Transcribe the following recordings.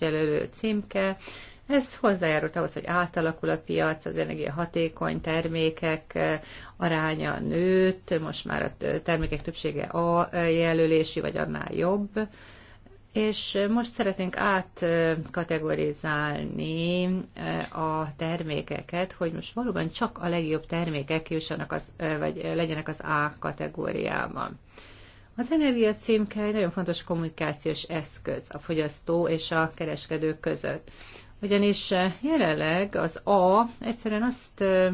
jelölő címke. Ez hozzájárult ahhoz, hogy átalakul a piac, az energiahatékony termékek aránya nőtt, most már a termékek többsége A jelölési, vagy annál jobb. És most szeretnénk átkategorizálni eh, a termékeket, hogy most valóban csak a legjobb termékek jussanak az, eh, vagy eh, legyenek az A kategóriában. Az energia címke egy nagyon fontos kommunikációs eszköz a fogyasztó és a kereskedő között. Ugyanis eh, jelenleg az A egyszerűen azt eh,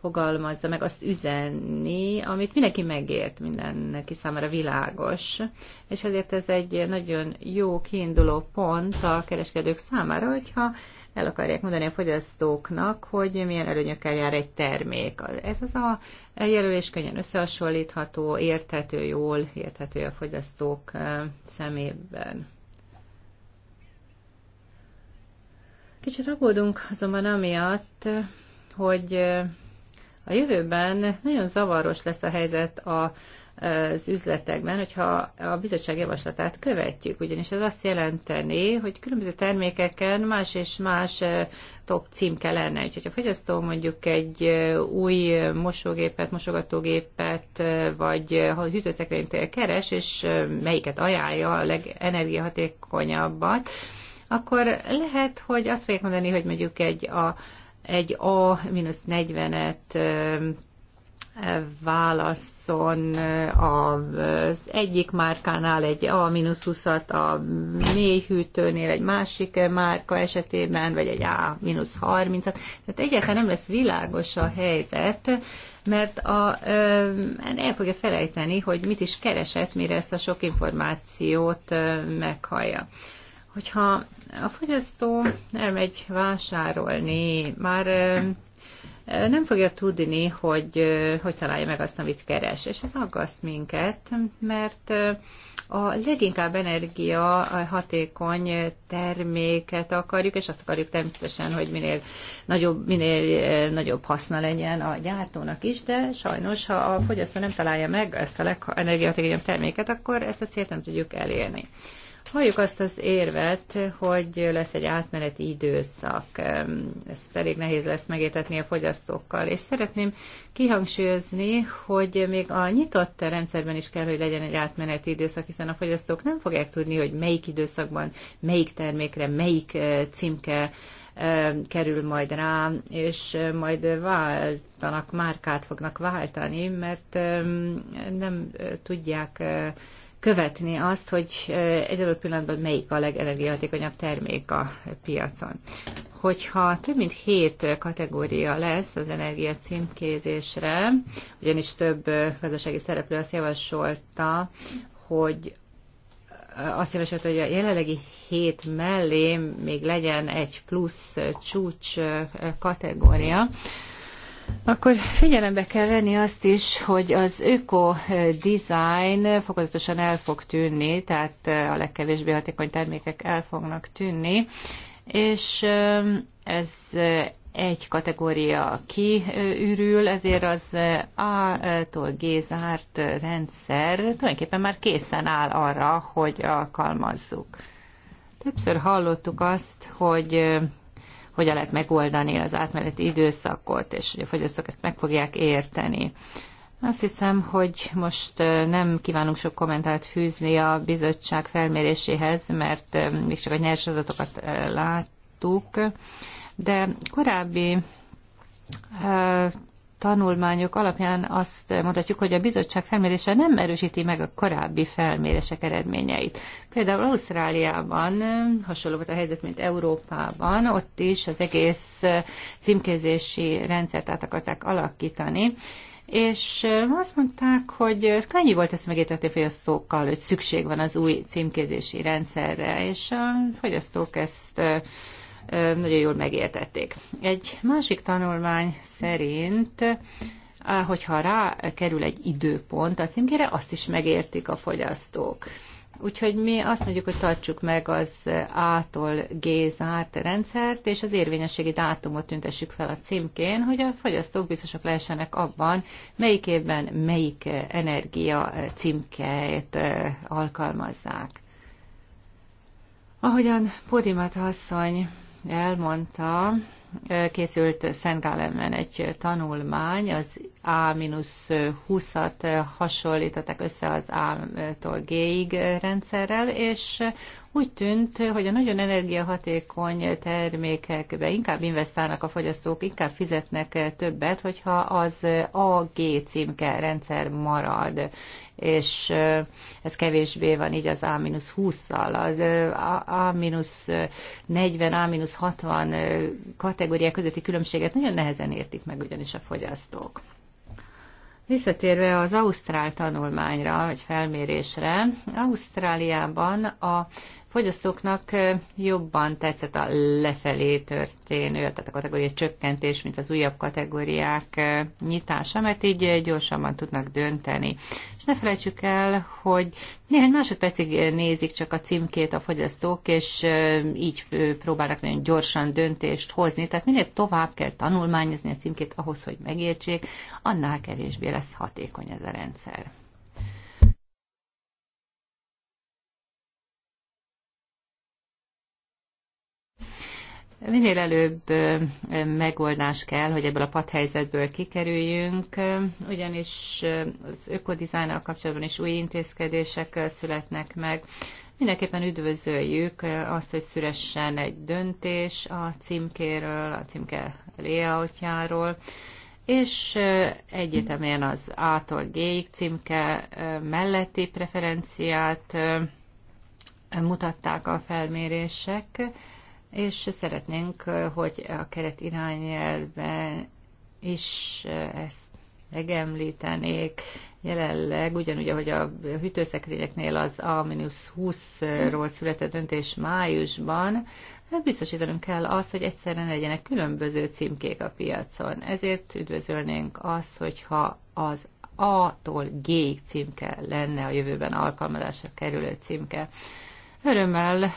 fogalmazza meg, azt üzenni, amit mindenki megért, mindenki számára világos. És ezért ez egy nagyon jó kiinduló pont a kereskedők számára, hogyha el akarják mondani a fogyasztóknak, hogy milyen előnyökkel jár egy termék. Ez az a jelölés könnyen összehasonlítható, érthető jól, érthető a fogyasztók szemében. Kicsit aggódunk azonban amiatt, hogy a jövőben nagyon zavaros lesz a helyzet a az üzletekben, hogyha a bizottság javaslatát követjük, ugyanis ez azt jelenteni, hogy különböző termékeken más és más top címke lenne. Úgyhogy a fogyasztó mondjuk egy új mosógépet, mosogatógépet, vagy ha hűtőszekrénytől keres, és melyiket ajánlja a legenergiahatékonyabbat, akkor lehet, hogy azt fogják mondani, hogy mondjuk egy a egy A-40-et válaszon eh, az egyik márkánál egy A-20-at, a mélyhűtőnél egy másik márka esetében, vagy egy A-30-at. Tehát egyáltalán nem lesz világos a helyzet, mert a, eh, el fogja felejteni, hogy mit is keresett, mire ezt a sok információt eh, meghallja hogyha a fogyasztó elmegy vásárolni, már nem fogja tudni, hogy hogy találja meg azt, amit keres. És ez aggaszt minket, mert a leginkább energia hatékony terméket akarjuk, és azt akarjuk természetesen, hogy minél nagyobb, minél eh, nagyobb haszna legyen a gyártónak is, de sajnos, ha a fogyasztó nem találja meg ezt a legenergiahatékonyabb terméket, akkor ezt a célt nem tudjuk elérni. Hát halljuk azt az érvet, hogy lesz egy átmeneti időszak, ezt elég nehéz lesz megértetni a fogyasztókkal, és szeretném kihangsúlyozni, hogy még a nyitott rendszerben is kell, hogy legyen egy átmeneti időszak, hiszen a fogyasztók nem fogják tudni, hogy melyik időszakban, melyik termékre, melyik eh, címke eh, kerül majd rá, és eh, majd váltanak, márkát fognak váltani, mert nem tudják követni azt, hogy egy adott pillanatban melyik a legenergiahatékonyabb termék a piacon. Hogyha több mint hét kategória lesz az energia címkézésre, ugyanis több gazdasági szereplő azt javasolta, hogy azt javasolta, hogy a jelenlegi hét mellé még legyen egy plusz csúcs kategória, akkor figyelembe kell venni azt is, hogy az öko-design fokozatosan el fog tűnni, tehát a legkevésbé hatékony termékek el fognak tűnni, és ez egy kategória kiürül, ezért az A-tól G zárt rendszer tulajdonképpen már készen áll arra, hogy alkalmazzuk. Többször hallottuk azt, hogy hogyan lehet megoldani az átmeneti időszakot, és hogy a fogyasztók ezt meg fogják érteni. Azt hiszem, hogy most nem kívánunk sok kommentált fűzni a bizottság felméréséhez, mert még csak a nyers adatokat láttuk, de korábbi tanulmányok alapján azt mondhatjuk, hogy a bizottság felmérése nem erősíti meg a korábbi felmérések eredményeit. Például Ausztráliában hasonló volt a helyzet, mint Európában, ott is az egész címkézési rendszert át akarták alakítani, és azt mondták, hogy ez könnyű volt ezt megértetni a fogyasztókkal, hogy szükség van az új címkézési rendszerre, és a fogyasztók ezt nagyon jól megértették. Egy másik tanulmány szerint hogyha rá kerül egy időpont a címkére, azt is megértik a fogyasztók. Úgyhogy mi azt mondjuk, hogy tartsuk meg az A-tól G zárt rendszert, és az érvényességi dátumot tüntessük fel a címkén, hogy a fogyasztók biztosak lehessenek abban, melyik évben melyik energia címkeit alkalmazzák. Ahogyan Podimata asszony elmondta, készült Szent Gálemben egy tanulmány az a-20-at hasonlítottak össze az A-tól G-ig rendszerrel, és úgy tűnt, hogy a nagyon energiahatékony termékekbe inkább investálnak a fogyasztók, inkább fizetnek többet, hogyha az AG címke rendszer marad, és ez kevésbé van így az A-20-szal. Az A-40, A-60 kategóriák közötti különbséget nagyon nehezen értik meg ugyanis a fogyasztók. Visszatérve az Ausztrál tanulmányra, vagy felmérésre, Ausztráliában a fogyasztóknak jobban tetszett a lefelé történő, tehát a kategória csökkentés, mint az újabb kategóriák nyitása, mert így gyorsabban tudnak dönteni. És ne felejtsük el, hogy néhány másodpercig nézik csak a címkét a fogyasztók, és így próbálnak nagyon gyorsan döntést hozni, tehát minél tovább kell tanulmányozni a címkét ahhoz, hogy megértsék, annál kevésbé lesz hatékony ez a rendszer. Minél előbb megoldás kell, hogy ebből a padhelyzetből kikerüljünk, ugyanis az ökodizájnnal kapcsolatban is új intézkedések születnek meg. Mindenképpen üdvözöljük azt, hogy szülessen egy döntés a címkéről, a címke layoutjáról, és egyetemén az A-tól g címke melletti preferenciát mutatták a felmérések, és szeretnénk, hogy a keret irányelben is ezt megemlítenék. Jelenleg ugyanúgy, ahogy a hűtőszekrényeknél az A-20-ról született döntés májusban, biztosítanunk kell azt, hogy ne legyenek különböző címkék a piacon. Ezért üdvözölnénk azt, hogyha az A-tól G-ig címke lenne a jövőben alkalmazásra kerülő címke. Örömmel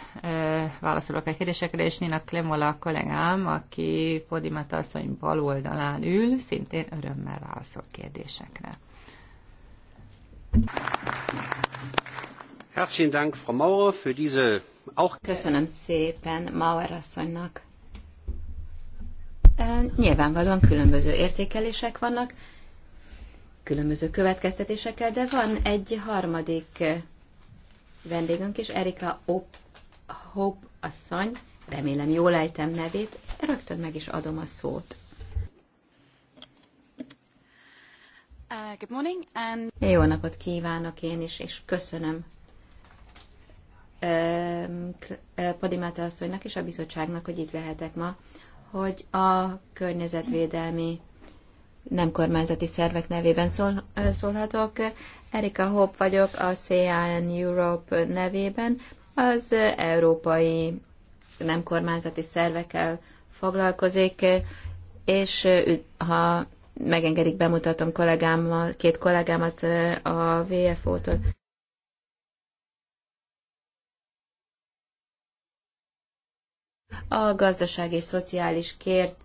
válaszolok a kérdésekre, és Nina Klemola kollégám, aki Podimat asszony bal oldalán ül, szintén örömmel válaszol kérdésekre. Herzlichen Dank, Frau Maurer, für diese auch... Köszönöm szépen Maurer asszonynak. Nyilvánvalóan különböző értékelések vannak, különböző következtetésekkel, de van egy harmadik vendégünk is, Erika Op, Hope asszony, remélem jól ejtem nevét, rögtön meg is adom a szót. Uh, good morning and... Jó napot kívánok én is, és köszönöm um, uh, Podimáta asszonynak és a bizottságnak, hogy itt lehetek ma, hogy a környezetvédelmi nem kormányzati szervek nevében szól, uh, szólhatok. Erika Hopp vagyok a CIN Europe nevében, az európai nem kormányzati szervekkel foglalkozik, és ha megengedik, bemutatom kollégámmal, két kollégámat a VFO-tól. A gazdasági és szociális kért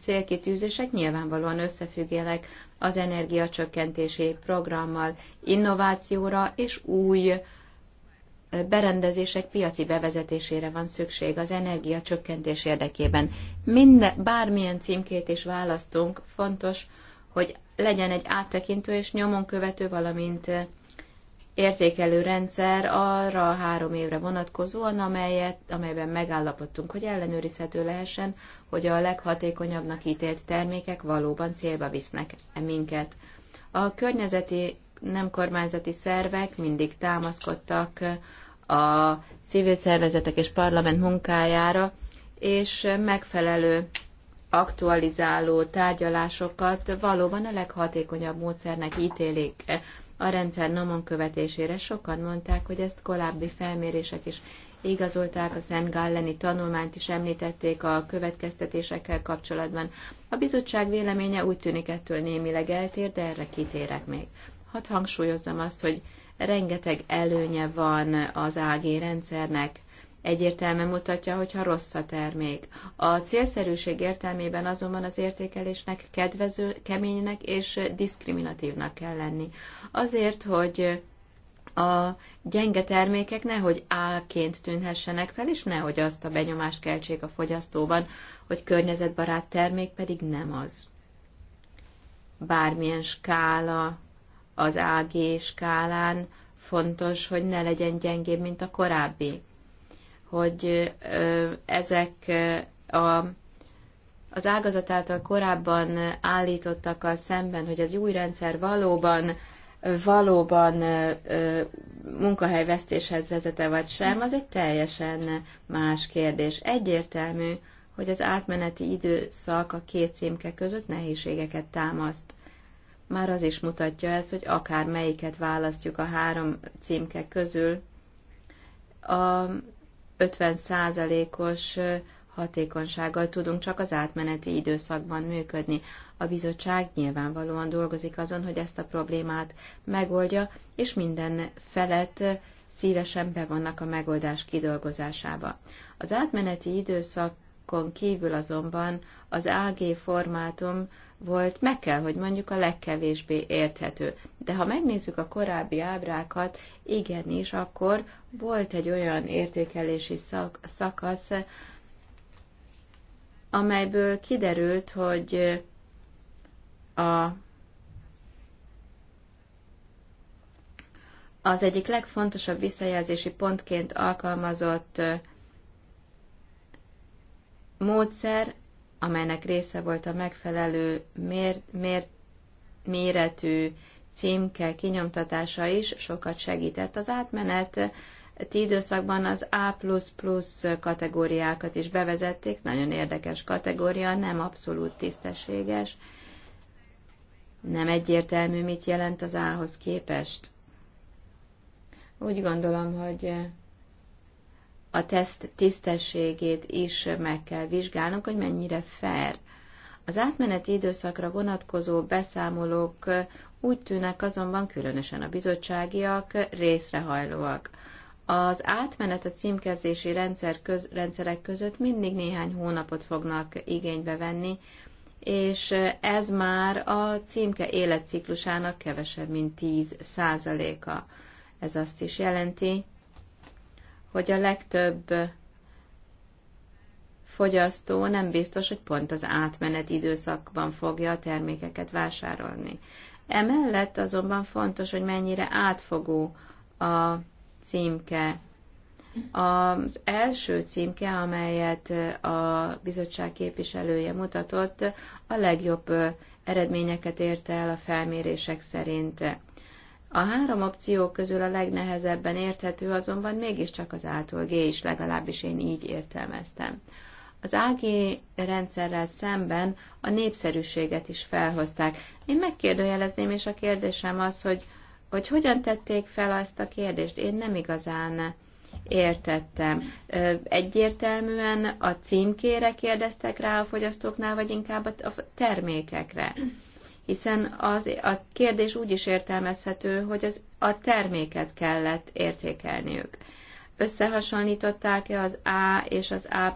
célkitűzések nyilvánvalóan összefüggenek az energiacsökkentési programmal, innovációra és új berendezések piaci bevezetésére van szükség az energiacsökkentés érdekében. Minden, bármilyen címkét is választunk, fontos, hogy legyen egy áttekintő és nyomon követő, valamint értékelő rendszer arra a három évre vonatkozóan, amelyet, amelyben megállapodtunk, hogy ellenőrizhető lehessen, hogy a leghatékonyabbnak ítélt termékek valóban célba visznek -e minket. A környezeti nem kormányzati szervek mindig támaszkodtak a civil szervezetek és parlament munkájára, és megfelelő aktualizáló tárgyalásokat valóban a leghatékonyabb módszernek ítélik a rendszer namon követésére. Sokan mondták, hogy ezt korábbi felmérések is igazolták, a Szent Galleni tanulmányt is említették a következtetésekkel kapcsolatban. A bizottság véleménye úgy tűnik ettől némileg eltér, de erre kitérek még. Hadd hangsúlyozzam azt, hogy rengeteg előnye van az AG rendszernek, egyértelműen mutatja, hogyha rossz a termék. A célszerűség értelmében azonban az értékelésnek kedvező, keménynek és diszkriminatívnak kell lenni. Azért, hogy a gyenge termékek nehogy álként tűnhessenek fel, és nehogy azt a benyomást keltsék a fogyasztóban, hogy környezetbarát termék pedig nem az. Bármilyen skála, az AG skálán fontos, hogy ne legyen gyengébb, mint a korábbi hogy ezek a, az ágazat által korábban a szemben, hogy az új rendszer valóban valóban munkahelyvesztéshez vezete vagy sem, az egy teljesen más kérdés. Egyértelmű, hogy az átmeneti időszak a két címke között nehézségeket támaszt. Már az is mutatja ezt, hogy akár melyiket választjuk a három címke közül, a 50%-os hatékonysággal tudunk csak az átmeneti időszakban működni. A bizottság nyilvánvalóan dolgozik azon, hogy ezt a problémát megoldja, és minden felett szívesen bevannak a megoldás kidolgozásába. Az átmeneti időszakon kívül azonban az AG formátum volt, meg kell, hogy mondjuk a legkevésbé érthető. De ha megnézzük a korábbi ábrákat, igenis, akkor volt egy olyan értékelési szak, szakasz, amelyből kiderült, hogy a, az egyik legfontosabb visszajelzési pontként alkalmazott módszer amelynek része volt a megfelelő mér, mér, méretű címke kinyomtatása is, sokat segített. Az átmenet időszakban az A++ kategóriákat is bevezették, nagyon érdekes kategória, nem abszolút tisztességes, nem egyértelmű, mit jelent az A-hoz képest. Úgy gondolom, hogy a teszt tisztességét is meg kell vizsgálnunk, hogy mennyire fair. Az átmeneti időszakra vonatkozó beszámolók úgy tűnnek azonban különösen a bizottságiak részrehajlóak. Az átmenet a címkezési rendszer köz, rendszerek között mindig néhány hónapot fognak igénybe venni, és ez már a címke életciklusának kevesebb, mint 10 százaléka. Ez azt is jelenti, hogy a legtöbb fogyasztó nem biztos, hogy pont az átmenet időszakban fogja a termékeket vásárolni. Emellett azonban fontos, hogy mennyire átfogó a címke. Az első címke, amelyet a bizottság képviselője mutatott, a legjobb eredményeket érte el a felmérések szerint. A három opció közül a legnehezebben érthető azonban mégiscsak az A-tól G is, legalábbis én így értelmeztem. Az AG rendszerrel szemben a népszerűséget is felhozták. Én megkérdőjelezném, és a kérdésem az, hogy, hogy hogyan tették fel ezt a kérdést. Én nem igazán értettem. Egyértelműen a címkére kérdeztek rá a fogyasztóknál, vagy inkább a termékekre hiszen az, a kérdés úgy is értelmezhető, hogy az, a terméket kellett értékelniük. Összehasonlították-e az A és az a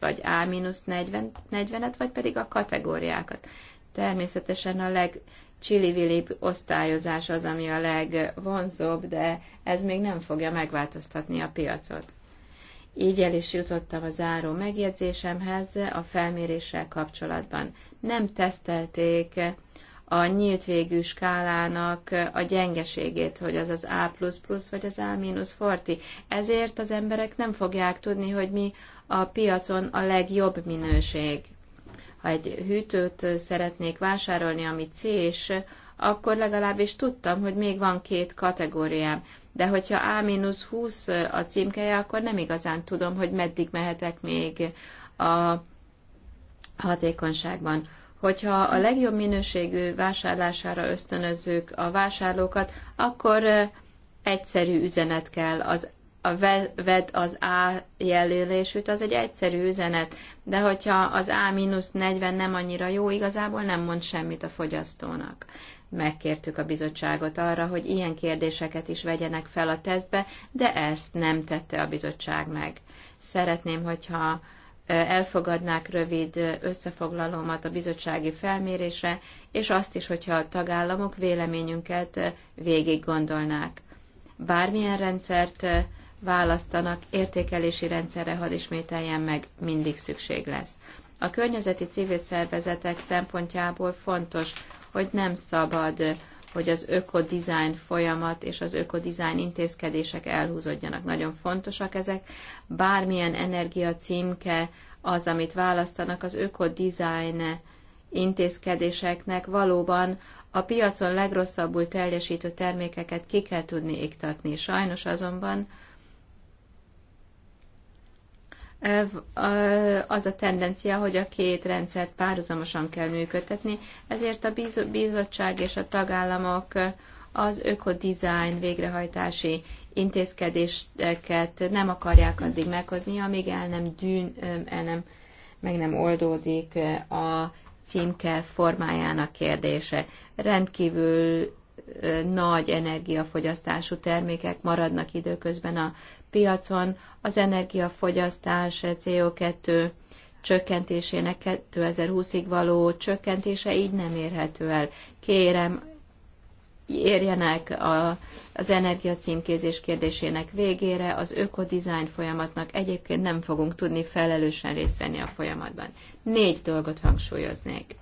vagy A-40-et, vagy pedig a kategóriákat? Természetesen a leg csili osztályozás az, ami a legvonzóbb, de ez még nem fogja megváltoztatni a piacot. Így el is jutottam a záró megjegyzésemhez a felméréssel kapcsolatban. Nem tesztelték a nyílt végű skálának a gyengeségét, hogy az az A++ vagy az A-40. Ezért az emberek nem fogják tudni, hogy mi a piacon a legjobb minőség. Ha egy hűtőt szeretnék vásárolni, ami c és akkor legalábbis tudtam, hogy még van két kategóriám. De hogyha A-20 a címkeje, akkor nem igazán tudom, hogy meddig mehetek még a hatékonyságban hogyha a legjobb minőségű vásárlására ösztönözzük a vásárlókat, akkor egyszerű üzenet kell. Az, a ved az A jelölésűt, az egy egyszerű üzenet, de hogyha az A-40 nem annyira jó, igazából nem mond semmit a fogyasztónak. Megkértük a bizottságot arra, hogy ilyen kérdéseket is vegyenek fel a tesztbe, de ezt nem tette a bizottság meg. Szeretném, hogyha elfogadnák rövid összefoglalómat a bizottsági felmérésre, és azt is, hogyha a tagállamok véleményünket végig gondolnák. Bármilyen rendszert választanak, értékelési rendszerre had ismételjen meg, mindig szükség lesz. A környezeti civil szervezetek szempontjából fontos, hogy nem szabad hogy az ökodizájn folyamat és az ökodizájn intézkedések elhúzódjanak. Nagyon fontosak ezek. Bármilyen energia címke az, amit választanak, az ökodizájn intézkedéseknek valóban a piacon legrosszabbul teljesítő termékeket ki kell tudni iktatni. Sajnos azonban az a tendencia, hogy a két rendszert párhuzamosan kell működtetni, ezért a bizottság és a tagállamok az ökodizájn végrehajtási intézkedéseket nem akarják addig meghozni, amíg el nem dűn, el nem, meg nem oldódik a címke formájának kérdése. Rendkívül nagy energiafogyasztású termékek maradnak időközben a piacon az energiafogyasztás eh, CO2 csökkentésének 2020-ig való csökkentése így nem érhető el. Kérem, érjenek a, az energiacímkézés kérdésének végére, az ökodizájn folyamatnak egyébként nem fogunk tudni felelősen részt venni a folyamatban. Négy dolgot hangsúlyoznék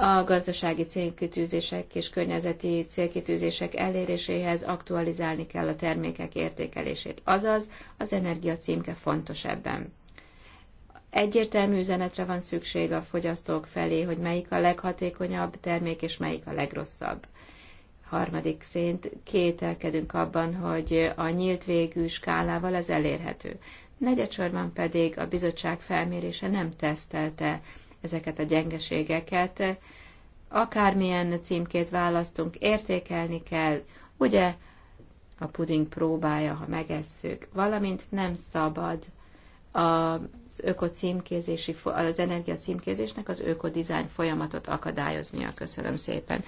a gazdasági célkitűzések és környezeti célkitűzések eléréséhez aktualizálni kell a termékek értékelését. Azaz, az energia címke fontos ebben. Egyértelmű üzenetre van szükség a fogyasztók felé, hogy melyik a leghatékonyabb termék és melyik a legrosszabb. Harmadik szint, kételkedünk abban, hogy a nyílt végű skálával ez elérhető. Negyedsorban pedig a bizottság felmérése nem tesztelte ezeket a gyengeségeket. Akármilyen címkét választunk, értékelni kell, ugye a puding próbája, ha megesszük, valamint nem szabad az ökocímkézési, az energia címkézésnek az ökodizájn folyamatot akadályoznia. Köszönöm szépen.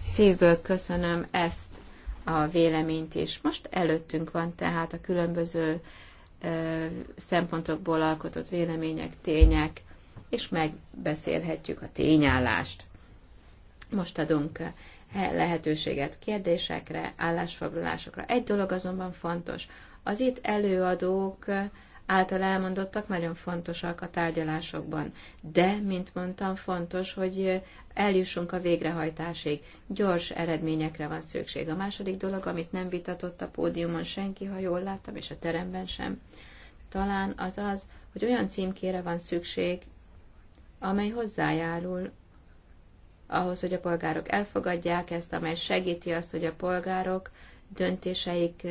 Szívből köszönöm ezt a véleményt is. Most előttünk van tehát a különböző szempontokból alkotott vélemények, tények, és megbeszélhetjük a tényállást. Most adunk lehetőséget kérdésekre, állásfoglalásokra. Egy dolog azonban fontos. Az itt előadók által elmondottak nagyon fontosak a tárgyalásokban. De, mint mondtam, fontos, hogy eljussunk a végrehajtásig. Gyors eredményekre van szükség. A második dolog, amit nem vitatott a pódiumon senki, ha jól láttam, és a teremben sem, talán az az, hogy olyan címkére van szükség, amely hozzájárul ahhoz, hogy a polgárok elfogadják ezt, amely segíti azt, hogy a polgárok döntéseik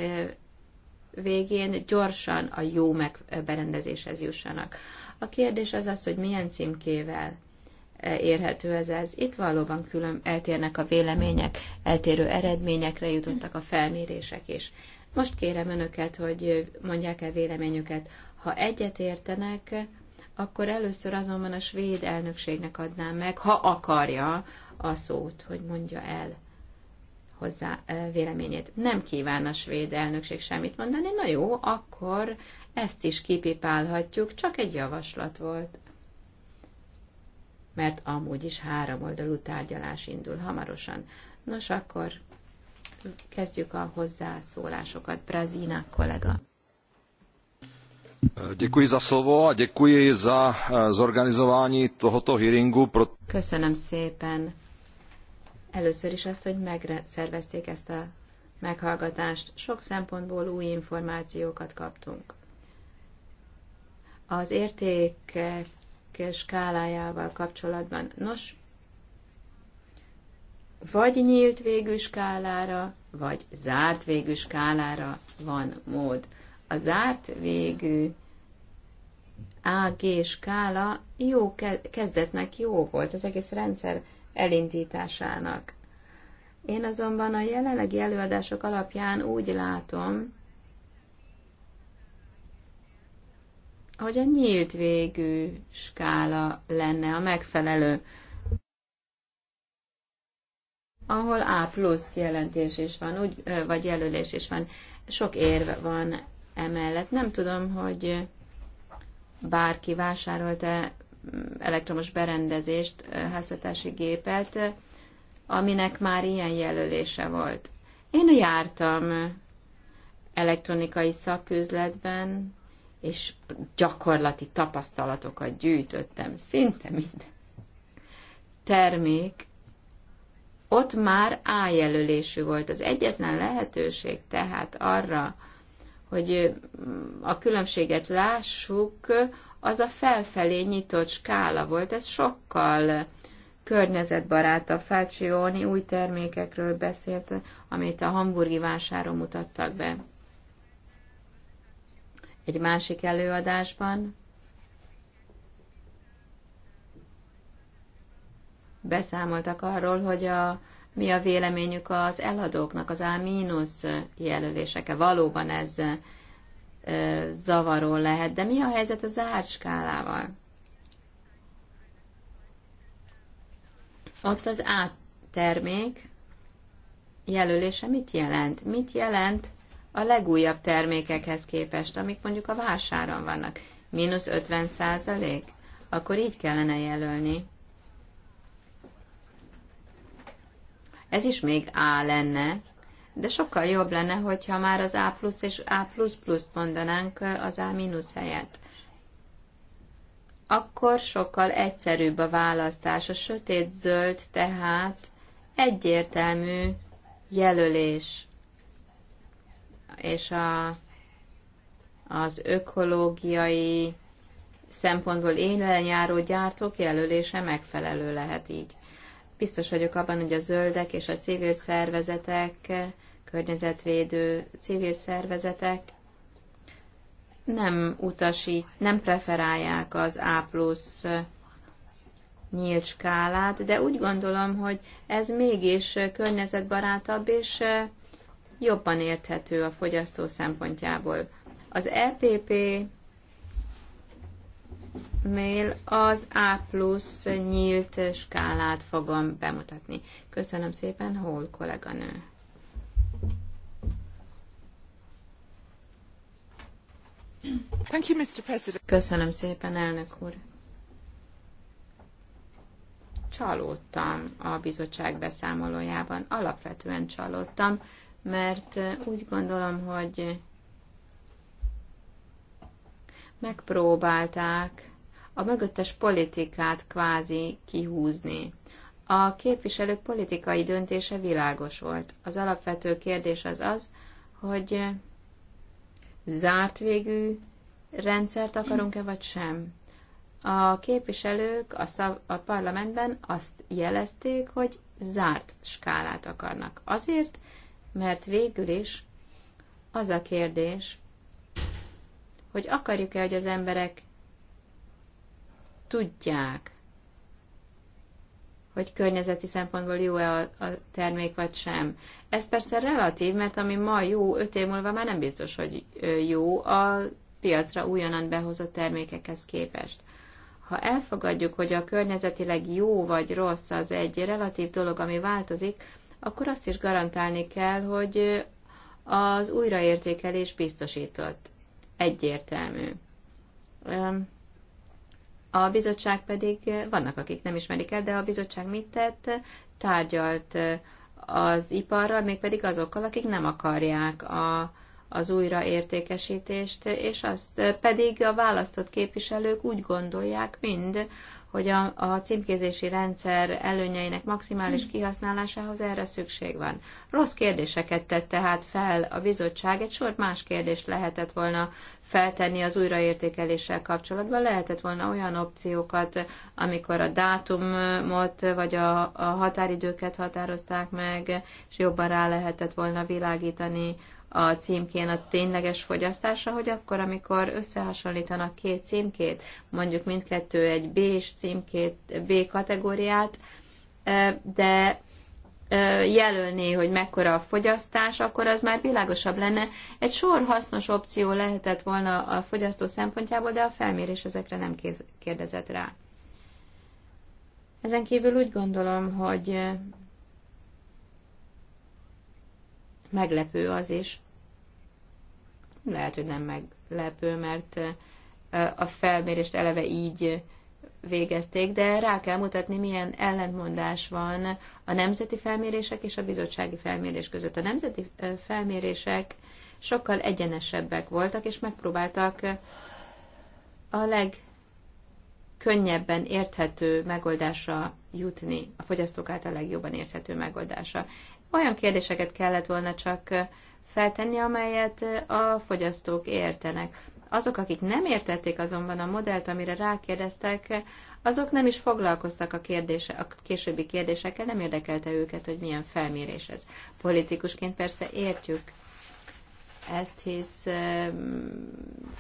végén gyorsan a jó megberendezéshez jussanak. A kérdés az az, hogy milyen címkével e, érhető ez ez. Itt valóban külön eltérnek a vélemények, eltérő eredményekre jutottak a felmérések is. Most kérem önöket, hogy mondják el véleményüket. Ha egyet értenek, akkor először azonban a svéd elnökségnek adnám meg, ha akarja, a szót, hogy mondja el hozzá véleményét. Nem kíván a svéd elnökség semmit mondani, na jó, akkor ezt is kipipálhatjuk, csak egy javaslat volt. Mert amúgy is három oldalú tárgyalás indul hamarosan. Nos, akkor kezdjük a hozzászólásokat. Brazína kollega. Děkuji za slovo a děkuji za e, zorganizování tohoto hearingu. Köszönöm szépen Először is azt, hogy megszervezték ezt a meghallgatást. Sok szempontból új információkat kaptunk. Az értékek skálájával kapcsolatban. Nos, vagy nyílt végű skálára, vagy zárt végű skálára van mód. A zárt végű AG skála jó kezdetnek jó volt, az egész rendszer elindításának. Én azonban a jelenlegi előadások alapján úgy látom, hogy a nyílt végű skála lenne a megfelelő, ahol A plusz jelentés is van, úgy, vagy jelölés is van. Sok érve van emellett. Nem tudom, hogy bárki vásárolta elektromos berendezést, háztartási gépet, aminek már ilyen jelölése volt. Én jártam elektronikai szaküzletben, és gyakorlati tapasztalatokat gyűjtöttem, szinte minden termék, ott már ájelölésű volt. Az egyetlen lehetőség tehát arra, hogy a különbséget lássuk, az a felfelé nyitott skála volt. Ez sokkal környezetbarátabb. Fácsióni új termékekről beszélt, amit a hamburgi vásáron mutattak be. Egy másik előadásban beszámoltak arról, hogy a, mi a véleményük az eladóknak, az A- jelölésekkel. Valóban ez zavaró lehet. De mi a helyzet az árskálával? Ott az áttermék jelölése mit jelent? Mit jelent a legújabb termékekhez képest, amik mondjuk a vásáron vannak? Mínusz 50 százalék? Akkor így kellene jelölni. Ez is még A lenne, de sokkal jobb lenne, hogyha már az A plusz és A plusz pluszt mondanánk az A mínusz helyett. Akkor sokkal egyszerűbb a választás. A sötét-zöld tehát egyértelmű jelölés. És a, az ökológiai szempontból élenjáró gyártók jelölése megfelelő lehet így. Biztos vagyok abban, hogy a zöldek és a civil szervezetek környezetvédő civil szervezetek nem utasít, nem preferálják az A plusz nyílt skálát, de úgy gondolom, hogy ez mégis környezetbarátabb és jobban érthető a fogyasztó szempontjából. Az EPP mail az A plusz nyílt skálát fogom bemutatni. Köszönöm szépen, Hol kolléganő. Köszönöm szépen, elnök úr. Csalódtam a bizottság beszámolójában. Alapvetően csalódtam, mert úgy gondolom, hogy megpróbálták a mögöttes politikát kvázi kihúzni. A képviselők politikai döntése világos volt. Az alapvető kérdés az az, hogy zárt végű rendszert akarunk-e, vagy sem. A képviselők a, szav, a parlamentben azt jelezték, hogy zárt skálát akarnak. Azért, mert végül is az a kérdés, hogy akarjuk-e, hogy az emberek tudják, hogy környezeti szempontból jó-e a, a termék vagy sem. Ez persze relatív, mert ami ma jó, öt év múlva már nem biztos, hogy jó a piacra újonnan behozott termékekhez képest. Ha elfogadjuk, hogy a környezetileg jó vagy rossz az egy relatív dolog, ami változik, akkor azt is garantálni kell, hogy az újraértékelés biztosított. Egyértelmű. A bizottság pedig, vannak akik nem ismerik el, de a bizottság mit tett? Tárgyalt az iparral, mégpedig azokkal, akik nem akarják a, az újraértékesítést, és azt pedig a választott képviselők úgy gondolják mind, hogy a, a címkézési rendszer előnyeinek maximális kihasználásához erre szükség van. Rossz kérdéseket tett tehát fel a bizottság, egy sor más kérdést lehetett volna feltenni az újraértékeléssel kapcsolatban, lehetett volna olyan opciókat, amikor a dátumot vagy a, a határidőket határozták meg, és jobban rá lehetett volna világítani a címkén a tényleges fogyasztása, hogy akkor, amikor összehasonlítanak két címkét, mondjuk mindkettő egy B-s címkét, B kategóriát, de jelölné, hogy mekkora a fogyasztás, akkor az már világosabb lenne. Egy sor hasznos opció lehetett volna a fogyasztó szempontjából, de a felmérés ezekre nem kérdezett rá. Ezen kívül úgy gondolom, hogy meglepő az is, lehet, hogy nem meglepő, mert a felmérést eleve így végezték, de rá kell mutatni, milyen ellentmondás van a nemzeti felmérések és a bizottsági felmérés között. A nemzeti felmérések sokkal egyenesebbek voltak, és megpróbáltak a legkönnyebben érthető megoldásra jutni, a fogyasztók által legjobban érthető megoldásra. Olyan kérdéseket kellett volna csak feltenni, amelyet a fogyasztók értenek. Azok, akik nem értették azonban a modellt, amire rákérdeztek, azok nem is foglalkoztak a, kérdése, a későbbi kérdésekkel, nem érdekelte őket, hogy milyen felmérés ez. Politikusként persze értjük ezt, hisz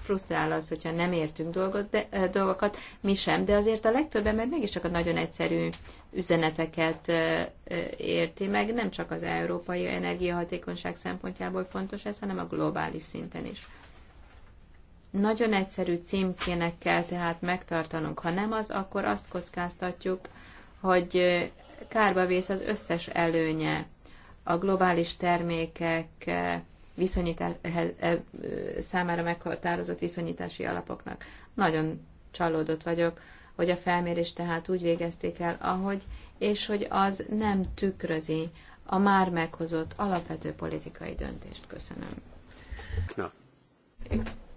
frusztrál az, hogyha nem értünk dolgot, de, dolgokat, mi sem, de azért a legtöbb ember mégiscsak a nagyon egyszerű üzeneteket érti meg, nem csak az európai energiahatékonyság szempontjából fontos ez, hanem a globális szinten is. Nagyon egyszerű címkének kell tehát megtartanunk, ha nem az, akkor azt kockáztatjuk, hogy kárba vész az összes előnye, a globális termékek viszonyítás, eh, eh, számára meghatározott viszonyítási alapoknak. Nagyon csalódott vagyok, hogy a felmérés tehát úgy végezték el, ahogy, és hogy az nem tükrözi a már meghozott alapvető politikai döntést. Köszönöm. Na.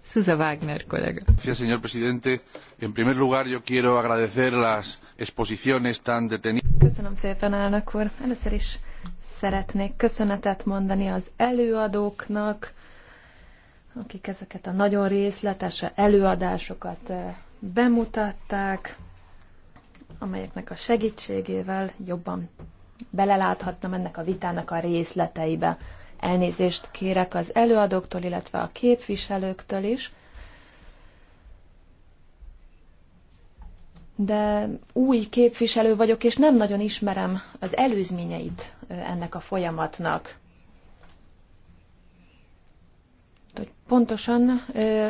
Susa Wagner, colega. Gracias, señor presidente. En primer lugar, yo quiero agradecer las exposiciones tan detenidas. Köszönöm szépen, elnök úr. Először is szeretnék köszönetet mondani az előadóknak, akik ezeket a nagyon részletes előadásokat eh, bemutatták, amelyeknek a segítségével jobban beleláthatnám ennek a vitának a részleteibe. Elnézést kérek az előadóktól, illetve a képviselőktől is. De új képviselő vagyok, és nem nagyon ismerem az előzményeit ennek a folyamatnak. Hogy pontosan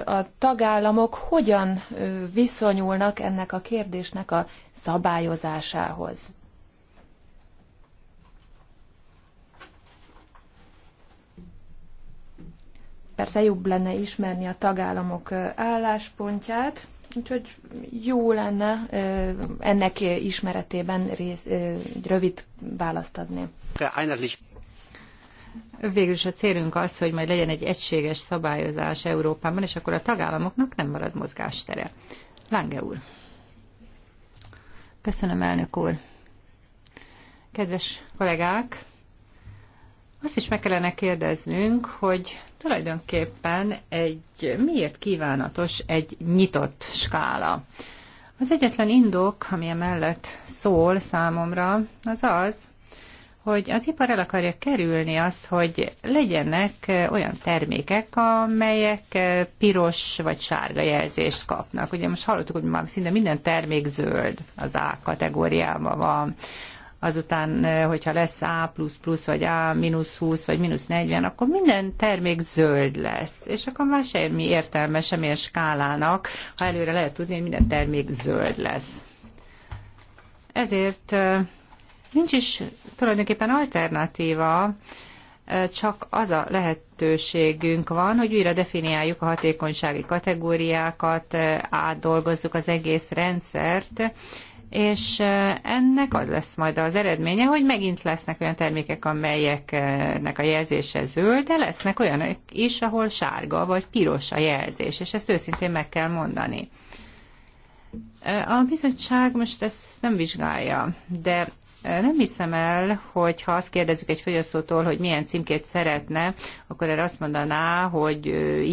a tagállamok hogyan viszonyulnak ennek a kérdésnek a szabályozásához. Persze jobb lenne ismerni a tagállamok álláspontját. Úgyhogy jó lenne ennek ismeretében rész, egy rövid választ adni. Végül is a célunk az, hogy majd legyen egy egységes szabályozás Európában, és akkor a tagállamoknak nem marad mozgástere. Lange úr. Köszönöm, elnök úr. Kedves kollégák, azt is meg kellene kérdeznünk, hogy tulajdonképpen egy miért kívánatos egy nyitott skála. Az egyetlen indok, ami mellett szól számomra, az az, hogy az ipar el akarja kerülni azt, hogy legyenek olyan termékek, amelyek piros vagy sárga jelzést kapnak. Ugye most hallottuk, hogy már szinte minden termék zöld, az A kategóriában van azután, eh, hogyha lesz A++ vagy A-20 vagy mínusz 40, akkor minden termék zöld lesz, és akkor már semmi értelme, semmilyen skálának, ha előre lehet tudni, hogy minden termék zöld lesz. Ezért eh, nincs is tulajdonképpen alternatíva, eh, csak az a lehetőségünk van, hogy újra definiáljuk a hatékonysági kategóriákat, átdolgozzuk az egész rendszert, és ennek az lesz majd az eredménye, hogy megint lesznek olyan termékek, amelyeknek a jelzése zöld, de lesznek olyanok is, ahol sárga vagy piros a jelzés, és ezt őszintén meg kell mondani. A bizottság most ezt nem vizsgálja, de nem hiszem el, hogy ha azt kérdezzük egy fogyasztótól, hogy milyen címkét szeretne, akkor erre azt mondaná, hogy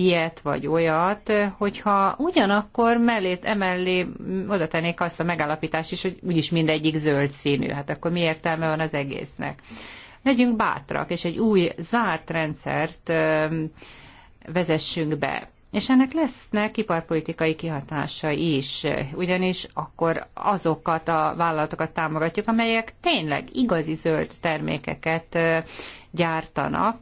ilyet vagy olyat, hogyha ugyanakkor mellét emellé oda tennék azt a megállapítást is, hogy úgyis mindegyik zöld színű, hát akkor mi értelme van az egésznek. Legyünk bátrak, és egy új zárt rendszert vezessünk be és ennek lesznek iparpolitikai kihatása is, ugyanis akkor azokat a vállalatokat támogatjuk, amelyek tényleg igazi zöld termékeket gyártanak,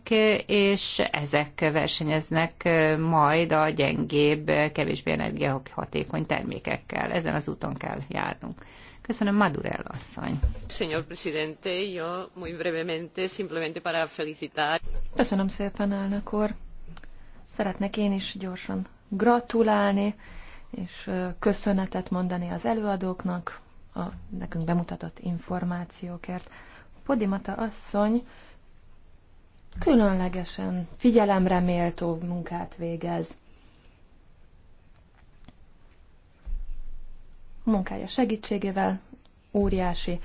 és ezek versenyeznek majd a gyengébb, kevésbé energiahatékony termékekkel. Ezen az úton kell járnunk. Köszönöm, Madurell asszony. Señor presidente, yo muy brevemente, simplemente para felicitar. Köszönöm szépen, elnök úr. Szeretnék én is gyorsan gratulálni, és köszönetet mondani az előadóknak a nekünk bemutatott információkért. Podimata asszony különlegesen figyelemre méltó munkát végez. Munkája segítségével óriási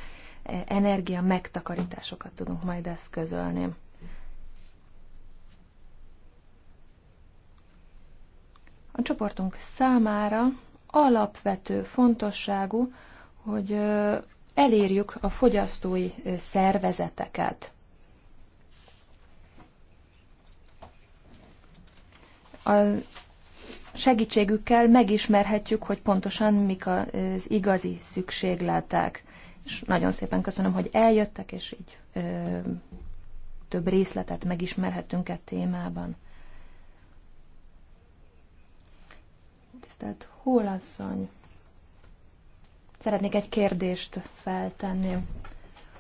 e, energia megtakarításokat tudunk majd eszközölni. A csoportunk számára alapvető fontosságú, hogy elérjük a fogyasztói szervezeteket. A segítségükkel megismerhetjük, hogy pontosan mik az igazi szükségletek. És nagyon szépen köszönöm, hogy eljöttek, és így ö, több részletet megismerhetünk e témában. Tisztelt Hólasszony! Szeretnék egy kérdést feltenni.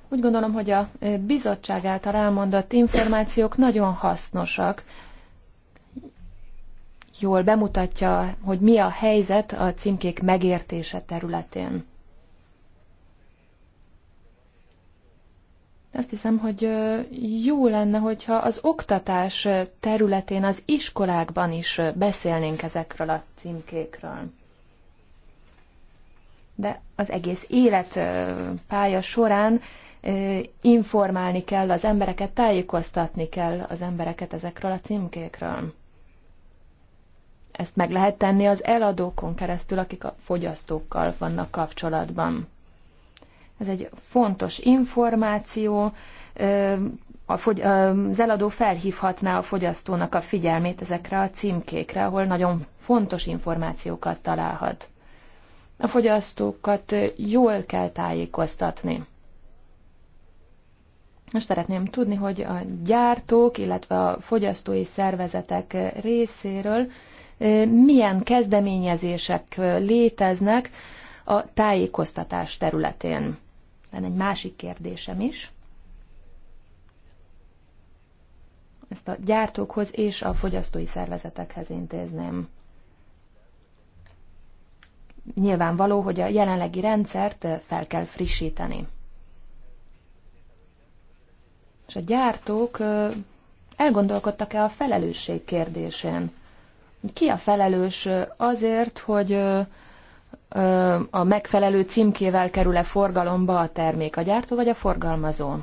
Úgy gondolom, hogy a bizottság által elmondott információk nagyon hasznosak. Jól bemutatja, hogy mi a helyzet a címkék megértése területén. Azt hiszem, hogy jó lenne, hogyha az oktatás területén, az iskolákban is beszélnénk ezekről a címkékről. De az egész életpálya során informálni kell az embereket, tájékoztatni kell az embereket ezekről a címkékről. Ezt meg lehet tenni az eladókon keresztül, akik a fogyasztókkal vannak kapcsolatban. Ez egy fontos információ, az eladó felhívhatná a fogyasztónak a figyelmét ezekre a címkékre, ahol nagyon fontos információkat találhat. A fogyasztókat jól kell tájékoztatni. Most szeretném tudni, hogy a gyártók, illetve a fogyasztói szervezetek részéről milyen kezdeményezések léteznek a tájékoztatás területén lenne egy másik kérdésem is. Ezt a gyártókhoz és a fogyasztói szervezetekhez intézném. Nyilvánvaló, hogy a jelenlegi rendszert fel kell frissíteni. És a gyártók elgondolkodtak-e a felelősség kérdésén? Ki a felelős azért, hogy a megfelelő címkével kerül-e forgalomba a termék a gyártó vagy a forgalmazó.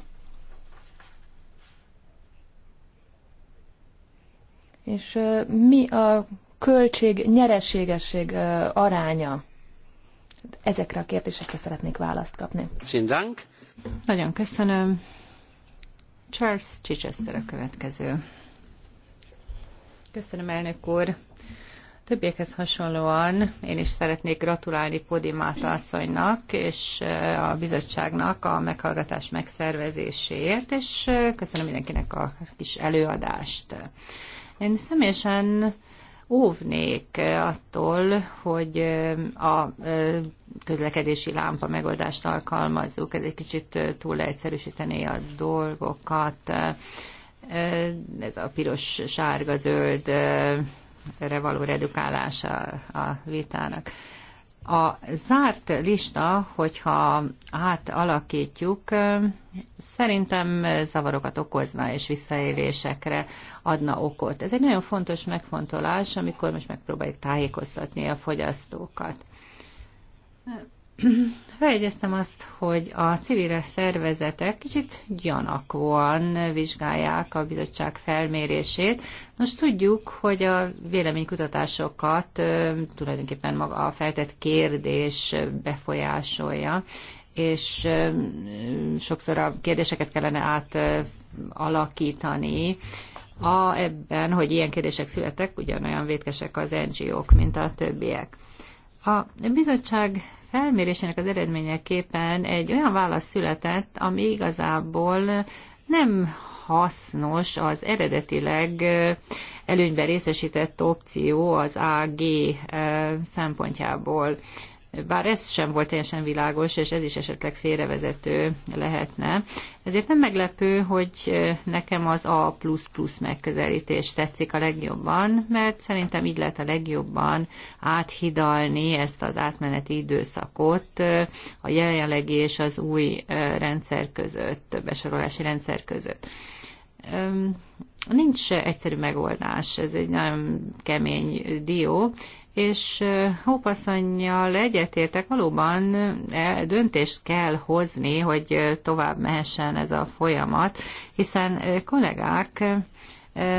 És mi a költség nyereségesség aránya? Ezekre a kérdésekre szeretnék választ kapni. Szindánk. Nagyon köszönöm. Charles Chichester a következő. Köszönöm, elnök úr. Többiekhez hasonlóan én is szeretnék gratulálni Podimáta asszonynak és a bizottságnak a meghallgatás megszervezéséért, és köszönöm mindenkinek a kis előadást. Én személyesen óvnék attól, hogy a közlekedési lámpa megoldást alkalmazzuk. Ez egy kicsit túl egyszerűsítené a dolgokat. Ez a piros, sárga, zöld erre való redukálása a vitának. A zárt lista, hogyha átalakítjuk, szerintem zavarokat okozna és visszaélésekre adna okot. Ez egy nagyon fontos megfontolás, amikor most megpróbáljuk tájékoztatni a fogyasztókat feljegyeztem azt, hogy a civil szervezetek kicsit gyanakvóan vizsgálják a bizottság felmérését. Most tudjuk, hogy a véleménykutatásokat tulajdonképpen maga a feltett kérdés befolyásolja, és sokszor a kérdéseket kellene átalakítani, a, ebben, hogy ilyen kérdések születtek, ugyanolyan vétkesek az NGO-k, mint a többiek. A bizottság felmérésének az eredményeképpen egy olyan válasz született, ami igazából nem hasznos az eredetileg előnyben részesített opció az AG szempontjából bár ez sem volt teljesen világos, és ez is esetleg félrevezető lehetne. Ezért nem meglepő, hogy nekem az A megközelítés tetszik a legjobban, mert szerintem így lehet a legjobban áthidalni ezt az átmeneti időszakot a jelenlegi és az új rendszer között, besorolási rendszer között nincs egyszerű megoldás, ez egy nagyon kemény dió, és Hópasszonynal egyetértek, valóban döntést kell hozni, hogy tovább mehessen ez a folyamat, hiszen kollégák,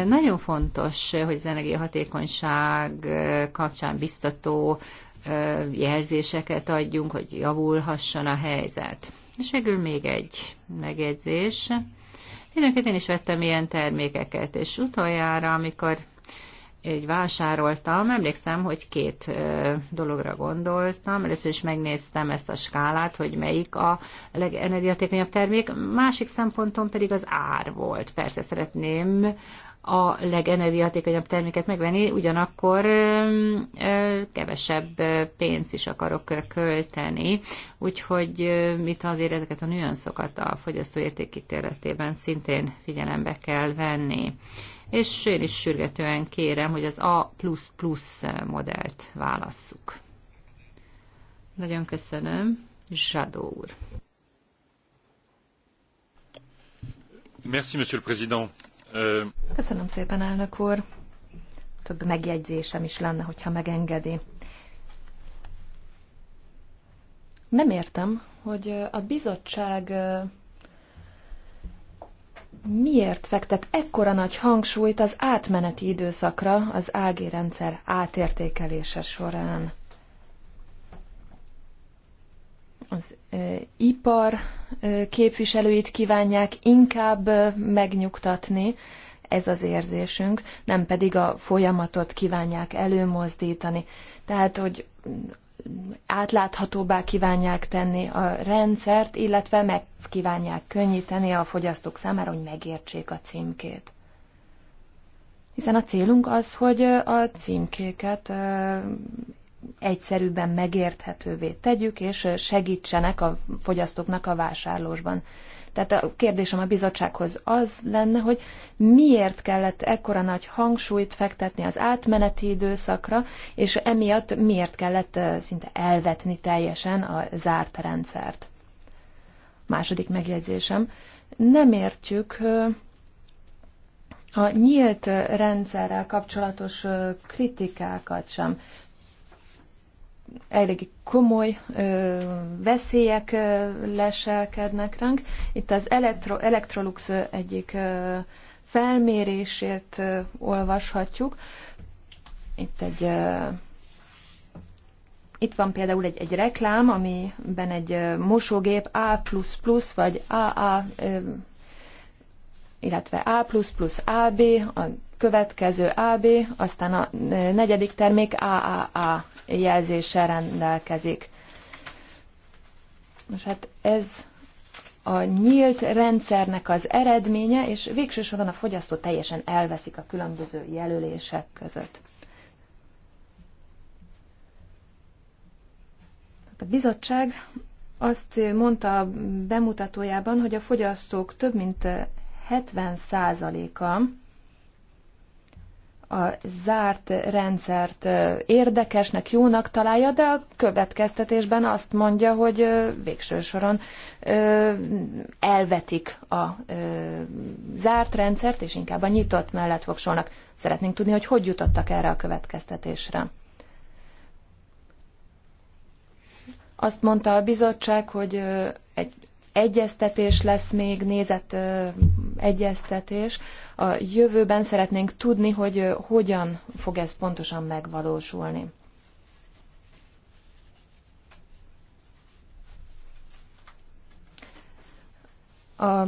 nagyon fontos, hogy az energiahatékonyság kapcsán biztató jelzéseket adjunk, hogy javulhasson a helyzet. És végül még egy megjegyzés. Időnként én is vettem ilyen termékeket, és utoljára, amikor így vásároltam, emlékszem, hogy két dologra gondoltam. Először is megnéztem ezt a skálát, hogy melyik a legenergiatékonyabb termék. Másik szempontom pedig az ár volt. Persze szeretném a legenergiatékonyabb terméket megvenni, ugyanakkor kevesebb pénzt is akarok költeni, úgyhogy mit azért ezeket a nüanszokat a fogyasztóértékítéletében szintén figyelembe kell venni és én is sürgetően kérem, hogy az A modellt válasszuk. Nagyon köszönöm. Zsadó úr. Merci, monsieur le président. Euh, köszönöm szépen, elnök úr. Több megjegyzésem is lenne, hogyha megengedi. Nem értem, hogy a bizottság miért fektet ekkora nagy hangsúlyt az átmeneti időszakra az AG rendszer átértékelése során? Az ö, ipar ö, képviselőit kívánják inkább ö, megnyugtatni, ez az érzésünk, nem pedig a folyamatot kívánják előmozdítani. Tehát, hogy átláthatóbbá kívánják tenni a rendszert, illetve meg kívánják könnyíteni a fogyasztók számára, hogy megértsék a címkét. Hiszen a célunk az, hogy a címkéket egyszerűbben megérthetővé tegyük, és segítsenek a fogyasztóknak a vásárlósban. Tehát a kérdésem a bizottsághoz az lenne, hogy miért kellett ekkora nagy hangsúlyt fektetni az átmeneti időszakra, és emiatt miért kellett szinte elvetni teljesen a zárt rendszert. Második megjegyzésem. Nem értjük a nyílt rendszerrel kapcsolatos kritikákat sem elég komoly ö, veszélyek ö, leselkednek ránk. Itt az Electro, Electrolux egyik ö, felmérését ö, olvashatjuk. Itt egy ö, itt van például egy, egy reklám, amiben egy mosógép A++ vagy AA, illetve A++ AB, a következő AB, aztán a e, negyedik termék AAA jelzéssel rendelkezik. Most hát ez a nyílt rendszernek az eredménye, és végső soron a fogyasztó teljesen elveszik a különböző jelölések között. Hát a bizottság azt mondta a bemutatójában, hogy a fogyasztók több mint e, 70%-a a zárt rendszert érdekesnek, jónak találja, de a következtetésben azt mondja, hogy végső soron elvetik a zárt rendszert, és inkább a nyitott mellett voksolnak. Szeretnénk tudni, hogy hogy jutottak erre a következtetésre. Azt mondta a bizottság, hogy egy egyeztetés lesz még, nézett egyeztetés. A jövőben szeretnénk tudni, hogy hogyan fog ez pontosan megvalósulni. A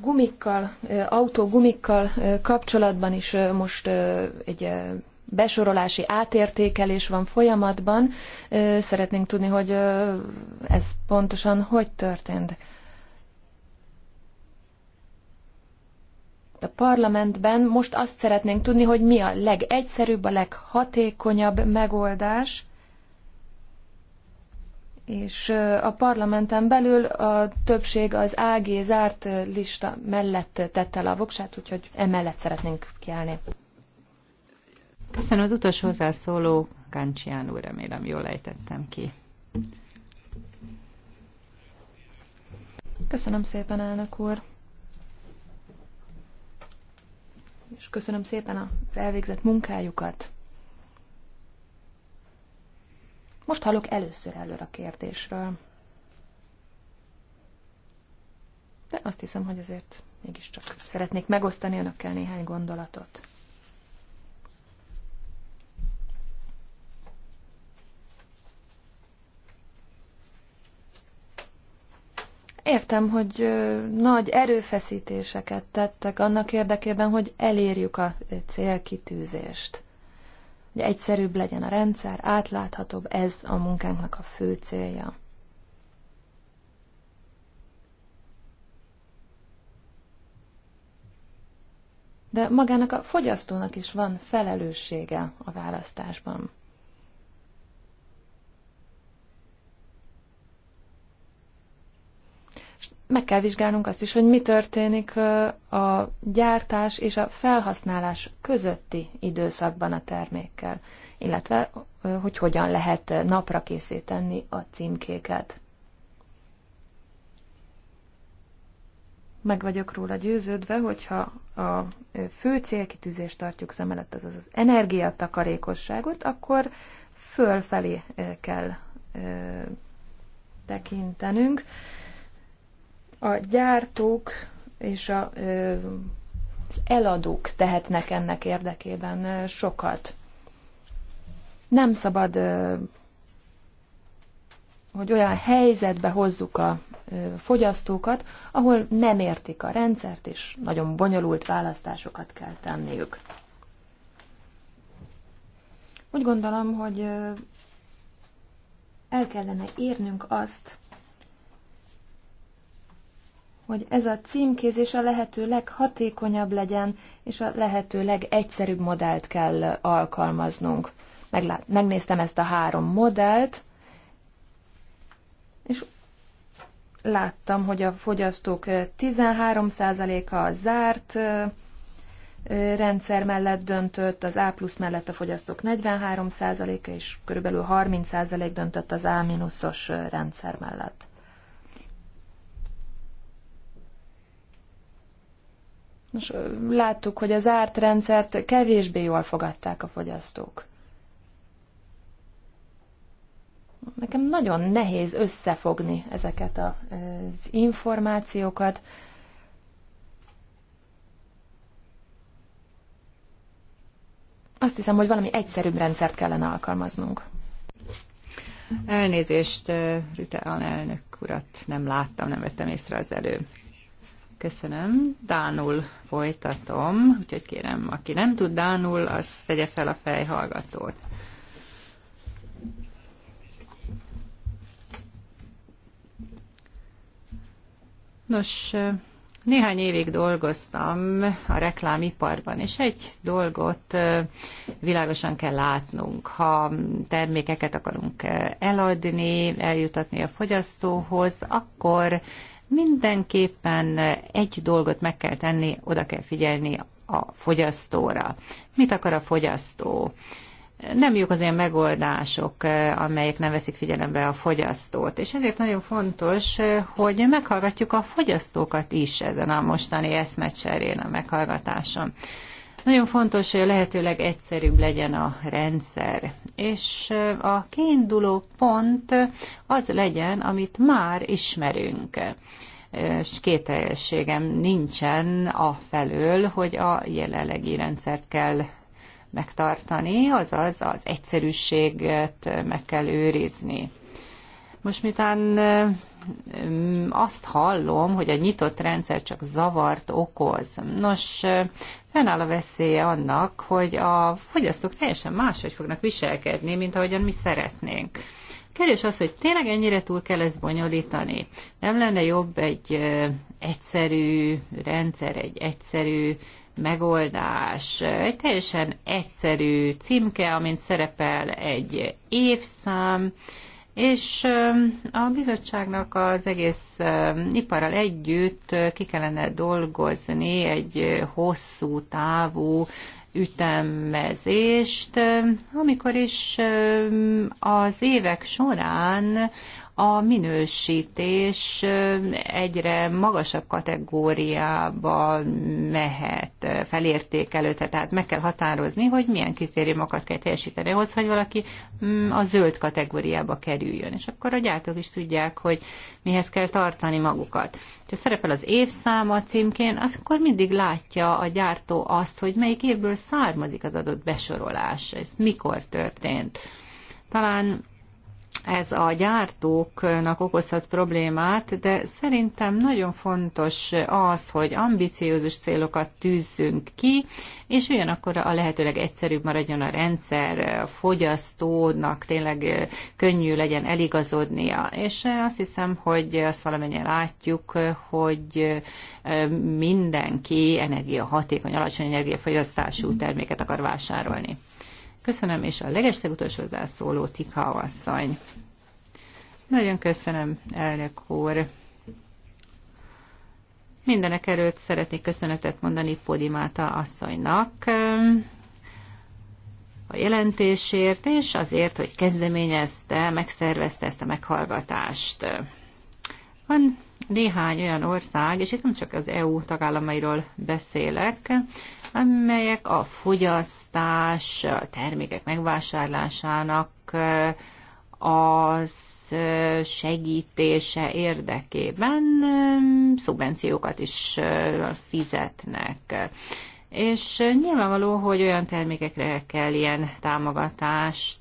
gumikkal, autógumikkal kapcsolatban is most egy besorolási átértékelés van folyamatban. Szeretnénk tudni, hogy ez pontosan hogy történt. a parlamentben most azt szeretnénk tudni, hogy mi a legegyszerűbb, a leghatékonyabb megoldás, és a parlamenten belül a többség az AG zárt lista mellett tette a voksát, úgyhogy emellett szeretnénk kiállni. Köszönöm az utolsó hozzászóló, Kancsián úr, remélem jól ejtettem ki. Köszönöm szépen, elnök úr. És köszönöm szépen az elvégzett munkájukat. Most hallok először előre a kérdésről. De azt hiszem, hogy azért mégiscsak szeretnék megosztani önökkel néhány gondolatot. Értem, hogy nagy erőfeszítéseket tettek annak érdekében, hogy elérjük a célkitűzést. Hogy egyszerűbb legyen a rendszer, átláthatóbb, ez a munkánknak a fő célja. De magának a fogyasztónak is van felelőssége a választásban. meg kell vizsgálnunk azt is, hogy mi történik a gyártás és a felhasználás közötti időszakban a termékkel, illetve hogy hogyan lehet napra készíteni a címkéket. Meg vagyok róla győződve, hogyha a fő célkitűzést tartjuk szem előtt, azaz az energiatakarékosságot, akkor fölfelé kell tekintenünk a gyártók és a, az eladók tehetnek ennek érdekében sokat. Nem szabad, hogy olyan helyzetbe hozzuk a fogyasztókat, ahol nem értik a rendszert, és nagyon bonyolult választásokat kell tenniük. Úgy gondolom, hogy el kellene érnünk azt, hogy ez a címkézés a lehető leghatékonyabb legyen, és a lehető legegyszerűbb modellt kell alkalmaznunk. Meglát, megnéztem ezt a három modellt, és láttam, hogy a fogyasztók 13%-a zárt rendszer mellett döntött, az A plusz mellett a fogyasztók 43%-a, és körülbelül 30% döntött az A mínuszos rendszer mellett. Nos, láttuk, hogy az árt rendszert kevésbé jól fogadták a fogyasztók. Nekem nagyon nehéz összefogni ezeket az információkat. Azt hiszem, hogy valami egyszerűbb rendszert kellene alkalmaznunk. Elnézést, Rüte elnök urat nem láttam, nem vettem észre az előbb. Köszönöm. Dánul folytatom, úgyhogy kérem, aki nem tud Dánul, az tegye fel a fejhallgatót. Nos, néhány évig dolgoztam a reklámiparban, és egy dolgot világosan kell látnunk. Ha termékeket akarunk eladni, eljutatni a fogyasztóhoz, akkor Mindenképpen egy dolgot meg kell tenni, oda kell figyelni a fogyasztóra. Mit akar a fogyasztó? nem jók az olyan megoldások, amelyek nem veszik figyelembe a fogyasztót. És ezért nagyon fontos, hogy meghallgatjuk a fogyasztókat is ezen a mostani eszmecserén, a meghallgatáson. Nagyon fontos, hogy lehetőleg egyszerűbb legyen a rendszer, és a kiinduló pont az legyen, amit már ismerünk és kételjességem nincsen a felől, hogy a jelenlegi rendszert kell megtartani, azaz az egyszerűséget meg kell őrizni. Most miután azt hallom, hogy a nyitott rendszer csak zavart okoz. Nos, fennáll a veszélye annak, hogy a fogyasztók teljesen máshogy fognak viselkedni, mint ahogyan mi szeretnénk. Kérdés az, hogy tényleg ennyire túl kell ezt bonyolítani. Nem lenne jobb egy egyszerű rendszer, egy egyszerű megoldás, egy teljesen egyszerű címke, amint szerepel egy évszám, és a bizottságnak az egész iparral együtt ki kellene dolgozni egy hosszú távú ütemezést, amikor is az évek során a minősítés egyre magasabb kategóriába mehet, felértékelődhet, tehát meg kell határozni, hogy milyen kritériumokat kell teljesíteni ahhoz, hogy valaki mm, a zöld kategóriába kerüljön, és akkor a gyártók is tudják, hogy mihez kell tartani magukat. Ha szerepel az évszáma címkén, az akkor mindig látja a gyártó azt, hogy melyik évből származik az adott besorolás, ez mikor történt. Talán ez a gyártóknak okozhat problémát, de szerintem nagyon fontos az, hogy ambiciózus célokat tűzzünk ki, és ugyanakkor a lehetőleg egyszerűbb maradjon a rendszer, a fogyasztónak tényleg könnyű legyen eligazodnia. És azt hiszem, hogy azt valamennyien látjuk, hogy mindenki energiahatékony, alacsony energiafogyasztású terméket akar vásárolni. Köszönöm, és a utolsó zászóló Tika asszony. Nagyon köszönöm, elnök úr. Mindenek előtt szeretnék köszönetet mondani Podimáta asszonynak um, a jelentésért, és azért, hogy kezdeményezte, megszervezte ezt a meghallgatást. Van néhány olyan ország, és itt nem csak az EU tagállamairól beszélek, amelyek a fogyasztás, a termékek megvásárlásának az segítése érdekében szubvenciókat is fizetnek. És nyilvánvaló, hogy olyan termékekre kell ilyen támogatást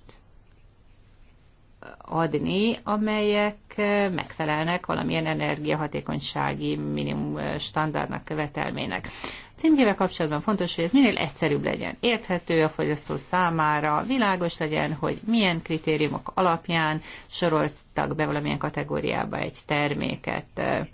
adni, amelyek eh, megfelelnek valamilyen energiahatékonysági minimum eh, standardnak követelmének. A címkével kapcsolatban fontos, hogy ez minél egyszerűbb legyen, érthető a fogyasztó számára, világos legyen, hogy milyen kritériumok alapján soroltak be valamilyen kategóriába egy terméket eh,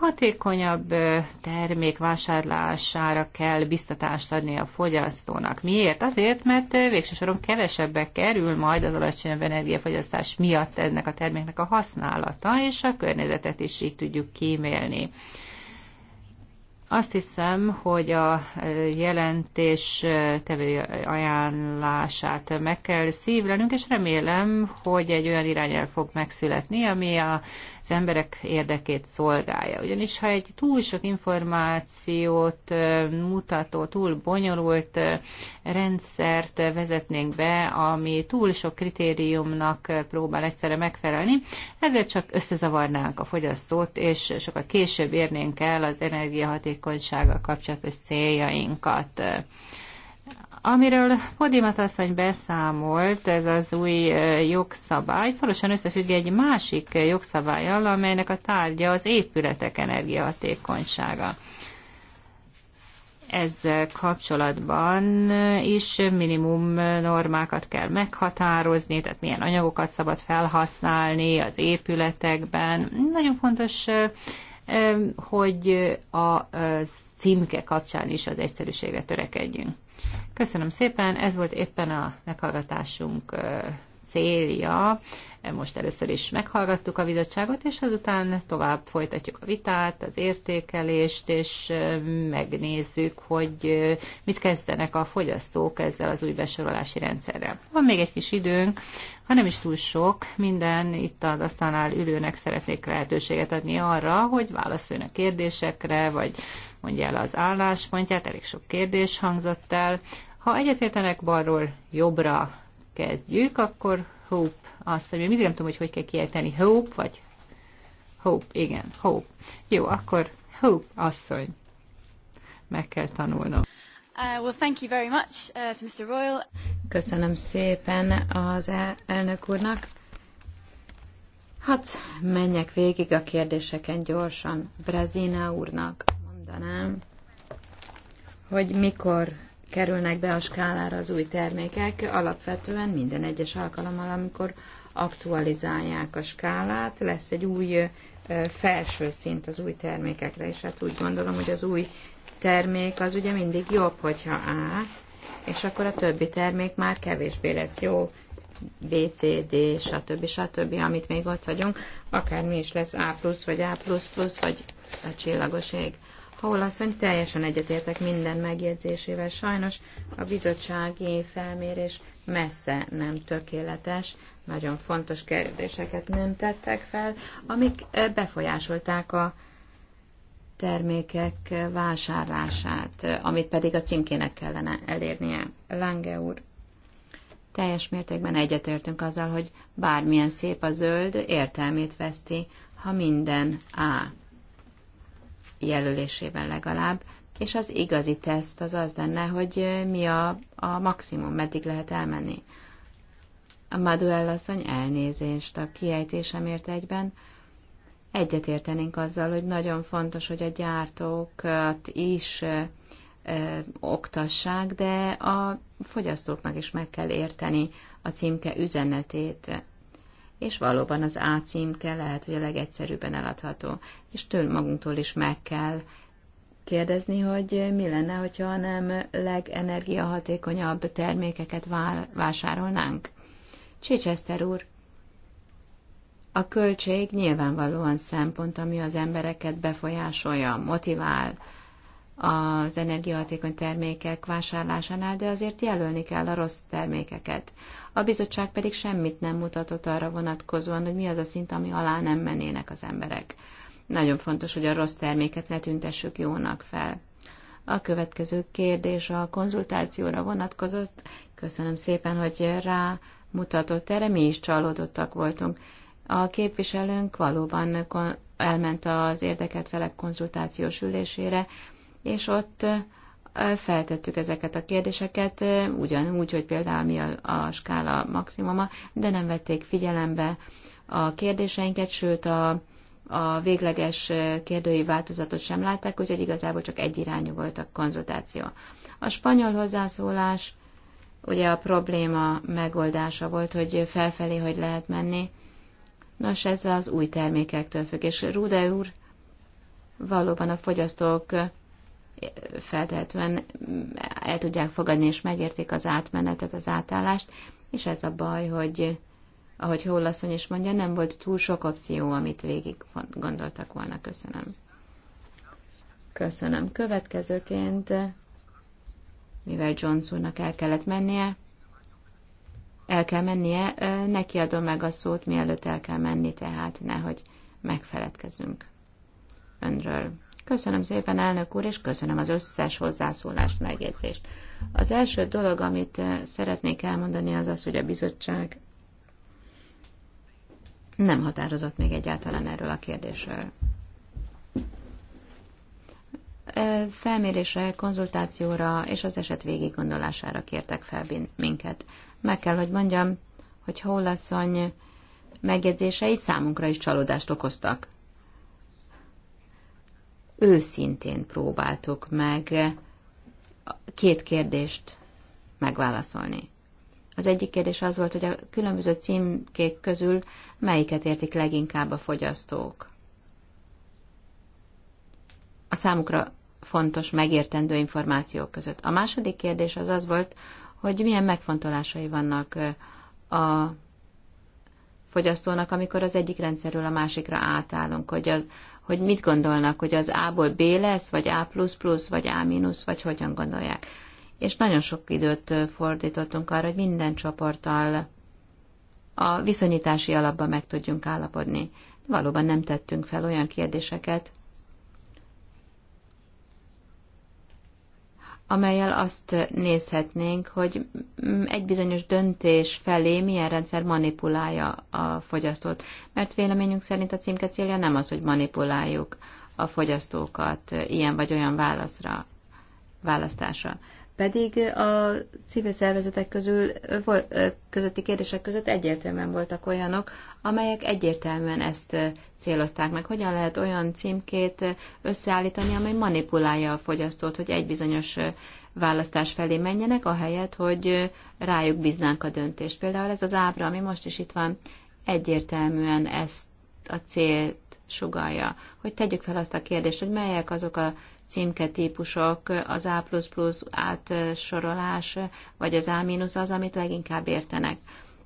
hatékonyabb termék vásárlására kell biztatást adni a fogyasztónak. Miért? Azért, mert végső soron kevesebbe kerül majd az alacsonyabb energiafogyasztás miatt ennek a terméknek a használata, és a környezetet is így tudjuk kímélni. Azt hiszem, hogy a jelentés tevő ajánlását meg kell szívlenünk, és remélem, hogy egy olyan irányel fog megszületni, ami a az emberek érdekét szolgálja. Ugyanis, ha egy túl sok információt mutató, túl bonyolult rendszert vezetnénk be, ami túl sok kritériumnak próbál egyszerre megfelelni, ezért csak összezavarnánk a fogyasztót, és sokkal később érnénk el az energiahatékonysággal kapcsolatos céljainkat. Amiről Podimat asszony beszámolt, ez az új jogszabály, szorosan összefügg egy másik jogszabályal, amelynek a tárgya az épületek energiahatékonysága. Ezzel kapcsolatban is minimum normákat kell meghatározni, tehát milyen anyagokat szabad felhasználni az épületekben. Nagyon fontos, hogy a címke kapcsán is az egyszerűségre törekedjünk. Köszönöm szépen, ez volt éppen a meghallgatásunk célja. Most először is meghallgattuk a bizottságot, és azután tovább folytatjuk a vitát, az értékelést, és megnézzük, hogy mit kezdenek a fogyasztók ezzel az új besorolási rendszerrel. Van még egy kis időnk, ha nem is túl sok, minden itt az asztalnál ülőnek szeretnék lehetőséget adni arra, hogy válaszoljon a kérdésekre, vagy mondja el az álláspontját, elég sok kérdés hangzott el. Ha egyetértenek balról jobbra kezdjük, akkor Hope azt mondja, mindig nem tudom, hogy hogy kell kiejteni, Hope vagy Hope, igen, Hope. Jó, akkor Hope asszony. Meg kell tanulnom. Uh, uh, Köszönöm szépen az elnök úrnak. Hát menjek végig a kérdéseken gyorsan. Brezina úrnak mondanám, hogy mikor kerülnek be a skálára az új termékek, alapvetően minden egyes alkalommal, amikor aktualizálják a skálát, lesz egy új felső szint az új termékekre, és hát úgy gondolom, hogy az új termék az ugye mindig jobb, hogyha A, és akkor a többi termék már kevésbé lesz jó, B, C, D, stb. stb., amit még ott vagyunk, akár is lesz A plusz, vagy A plusz plusz, vagy a csillagoség. Paul asszony teljesen egyetértek minden megjegyzésével. Sajnos a bizottsági felmérés messze nem tökéletes, nagyon fontos kérdéseket nem tettek fel, amik eh, befolyásolták a termékek vásárlását, eh, amit pedig a címkének kellene elérnie. Lange úr, teljes mértékben egyetértünk azzal, hogy bármilyen szép a zöld, értelmét veszti, ha minden A jelölésében legalább, és az igazi teszt az az lenne, hogy mi a, a maximum, meddig lehet elmenni. A Maduel asszony elnézést a kiejtésemért egyben. Egyetértenénk azzal, hogy nagyon fontos, hogy a gyártókat is ö, ö, oktassák, de a fogyasztóknak is meg kell érteni a címke üzenetét és valóban az A címke lehet, hogy a legegyszerűbben eladható. És től magunktól is meg kell kérdezni, hogy mi lenne, hogyha nem legenergiahatékonyabb termékeket vásárolnánk. Csicseszter úr, a költség nyilvánvalóan szempont, ami az embereket befolyásolja, motivál az energiahatékony termékek vásárlásánál, de azért jelölni kell a rossz termékeket a bizottság pedig semmit nem mutatott arra vonatkozóan, hogy mi az a szint, ami alá nem mennének az emberek. Nagyon fontos, hogy a rossz terméket ne tüntessük jónak fel. A következő kérdés a konzultációra vonatkozott. Köszönöm szépen, hogy rá mutatott erre, mi is csalódottak voltunk. A képviselőnk valóban elment az érdeket felek konzultációs ülésére, és ott feltettük ezeket a kérdéseket, ugyanúgy, hogy például mi a, a skála maximuma, de nem vették figyelembe a kérdéseinket, sőt a, a végleges kérdői változatot sem látták, úgyhogy igazából csak egy irányú volt a konzultáció. A spanyol hozzászólás ugye a probléma megoldása volt, hogy felfelé hogy lehet menni. Nos, ez az új termékektől függ. És Rude úr valóban a fogyasztók feltehetően el tudják fogadni és megértik az átmenetet, az átállást, és ez a baj, hogy ahogy Hollasszony is mondja, nem volt túl sok opció, amit végig gondoltak volna. Köszönöm. Köszönöm. Következőként, mivel Johnsonnak el kellett mennie, el kell mennie, neki adom meg a szót, mielőtt el kell menni, tehát nehogy megfeledkezünk önről. Köszönöm szépen, elnök úr, és köszönöm az összes hozzászólást, megjegyzést. Az első dolog, amit eh, szeretnék elmondani, az az, hogy a bizottság nem határozott még egyáltalán erről a kérdésről. Eh, felmérésre, konzultációra és az eset végig gondolására kértek fel minket. Meg kell, hogy mondjam, hogy Hollasszony megjegyzései számunkra is csalódást okoztak őszintén próbáltuk meg két kérdést megválaszolni. Az egyik kérdés az volt, hogy a különböző címkék közül melyiket értik leginkább a fogyasztók. A számukra fontos, megértendő információk között. A második kérdés az az volt, hogy milyen megfontolásai vannak a fogyasztónak, amikor az egyik rendszerről a másikra átállunk, hogy az, hogy mit gondolnak, hogy az A-ból B lesz, vagy A++, vagy A-, vagy hogyan gondolják. És nagyon sok időt fordítottunk arra, hogy minden csoporttal a viszonyítási alapban meg tudjunk állapodni. Valóban nem tettünk fel olyan kérdéseket, amelyel azt nézhetnénk, hogy egy bizonyos döntés felé milyen rendszer manipulálja a fogyasztót. Mert véleményünk szerint a címke célja nem az, hogy manipuláljuk a fogyasztókat ilyen vagy olyan válaszra, választásra pedig a civil szervezetek közül, közötti kérdések között egyértelműen voltak olyanok, amelyek egyértelműen ezt célozták meg. Hogyan lehet olyan címkét összeállítani, amely manipulálja a fogyasztót, hogy egy bizonyos választás felé menjenek, ahelyett, hogy rájuk bíznánk a döntést. Például ez az ábra, ami most is itt van, egyértelműen ezt a célt sugalja. Hogy tegyük fel azt a kérdést, hogy melyek azok a címketípusok, az A++ átsorolás, vagy az A- az, amit leginkább értenek.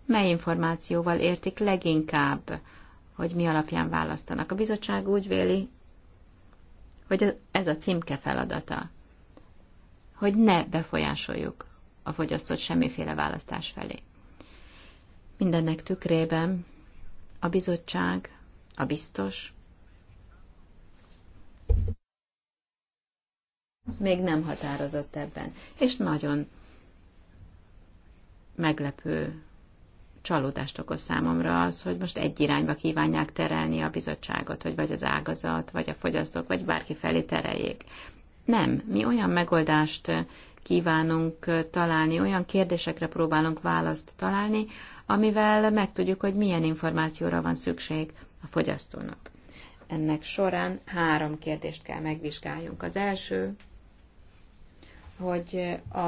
Mely információval értik leginkább, hogy mi alapján választanak? A bizottság úgy véli, hogy ez a címke feladata, hogy ne befolyásoljuk a fogyasztót semmiféle választás felé. Mindennek tükrében a bizottság, a biztos még nem határozott ebben. És nagyon meglepő csalódást okoz számomra az, hogy most egy irányba kívánják terelni a bizottságot, hogy vagy az ágazat, vagy a fogyasztók, vagy bárki felé tereljék. Nem, mi olyan megoldást kívánunk találni, olyan kérdésekre próbálunk választ találni, amivel megtudjuk, hogy milyen információra van szükség a fogyasztónak. Ennek során három kérdést kell megvizsgáljunk. Az első, hogy a,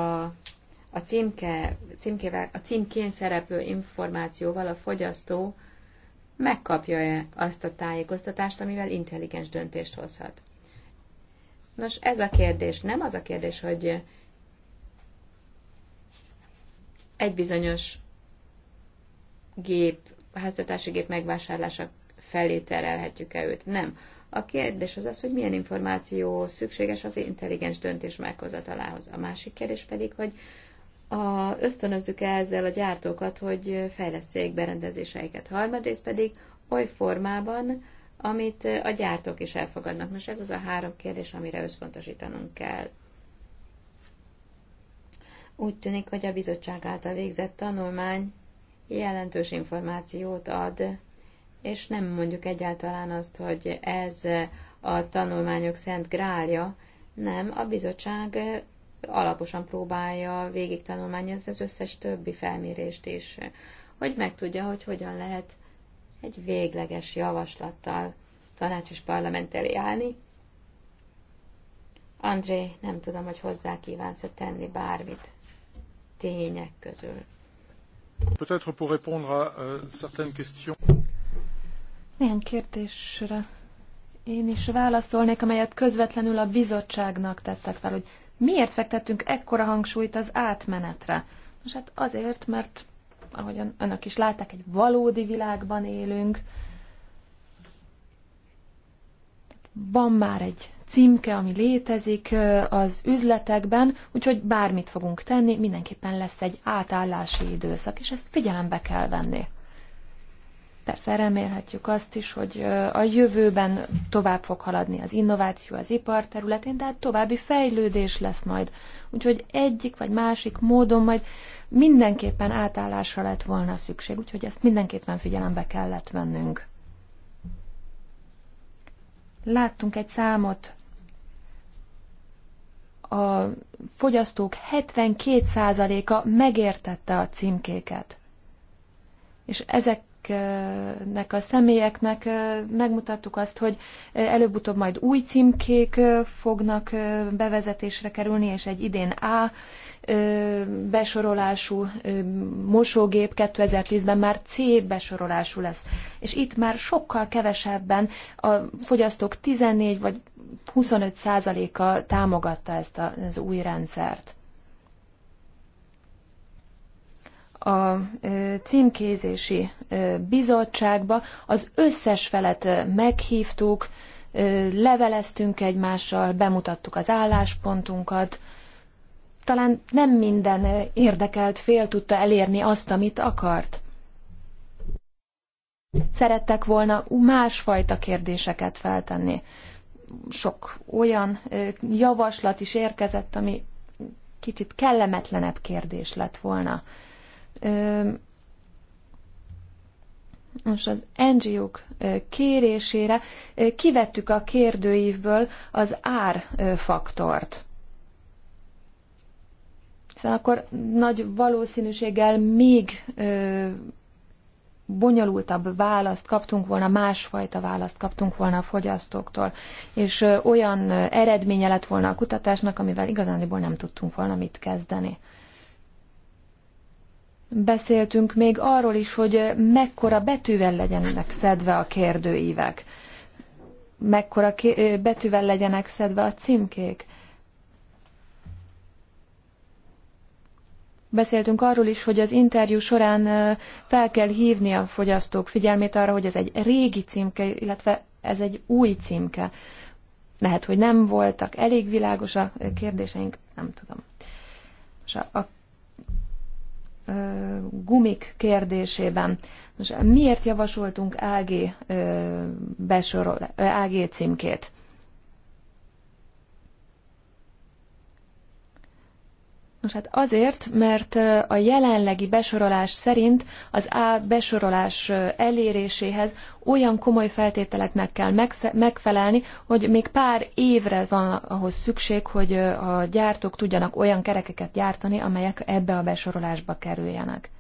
a, címke, címkével, a címkén szereplő információval a fogyasztó megkapja-e azt a tájékoztatást, amivel intelligens döntést hozhat. Nos, ez a kérdés nem az a kérdés, hogy egy bizonyos gép, háztartási gép megvásárlása felé terelhetjük-e őt. Nem. A kérdés az az, hogy milyen információ szükséges az intelligens döntés meghozatalához. A másik kérdés pedig, hogy a, ösztönözzük -e ezzel a gyártókat, hogy fejleszék berendezéseiket. Harmadrészt pedig oly formában, amit a gyártók is elfogadnak. Most ez az a három kérdés, amire összpontosítanunk kell. Úgy tűnik, hogy a bizottság által végzett tanulmány jelentős információt ad és nem mondjuk egyáltalán azt, hogy ez a tanulmányok szent grálja, nem, a bizottság alaposan próbálja végig tanulmányozni az összes többi felmérést is, hogy megtudja, hogy hogyan lehet egy végleges javaslattal tanács és parlament elé állni. André, nem tudom, hogy hozzá kívánsz-e tenni bármit tények közül. Peut-être pour répondre à euh, certaines questions. Néhány kérdésre én is válaszolnék, amelyet közvetlenül a bizottságnak tettek fel, hogy miért fektettünk ekkora hangsúlyt az átmenetre? Most hát azért, mert ahogyan önök is látták, egy valódi világban élünk. Van már egy címke, ami létezik az üzletekben, úgyhogy bármit fogunk tenni, mindenképpen lesz egy átállási időszak, és ezt figyelembe kell venni. Persze remélhetjük azt is, hogy a jövőben tovább fog haladni az innováció az ipar területén, tehát további fejlődés lesz majd. Úgyhogy egyik vagy másik módon majd mindenképpen átállásra lett volna szükség, úgyhogy ezt mindenképpen figyelembe kellett vennünk. Láttunk egy számot, a fogyasztók 72%-a megértette a címkéket és ezeknek a személyeknek megmutattuk azt, hogy előbb-utóbb majd új címkék fognak bevezetésre kerülni, és egy idén A besorolású mosógép 2010-ben már C besorolású lesz. És itt már sokkal kevesebben a fogyasztók 14 vagy 25 százaléka támogatta ezt az új rendszert. a címkézési bizottságba az összes felet meghívtuk, leveleztünk egymással, bemutattuk az álláspontunkat. Talán nem minden érdekelt fél tudta elérni azt, amit akart. Szerettek volna másfajta kérdéseket feltenni. Sok olyan javaslat is érkezett, ami kicsit kellemetlenebb kérdés lett volna most az NGO-k kérésére kivettük a kérdőívből az árfaktort. Hiszen akkor nagy valószínűséggel még bonyolultabb választ kaptunk volna, másfajta választ kaptunk volna a fogyasztóktól, és olyan eredménye lett volna a kutatásnak, amivel igazániból nem tudtunk volna mit kezdeni beszéltünk még arról is, hogy mekkora betűvel legyenek szedve a kérdőívek, mekkora betűvel legyenek szedve a címkék. Beszéltünk arról is, hogy az interjú során fel kell hívni a fogyasztók figyelmét arra, hogy ez egy régi címke, illetve ez egy új címke. Lehet, hogy nem voltak elég világos a kérdéseink, nem tudom. És a, a gumik kérdésében. Most miért javasoltunk AG, besorol, AG címkét? Nos hát azért, mert a jelenlegi besorolás szerint az A besorolás eléréséhez olyan komoly feltételeknek kell megfelelni, hogy még pár évre van ahhoz szükség, hogy a gyártók tudjanak olyan kerekeket gyártani, amelyek ebbe a besorolásba kerüljenek.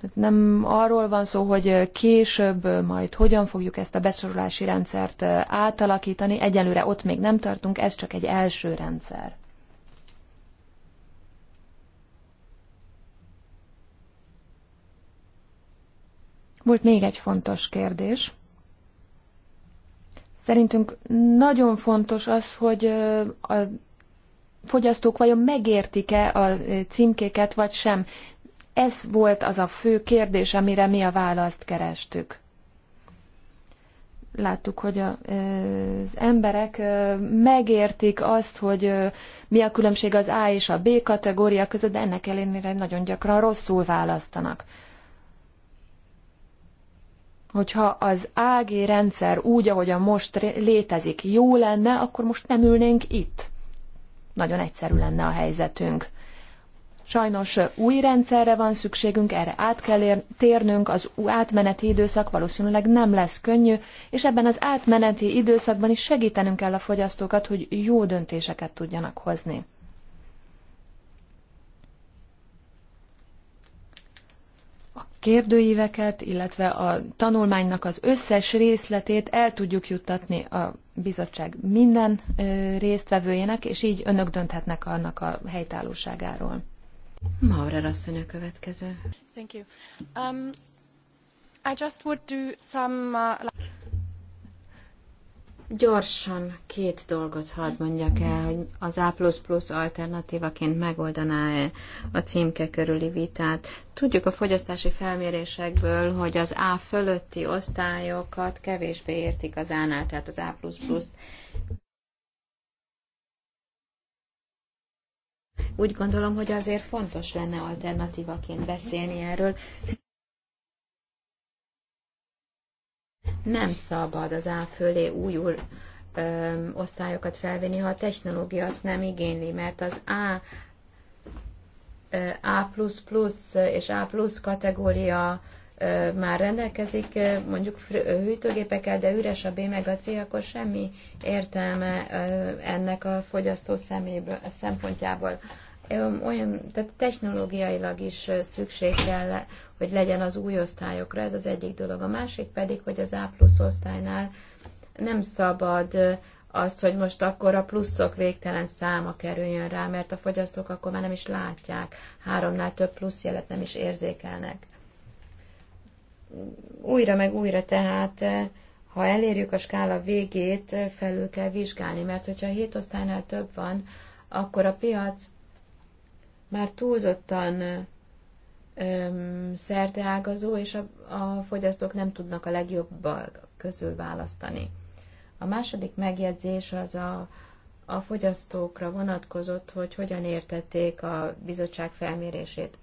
Tehát nem arról van szó, hogy később majd hogyan fogjuk ezt a besorolási rendszert átalakítani, egyelőre ott még nem tartunk, ez csak egy első rendszer. Volt még egy fontos kérdés. Szerintünk nagyon fontos az, hogy a fogyasztók vajon megértik-e a címkéket, vagy sem. Ez volt az a fő kérdés, amire mi a választ kerestük. Láttuk, hogy a, az emberek megértik azt, hogy mi a különbség az A és a B kategória között, de ennek ellenére nagyon gyakran rosszul választanak hogyha az AG rendszer úgy, ahogyan most létezik, jó lenne, akkor most nem ülnénk itt. Nagyon egyszerű lenne a helyzetünk. Sajnos új rendszerre van szükségünk, erre át kell ér- térnünk, az átmeneti időszak valószínűleg nem lesz könnyű, és ebben az átmeneti időszakban is segítenünk kell a fogyasztókat, hogy jó döntéseket tudjanak hozni. kérdőíveket, illetve a tanulmánynak az összes részletét el tudjuk juttatni a bizottság minden résztvevőjének, és így önök dönthetnek annak a helytállóságáról. Maurer asszony a következő. Thank you. Um, I just would do some, uh... Gyorsan két dolgot hadd mondjak el, hogy az A++ alternatívaként megoldaná-e a címke körüli vitát. Tudjuk a fogyasztási felmérésekből, hogy az A fölötti osztályokat kevésbé értik az A-nál, tehát az A++-t. Úgy gondolom, hogy azért fontos lenne alternatívaként beszélni erről, nem szabad az áll fölé újul ö, osztályokat felvenni, ha a technológia azt nem igényli, mert az A A++ és A++ kategória már rendelkezik mondjuk hűtőgépekkel, de üres a B meg a C, akkor semmi értelme ennek a fogyasztó szeméből, a szempontjából. Olyan, tehát technológiailag is szükség kell hogy legyen az új osztályokra, ez az egyik dolog. A másik pedig, hogy az A plusz osztálynál nem szabad azt, hogy most akkor a pluszok végtelen száma kerüljön rá, mert a fogyasztók akkor már nem is látják. Háromnál több plusz jelet nem is érzékelnek. Újra meg újra tehát, ha elérjük a skála végét, felül kell vizsgálni, mert hogyha a hét osztálynál több van, akkor a piac már túlzottan szerteágazó, és a, a fogyasztók nem tudnak a legjobb közül választani. A második megjegyzés az a, a fogyasztókra vonatkozott, hogy hogyan értették a bizottság felmérését.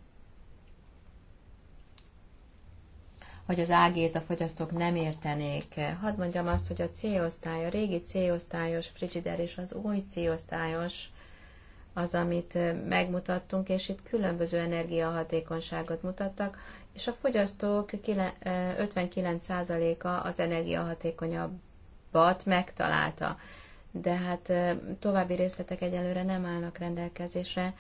Hogy az ágét a fogyasztók nem értenék. Hadd mondjam azt, hogy a C-osztály, a régi C-osztályos frigider és az új C-osztályos az, amit megmutattunk, és itt különböző energiahatékonyságot mutattak, és a fogyasztók 59%-a az energiahatékonyabbat megtalálta. De hát további részletek egyelőre nem állnak rendelkezésre,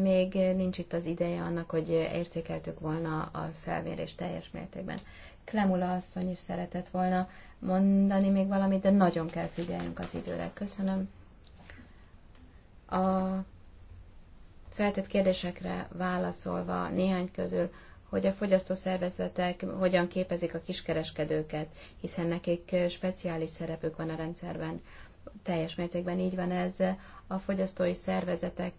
még nincs itt az ideje annak, hogy értékeltük volna a felmérés teljes mértékben. Klemula asszony is szeretett volna mondani még valamit, de nagyon kell figyeljünk az időre. Köszönöm. A feltett kérdésekre válaszolva néhány közül, hogy a fogyasztószervezetek hogyan képezik a kiskereskedőket, hiszen nekik speciális szerepük van a rendszerben. Teljes mértékben így van ez. A fogyasztói szervezetek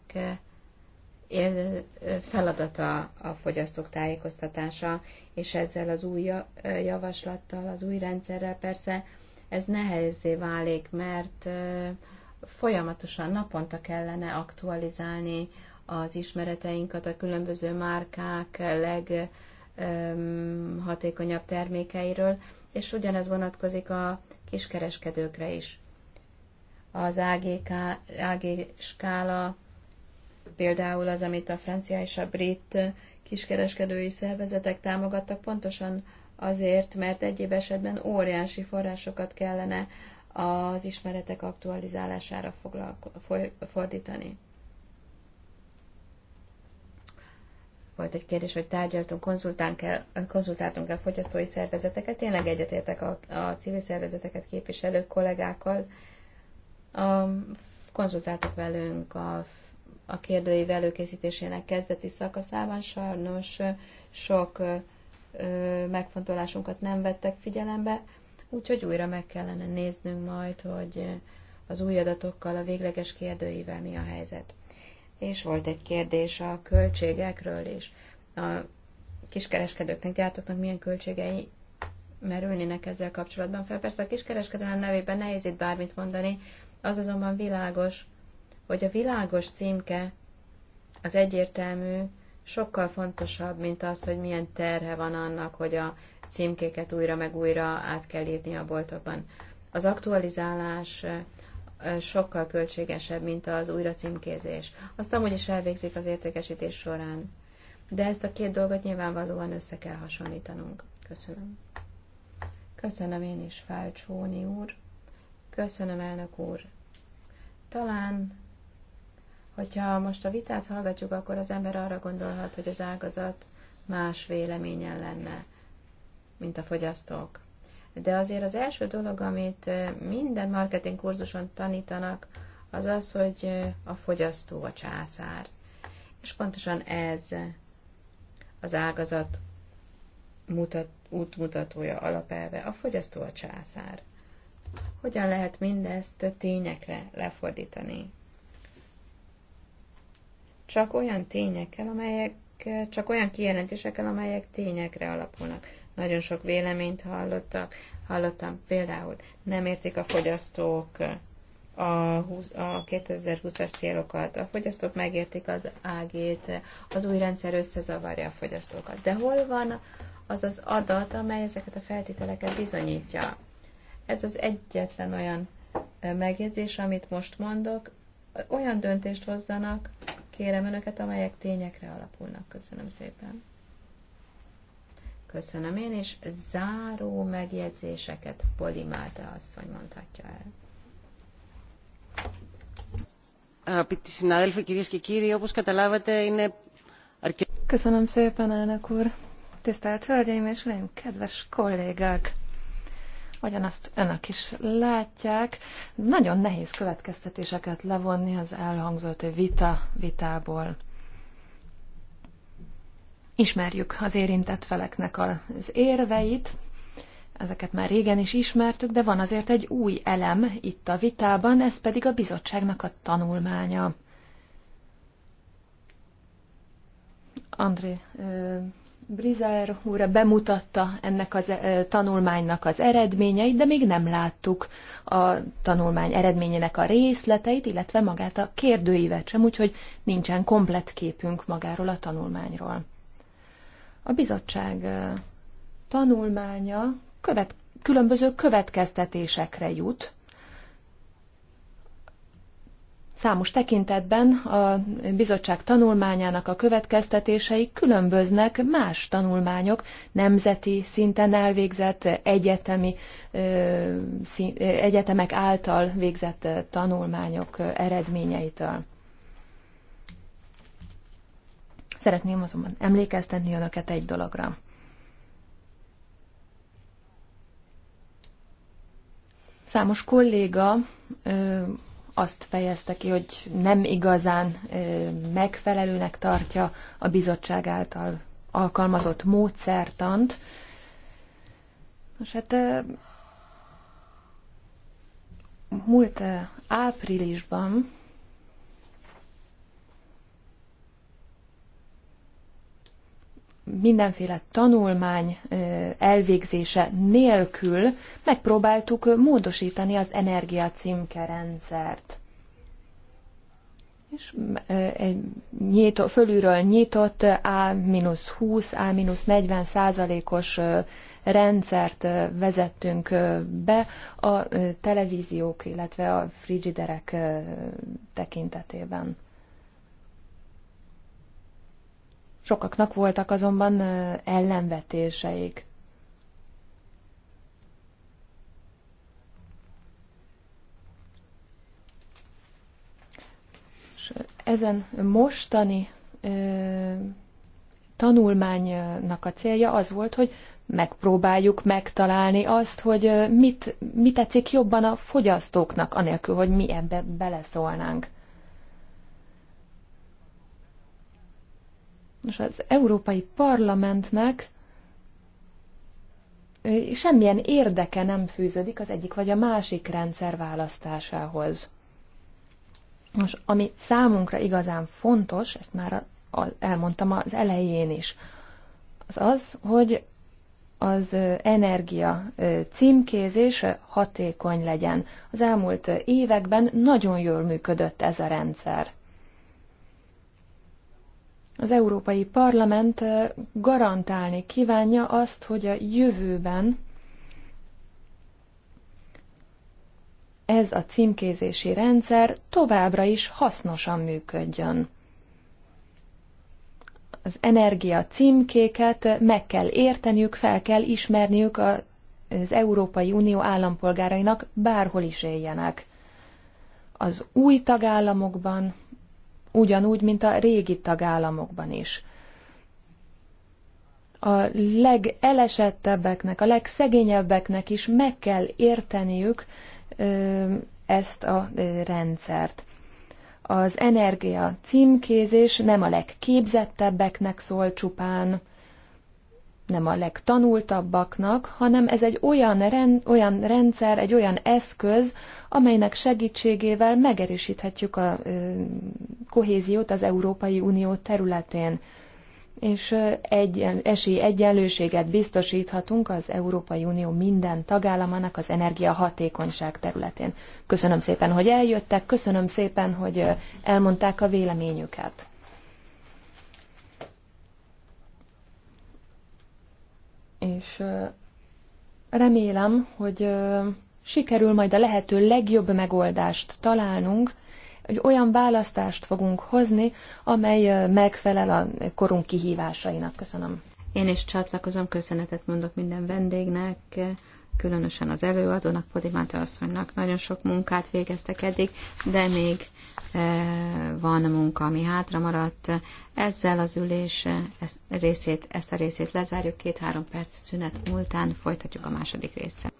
eh, feladata a fogyasztók tájékoztatása, és ezzel az új eh, javaslattal, az új rendszerrel persze ez nehezé válik, mert eh, folyamatosan naponta kellene aktualizálni az ismereteinket, a különböző márkák leghatékonyabb termékeiről, és ugyanez vonatkozik a kiskereskedőkre is. Az AGK, AG skála például az, amit a francia és a brit kiskereskedői szervezetek támogattak, pontosan azért, mert egyéb esetben óriási forrásokat kellene az ismeretek aktualizálására fordítani. Volt egy kérdés, hogy tárgyaltunk, konzultáltunk-e fogyasztói szervezeteket. Tényleg egyetértek a, a civil szervezeteket képviselő kollégákkal. A, konzultáltak velünk a, a kérdői előkészítésének kezdeti szakaszában. Sajnos sok ö, megfontolásunkat nem vettek figyelembe Úgyhogy újra meg kellene néznünk majd, hogy az új adatokkal, a végleges kérdőivel mi a helyzet. És volt egy kérdés a költségekről is. A kiskereskedőknek, gyártóknak milyen költségei merülnének ezzel kapcsolatban fel. Persze a kiskereskedelem nevében nehéz itt bármit mondani, az azonban világos, hogy a világos címke az egyértelmű, sokkal fontosabb, mint az, hogy milyen terhe van annak, hogy a címkéket újra meg újra át kell írni a boltokban. Az aktualizálás sokkal költségesebb, mint az újra címkézés. Azt amúgy is elvégzik az értékesítés során. De ezt a két dolgot nyilvánvalóan össze kell hasonlítanunk. Köszönöm. Köszönöm én is, Fálcsóni úr. Köszönöm, elnök úr. Talán, hogyha most a vitát hallgatjuk, akkor az ember arra gondolhat, hogy az ágazat más véleményen lenne mint a fogyasztók. De azért az első dolog, amit minden marketing kurzuson tanítanak, az az, hogy a fogyasztó a császár. És pontosan ez az ágazat mutat, útmutatója, alapelve, a fogyasztó a császár. Hogyan lehet mindezt tényekre lefordítani? Csak olyan tényekkel, amelyek, csak olyan kijelentésekkel, amelyek tényekre alapulnak. Nagyon sok véleményt hallottak, hallottam például nem értik a fogyasztók a, 20, a 2020-as célokat, a fogyasztók megértik az ágét, az új rendszer összezavarja a fogyasztókat. De hol van az az adat, amely ezeket a feltételeket bizonyítja? Ez az egyetlen olyan megjegyzés, amit most mondok, olyan döntést hozzanak, kérem önöket, amelyek tényekre alapulnak. Köszönöm szépen. Köszönöm én, és záró megjegyzéseket Polimáta asszony mondhatja el. Αγαπητοί συνάδελφοι, κυρίες και κύριοι, όπως καταλάβατε είναι Köszönöm szépen, elnök úr! Tisztelt Hölgyeim és Uraim, kedves kollégák! Ugyanazt önök is látják, nagyon nehéz következtetéseket levonni az elhangzott vita vitából. Ismerjük az érintett feleknek az érveit, ezeket már régen is ismertük, de van azért egy új elem itt a vitában, ez pedig a bizottságnak a tanulmánya. André Brizaer úr bemutatta ennek a tanulmánynak az eredményeit, de még nem láttuk a tanulmány eredményének a részleteit, illetve magát a kérdőívet sem, úgyhogy nincsen komplet képünk magáról a tanulmányról. A bizottság tanulmánya követ, különböző következtetésekre jut. Számos tekintetben a bizottság tanulmányának a következtetései különböznek más tanulmányok, nemzeti szinten elvégzett egyetemi, egyetemek által végzett tanulmányok eredményeitől. Szeretném azonban emlékeztetni önöket egy dologra. Számos kolléga ö, azt fejezte ki, hogy nem igazán ö, megfelelőnek tartja a bizottság által alkalmazott módszertant. Nos, hát ö, múlt áprilisban mindenféle tanulmány elvégzése nélkül megpróbáltuk módosítani az energia rendszert. És nyitó, fölülről nyitott A-20, A-40 százalékos rendszert vezettünk be a televíziók, illetve a frigiderek tekintetében. Sokaknak voltak azonban ellenvetéseik. És ezen mostani ö, tanulmánynak a célja az volt, hogy megpróbáljuk megtalálni azt, hogy mit, mit tetszik jobban a fogyasztóknak, anélkül, hogy mi ebbe beleszólnánk. Nos, az Európai Parlamentnek semmilyen érdeke nem fűződik az egyik vagy a másik rendszer választásához. Most, ami számunkra igazán fontos, ezt már elmondtam az elején is, az az, hogy az energia címkézés hatékony legyen. Az elmúlt években nagyon jól működött ez a rendszer. Az Európai Parlament garantálni kívánja azt, hogy a jövőben ez a címkézési rendszer továbbra is hasznosan működjön. Az energia címkéket meg kell érteniük, fel kell ismerniük az Európai Unió állampolgárainak, bárhol is éljenek. Az új tagállamokban, ugyanúgy, mint a régi tagállamokban is. A legelesettebbeknek, a legszegényebbeknek is meg kell érteniük ezt a rendszert. Az energia címkézés nem a legképzettebbeknek szól csupán, nem a legtanultabbaknak, hanem ez egy olyan, rend, olyan rendszer, egy olyan eszköz, amelynek segítségével megerősíthetjük a kohéziót az Európai Unió területén, és egy, egyenlőséget biztosíthatunk az Európai Unió minden tagállamának az energiahatékonyság területén. Köszönöm szépen, hogy eljöttek, köszönöm szépen, hogy elmondták a véleményüket. És remélem, hogy sikerül majd a lehető legjobb megoldást találnunk, hogy olyan választást fogunk hozni, amely megfelel a korunk kihívásainak. Köszönöm. Én is csatlakozom, köszönetet mondok minden vendégnek, különösen az előadónak, Podimáta asszonynak. Nagyon sok munkát végeztek eddig, de még van munka, ami hátra maradt. Ezzel az ülés ezt, részét, ezt a részét lezárjuk, két-három perc szünet múltán folytatjuk a második részt.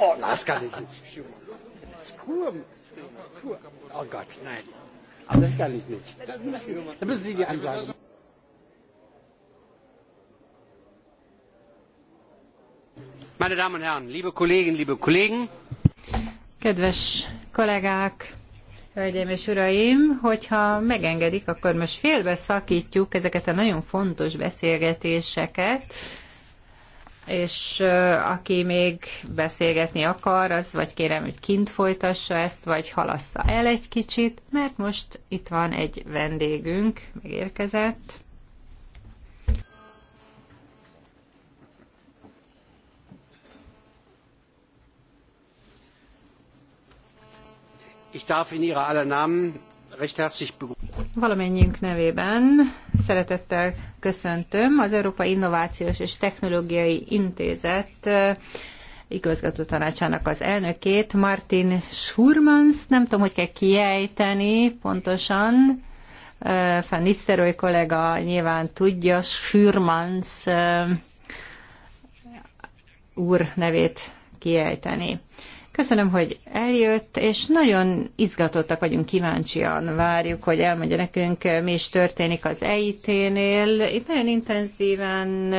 Oh, das kann ich nicht. Oh Gott, nein. Aber ah, das kann ich nicht. müssen, Sie die Meine Damen und Herren, liebe Kolleginnen, liebe Kollegen! Kedves kollégák! Hölgyeim és uraim, hogyha megengedik, akkor most félbe szakítjuk ezeket a nagyon fontos beszélgetéseket, és aki még beszélgetni akar, az vagy kérem, hogy kint folytassa ezt, vagy halassza el egy kicsit, mert most itt van egy vendégünk, megérkezett. Valamennyiünk nevében szeretettel köszöntöm az Európai Innovációs és Technológiai Intézet eh, igazgató tanácsának az elnökét, Martin Schurmans, nem tudom, hogy kell kiejteni pontosan, eh, Van Nisztelrooy kollega nyilván tudja, Schurmans eh, úr nevét kiejteni. Köszönöm, hogy eljött, és nagyon izgatottak vagyunk, kíváncsian várjuk, hogy elmondja nekünk, mi is történik az EIT-nél. Itt nagyon intenzíven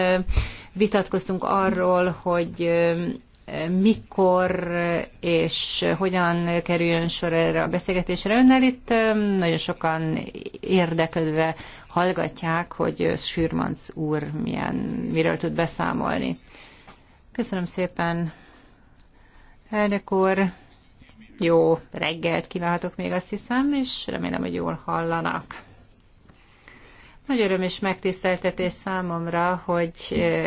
vitatkoztunk arról, hogy mikor és hogyan kerüljön sor erre a beszélgetésre. Önnel itt nagyon sokan érdeklődve hallgatják, hogy Sürmanc úr milyen, miről tud beszámolni. Köszönöm szépen, Elnök úr, jó reggelt kívánhatok még azt hiszem, és remélem, hogy jól hallanak. Nagy öröm és megtiszteltetés számomra, hogy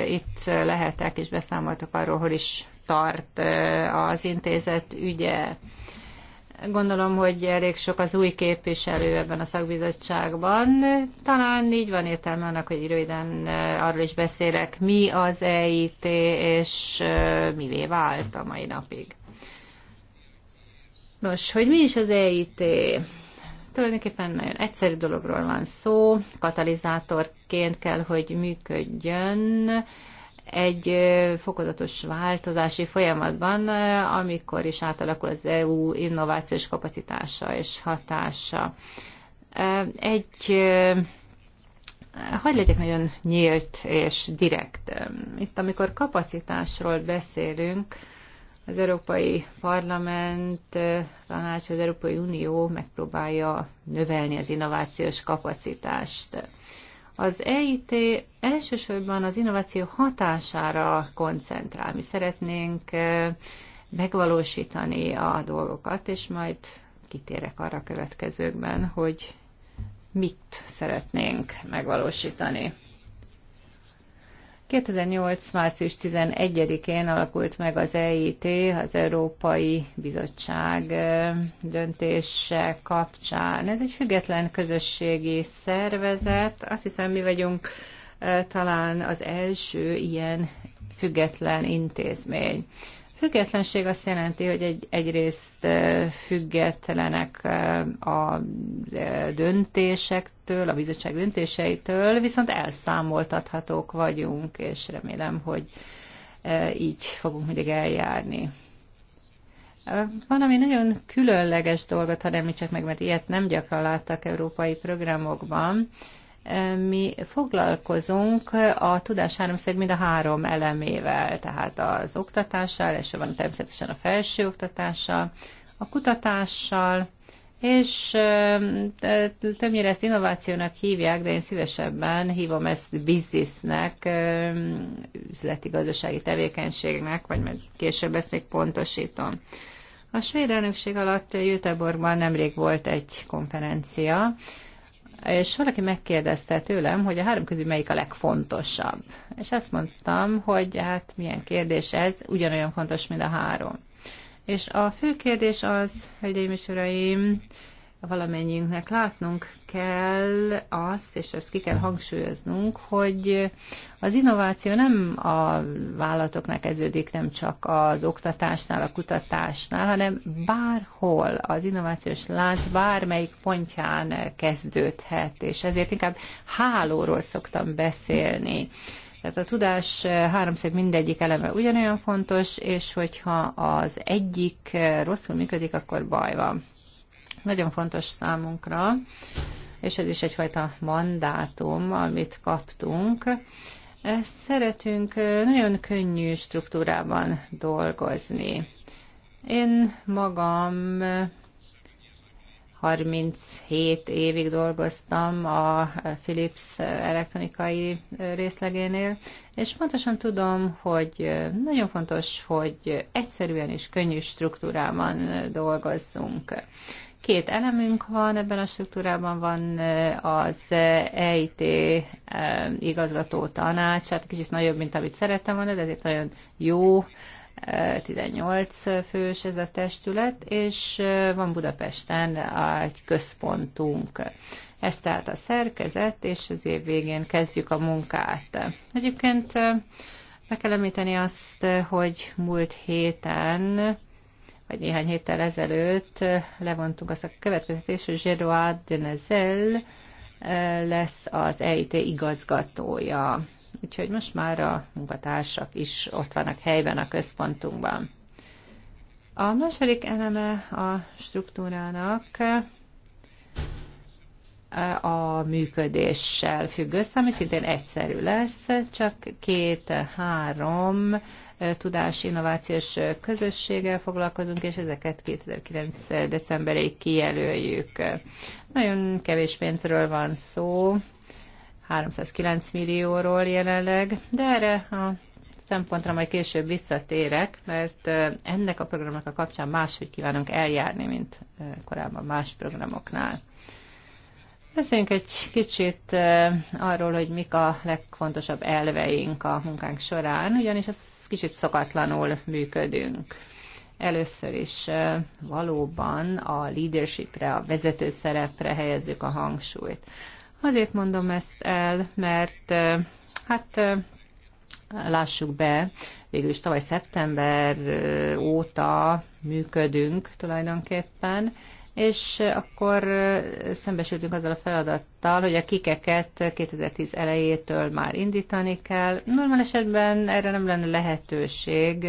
itt lehetek és beszámoltok arról, hol is tart az intézet ügye. Gondolom, hogy elég sok az új képviselő ebben a szakbizottságban. Talán így van értelme annak, hogy röviden eh, arról is beszélek, mi az EIT, és eh, mivé vált a mai napig. Nos, hogy mi is az EIT? Tulajdonképpen nagyon egyszerű dologról van szó, katalizátorként kell, hogy működjön egy fokozatos változási folyamatban, amikor is átalakul az EU innovációs kapacitása és hatása. Egy hogy legyek nagyon nyílt és direkt. Itt, amikor kapacitásról beszélünk, az Európai Parlament, Tanács, az Európai Unió megpróbálja növelni az innovációs kapacitást. Az EIT elsősorban az innováció hatására koncentrál. Mi szeretnénk megvalósítani a dolgokat, és majd kitérek arra a következőkben, hogy mit szeretnénk megvalósítani. 2008. március 11-én alakult meg az EIT, az Európai Bizottság döntése kapcsán. Ez egy független közösségi szervezet. Azt hiszem, mi vagyunk talán az első ilyen független intézmény függetlenség azt jelenti, hogy egy, egyrészt függetlenek a döntésektől, a bizottság döntéseitől, viszont elszámoltathatók vagyunk, és remélem, hogy így fogunk mindig eljárni. Van, ami nagyon különleges dolgot, ha nem csak meg, mert ilyet nem gyakran láttak európai programokban, mi foglalkozunk a tudásháromszög mind a három elemével, tehát az oktatással, és van természetesen a felső oktatással, a kutatással, és többnyire ezt innovációnak hívják, de én szívesebben hívom ezt biznisznek, üzleti gazdasági tevékenységnek, vagy majd később ezt még pontosítom. A svéd elnökség alatt Jöteborgban nemrég volt egy konferencia, és valaki megkérdezte tőlem, hogy a három közül melyik a legfontosabb. És azt mondtam, hogy hát milyen kérdés ez, ugyanolyan fontos, mint a három. És a fő kérdés az, hölgyeim és uraim, valamennyiünknek látnunk kell azt, és ezt ki kell hangsúlyoznunk, hogy az innováció nem a vállalatoknak kezdődik, nem csak az oktatásnál, a kutatásnál, hanem bárhol az innovációs lánc bármelyik pontján kezdődhet, és ezért inkább hálóról szoktam beszélni. Tehát a tudás háromszög mindegyik eleme ugyanolyan fontos, és hogyha az egyik rosszul működik, akkor baj van. Nagyon fontos számunkra, és ez is egyfajta mandátum, amit kaptunk. Szeretünk nagyon könnyű struktúrában dolgozni. Én magam 37 évig dolgoztam a Philips elektronikai részlegénél, és pontosan tudom, hogy nagyon fontos, hogy egyszerűen és könnyű struktúrában dolgozzunk. Két elemünk van ebben a struktúrában, van az EIT igazgató tanács, hát kicsit nagyobb, mint amit szerettem volna, de ezért nagyon jó 18 fős ez a testület, és van Budapesten egy központunk. Ez tehát a szerkezet, és az év végén kezdjük a munkát. Egyébként meg kell említeni azt, hogy múlt héten vagy néhány héttel ezelőtt eh, levontunk azt a következtetést, hogy Gérard Denezel eh, lesz az EIT igazgatója. Úgyhogy most már a munkatársak is ott vannak helyben a központunkban. A második eleme a struktúrának eh, a működéssel függ össze, ami szintén egyszerű lesz, csak két-három tudás innovációs közösséggel foglalkozunk, és ezeket 2009. decemberéig kijelöljük. Nagyon kevés pénzről van szó, 309 millióról jelenleg, de erre a szempontra majd később visszatérek, mert ennek a programnak a kapcsán máshogy kívánunk eljárni, mint korábban más programoknál. Beszéljünk egy kicsit arról, hogy mik a legfontosabb elveink a munkánk során, ugyanis a kicsit szokatlanul működünk. Először is valóban a leadershipre, a vezető szerepre helyezzük a hangsúlyt. Azért mondom ezt el, mert hát lássuk be, végül is tavaly szeptember óta működünk tulajdonképpen, és akkor szembesültünk azzal a feladattal, hogy a kikeket 2010 elejétől már indítani kell. Normál esetben erre nem lenne lehetőség,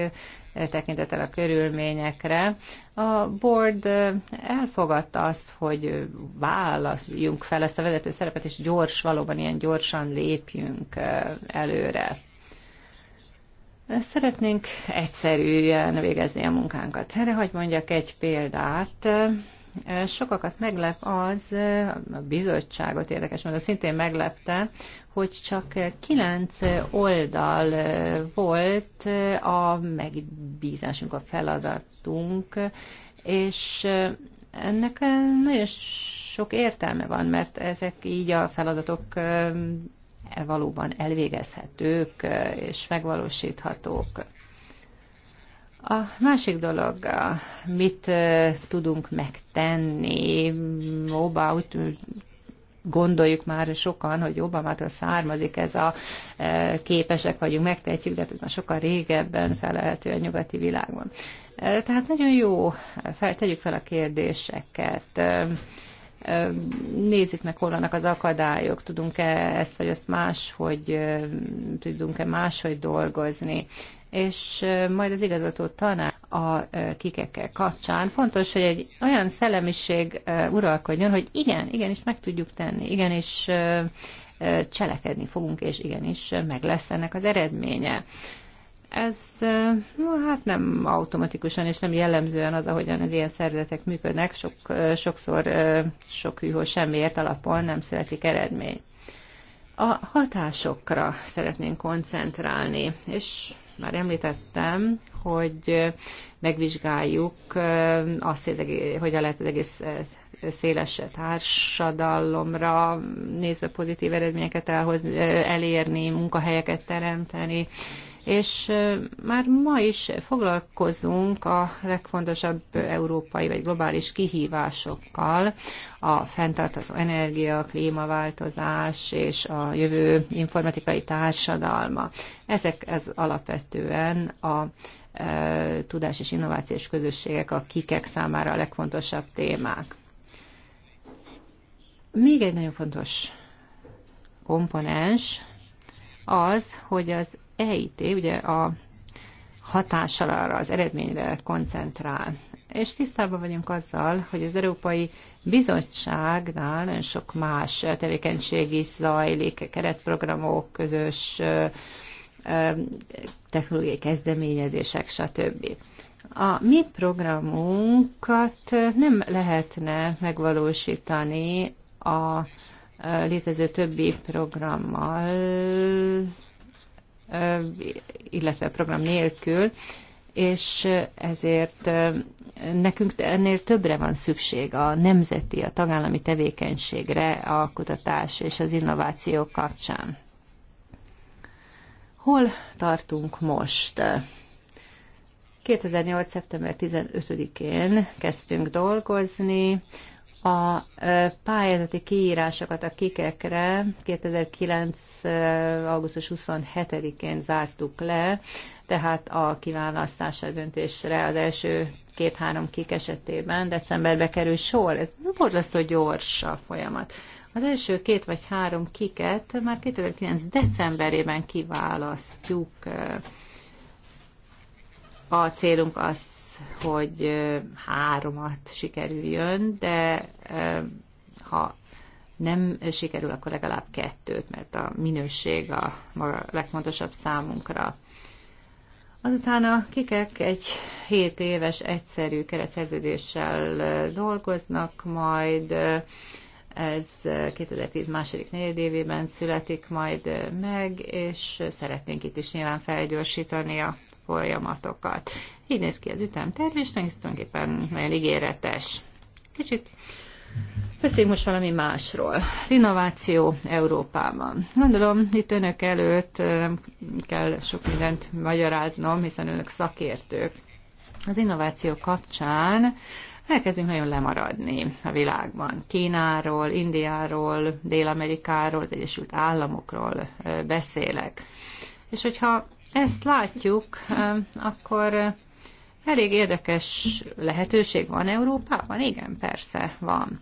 tekintettel a körülményekre. A board elfogadta azt, hogy vállaljunk fel ezt a vezető szerepet, és gyors, valóban ilyen gyorsan lépjünk előre. Szeretnénk egyszerűen végezni a munkánkat. Erre hogy mondjak egy példát sokakat meglep az, a bizottságot érdekes mert az szintén meglepte, hogy csak kilenc oldal volt a megbízásunk, a feladatunk, és ennek nagyon sok értelme van, mert ezek így a feladatok eh, valóban elvégezhetők eh, és megvalósíthatók. A másik dolog, mit tudunk megtenni, Obá, úgy gondoljuk már sokan, hogy Obamától származik ez a képesek vagyunk, megtehetjük, de hát ez már sokkal régebben felelhető a nyugati világban. Tehát nagyon jó, fel, tegyük fel a kérdéseket, nézzük meg, hol vannak az akadályok, tudunk-e ezt vagy azt más, hogy tudunk-e máshogy dolgozni és majd az igazgató tanár a kikekkel kapcsán. Fontos, hogy egy olyan szellemiség uralkodjon, hogy igen, igenis meg tudjuk tenni, igenis cselekedni fogunk, és igenis meg lesz ennek az eredménye. Ez no, hát nem automatikusan és nem jellemzően az, ahogyan az ilyen szervezetek működnek, sok, sokszor sok hűhó semmiért alapon nem születik eredmény. A hatásokra szeretnénk koncentrálni, és már említettem, hogy megvizsgáljuk eh, azt, hogy hogyan lehet az egész eh, széles társadalomra nézve pozitív eredményeket elhozni, eh, elérni, munkahelyeket teremteni, és már ma is foglalkozunk a legfontosabb európai vagy globális kihívásokkal, a fenntartható energia, a klímaváltozás és a jövő informatikai társadalma. Ezek ez alapvetően a tudás és innovációs közösségek a kikek számára a legfontosabb témák. Még egy nagyon fontos komponens az, hogy az EIT ugye a hatással arra az eredményre koncentrál. És tisztában vagyunk azzal, hogy az Európai Bizottságnál nagyon sok más tevékenység is zajlik, keretprogramok, közös technológiai kezdeményezések, stb. A mi programunkat nem lehetne megvalósítani a létező többi programmal, illetve a program nélkül, és ezért nekünk ennél többre van szükség a nemzeti, a tagállami tevékenységre a kutatás és az innováció kapcsán. Hol tartunk most? 2008. szeptember 15-én kezdtünk dolgozni, a pályázati kiírásokat a kikekre 2009. augusztus 27-én zártuk le, tehát a kiválasztása döntésre az első két-három kik esetében decemberbe kerül sor. Ez borzasztó gyors a folyamat. Az első két vagy három kiket már 2009. decemberében kiválasztjuk. A célunk az hogy háromat sikerüljön, de ha nem sikerül, akkor legalább kettőt, mert a minőség a maga legfontosabb számunkra. Azután a kikek egy 7 éves egyszerű keretszerződéssel dolgoznak, majd ez 2010 második negyedévében születik majd meg, és szeretnénk itt is nyilván felgyorsítani a folyamatokat. Így néz ki az ütemterv, és tulajdonképpen nagyon ígéretes. Kicsit Beszéljünk most valami másról. Az innováció Európában. Gondolom, itt önök előtt nem kell sok mindent magyaráznom, hiszen önök szakértők. Az innováció kapcsán elkezdünk nagyon lemaradni a világban. Kínáról, Indiáról, Dél-Amerikáról, az Egyesült Államokról beszélek. És hogyha ezt látjuk, akkor elég érdekes lehetőség van Európában? Igen, persze van.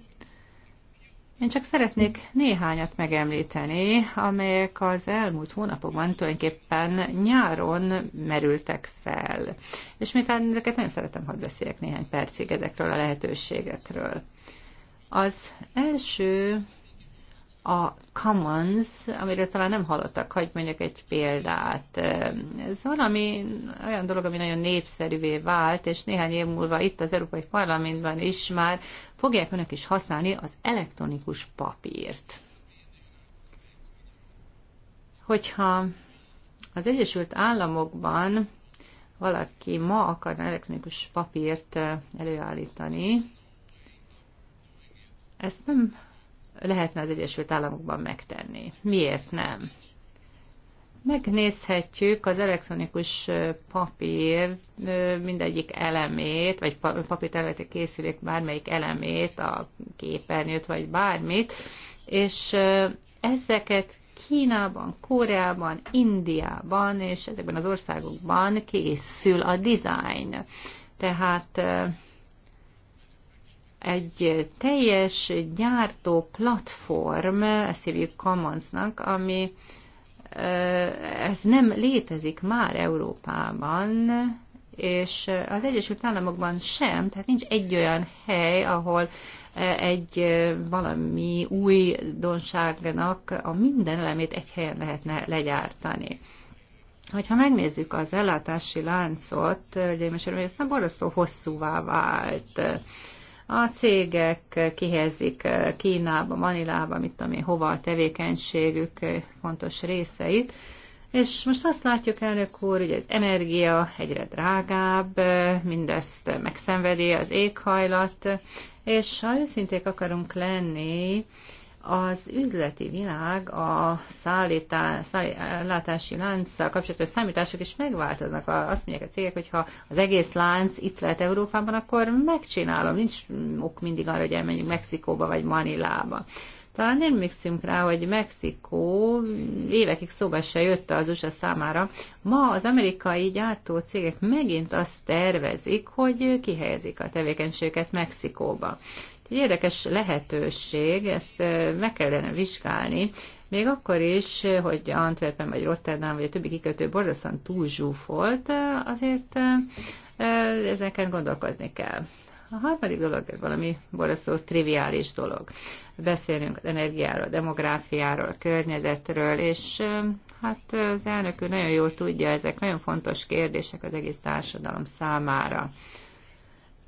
Én csak szeretnék néhányat megemlíteni, amelyek az elmúlt hónapokban tulajdonképpen nyáron merültek fel. És miután ezeket nagyon szeretem, hogy beszéljek néhány percig ezekről a lehetőségekről. Az első a commons, amiről talán nem hallottak, hogy mondjak egy példát. Ez valami olyan dolog, ami nagyon népszerűvé vált, és néhány év múlva itt az Európai Parlamentben is már fogják önök is használni az elektronikus papírt. Hogyha az Egyesült Államokban valaki ma akar elektronikus papírt eh, előállítani, ezt nem lehetne az Egyesült Államokban megtenni. Miért nem? Megnézhetjük az elektronikus papír mindegyik elemét, vagy papírterületi készülék bármelyik elemét, a képernyőt, vagy bármit, és ezeket Kínában, Koreában, Indiában és ezekben az országokban készül a design. Tehát egy teljes gyártó platform, ezt hívjuk Commonsnak, ami ez nem létezik már Európában, és az Egyesült Államokban sem, tehát nincs egy olyan hely, ahol egy valami új donságnak a minden elemét egy helyen lehetne legyártani. Ha megnézzük az ellátási láncot, ugye, hogy ez nem borzasztó hosszúvá vált a cégek kihelyezik eh, Kínába, Manilába, mit tudom én, hova a tevékenységük eh, fontos részeit, és most azt látjuk, elnök úr, hogy az energia egyre drágább, eh, mindezt megszenvedi az éghajlat, és ha őszinték akarunk lenni, az üzleti világ a szállítás, lánccal kapcsolatos számítások is megváltoznak. Azt mondják a cégek, hogy ha az egész lánc itt lehet Európában, akkor megcsinálom. Nincs ok mindig arra, hogy elmenjünk Mexikóba vagy Manilába. Talán nem mixünk rá, hogy Mexikó évekig szóba se jött az USA számára. Ma az amerikai gyártó cégek megint azt tervezik, hogy kihelyezik a tevékenységet Mexikóba. Egy érdekes lehetőség, ezt meg kellene vizsgálni, még akkor is, hogy Antwerpen vagy Rotterdam vagy a többi kikötő borzasztóan zsúfolt, azért ezeken gondolkozni kell. A harmadik dolog valami borzasztó triviális dolog. Beszélünk az energiáról, a demográfiáról, a környezetről, és hát az elnök nagyon jól tudja, ezek nagyon fontos kérdések az egész társadalom számára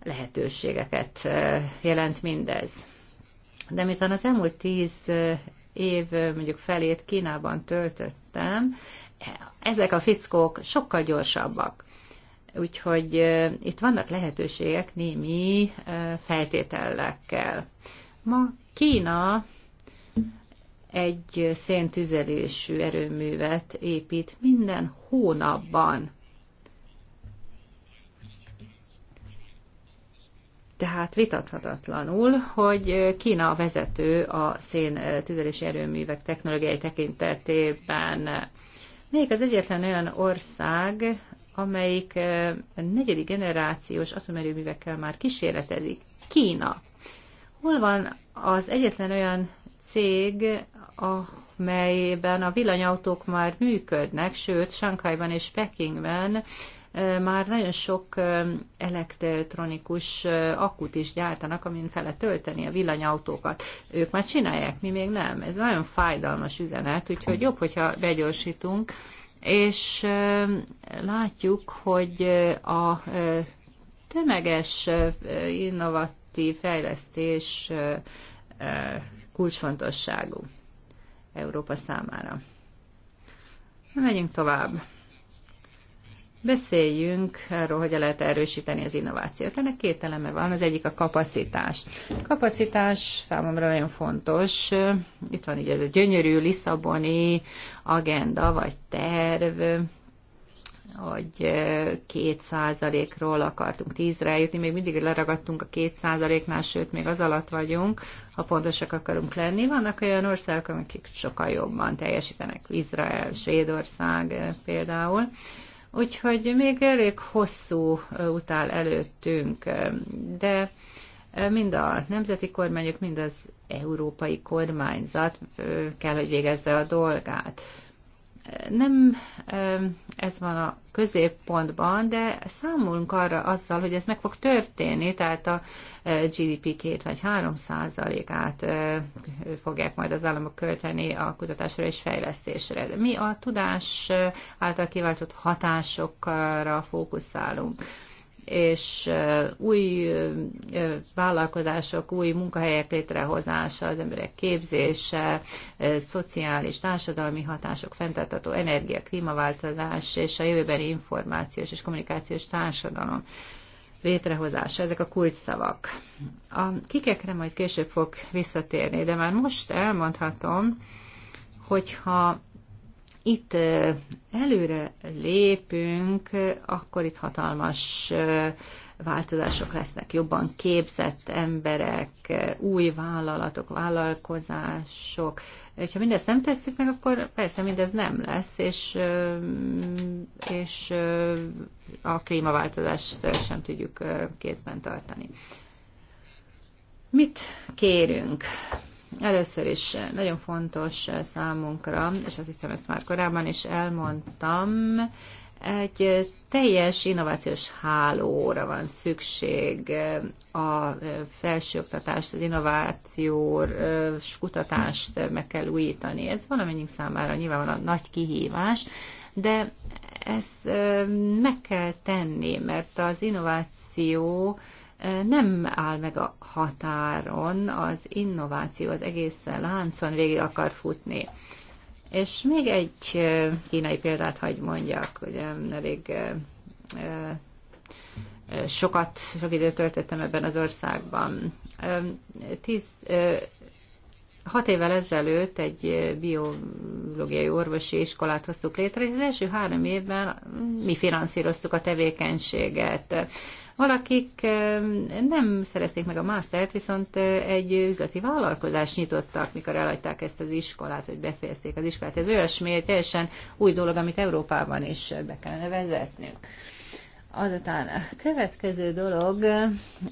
lehetőségeket jelent mindez. De miután az elmúlt tíz év mondjuk felét Kínában töltöttem, ezek a fickók sokkal gyorsabbak. Úgyhogy itt vannak lehetőségek némi feltételekkel. Ma Kína egy széntüzelésű erőművet épít minden hónapban. Tehát vitathatatlanul, hogy Kína vezető a szén tüzelési erőművek technológiai tekintetében. Még az egyetlen olyan ország, amelyik negyedik generációs atomerőművekkel már kísérletezik. Kína. Hol van az egyetlen olyan cég, amelyben a villanyautók már működnek, sőt, Sankhajban és Pekingben már nagyon sok elektronikus akut is gyártanak, amin fele tölteni a villanyautókat. Ők már csinálják, mi még nem. Ez nagyon fájdalmas üzenet, úgyhogy jobb, hogyha begyorsítunk, és látjuk, hogy a tömeges innovatív fejlesztés kulcsfontosságú Európa számára. Megyünk tovább. Beszéljünk arról, hogy lehet erősíteni az innovációt. Ennek két eleme van, az egyik a kapacitás. Kapacitás számomra nagyon fontos. Itt van így ez a gyönyörű Lisszaboni agenda vagy terv, hogy két százalékról akartunk tízre jutni, még mindig leragadtunk a két százaléknál, sőt, még az alatt vagyunk, ha pontosak akarunk lenni. Vannak olyan országok, amik sokkal jobban teljesítenek, Izrael, Svédország eh, például. Úgyhogy még elég hosszú utál előttünk, de mind a nemzeti kormányok, mind az európai kormányzat kell, hogy végezze a dolgát nem ez van a középpontban, de számolunk arra azzal, hogy ez meg fog történni, tehát a GDP 2 vagy 3 százalékát fogják majd az államok költeni a kutatásra és fejlesztésre. Mi a tudás által kiváltott hatásokra fókuszálunk és új vállalkozások, új munkahelyek létrehozása, az emberek képzése, szociális, társadalmi hatások, fenntartató energia, klímaváltozás és a jövőbeni információs és kommunikációs társadalom létrehozása, ezek a kulcsszavak. A kikekre majd később fog visszatérni, de már most elmondhatom, hogyha itt előre lépünk, akkor itt hatalmas változások lesznek, jobban képzett emberek, új vállalatok, vállalkozások. ha mindezt nem tesszük meg, akkor persze mindez nem lesz, és, és a klímaváltozást sem tudjuk kézben tartani. Mit kérünk? Először is nagyon fontos számunkra, és azt hiszem ezt már korábban is elmondtam, egy teljes innovációs hálóra van szükség a felsőoktatást, az innovációs kutatást meg kell újítani. Ez valamennyi számára nyilvánvalóan nagy kihívás, de ezt meg kell tenni, mert az innováció nem áll meg a határon, az innováció az egész láncon végig akar futni. És még egy kínai példát hagy mondjak, hogy elég sokat, sok időt töltöttem ebben az országban. Tíz, Hat évvel ezelőtt egy biológiai orvosi iskolát hoztuk létre, és az első három évben mi finanszíroztuk a tevékenységet. Valakik nem szerezték meg a mastert, viszont egy üzleti vállalkozást nyitottak, mikor elhagyták ezt az iskolát, hogy befejezték az iskolát. Ez olyasmi, teljesen új dolog, amit Európában is be kellene vezetnünk. Azután a következő dolog,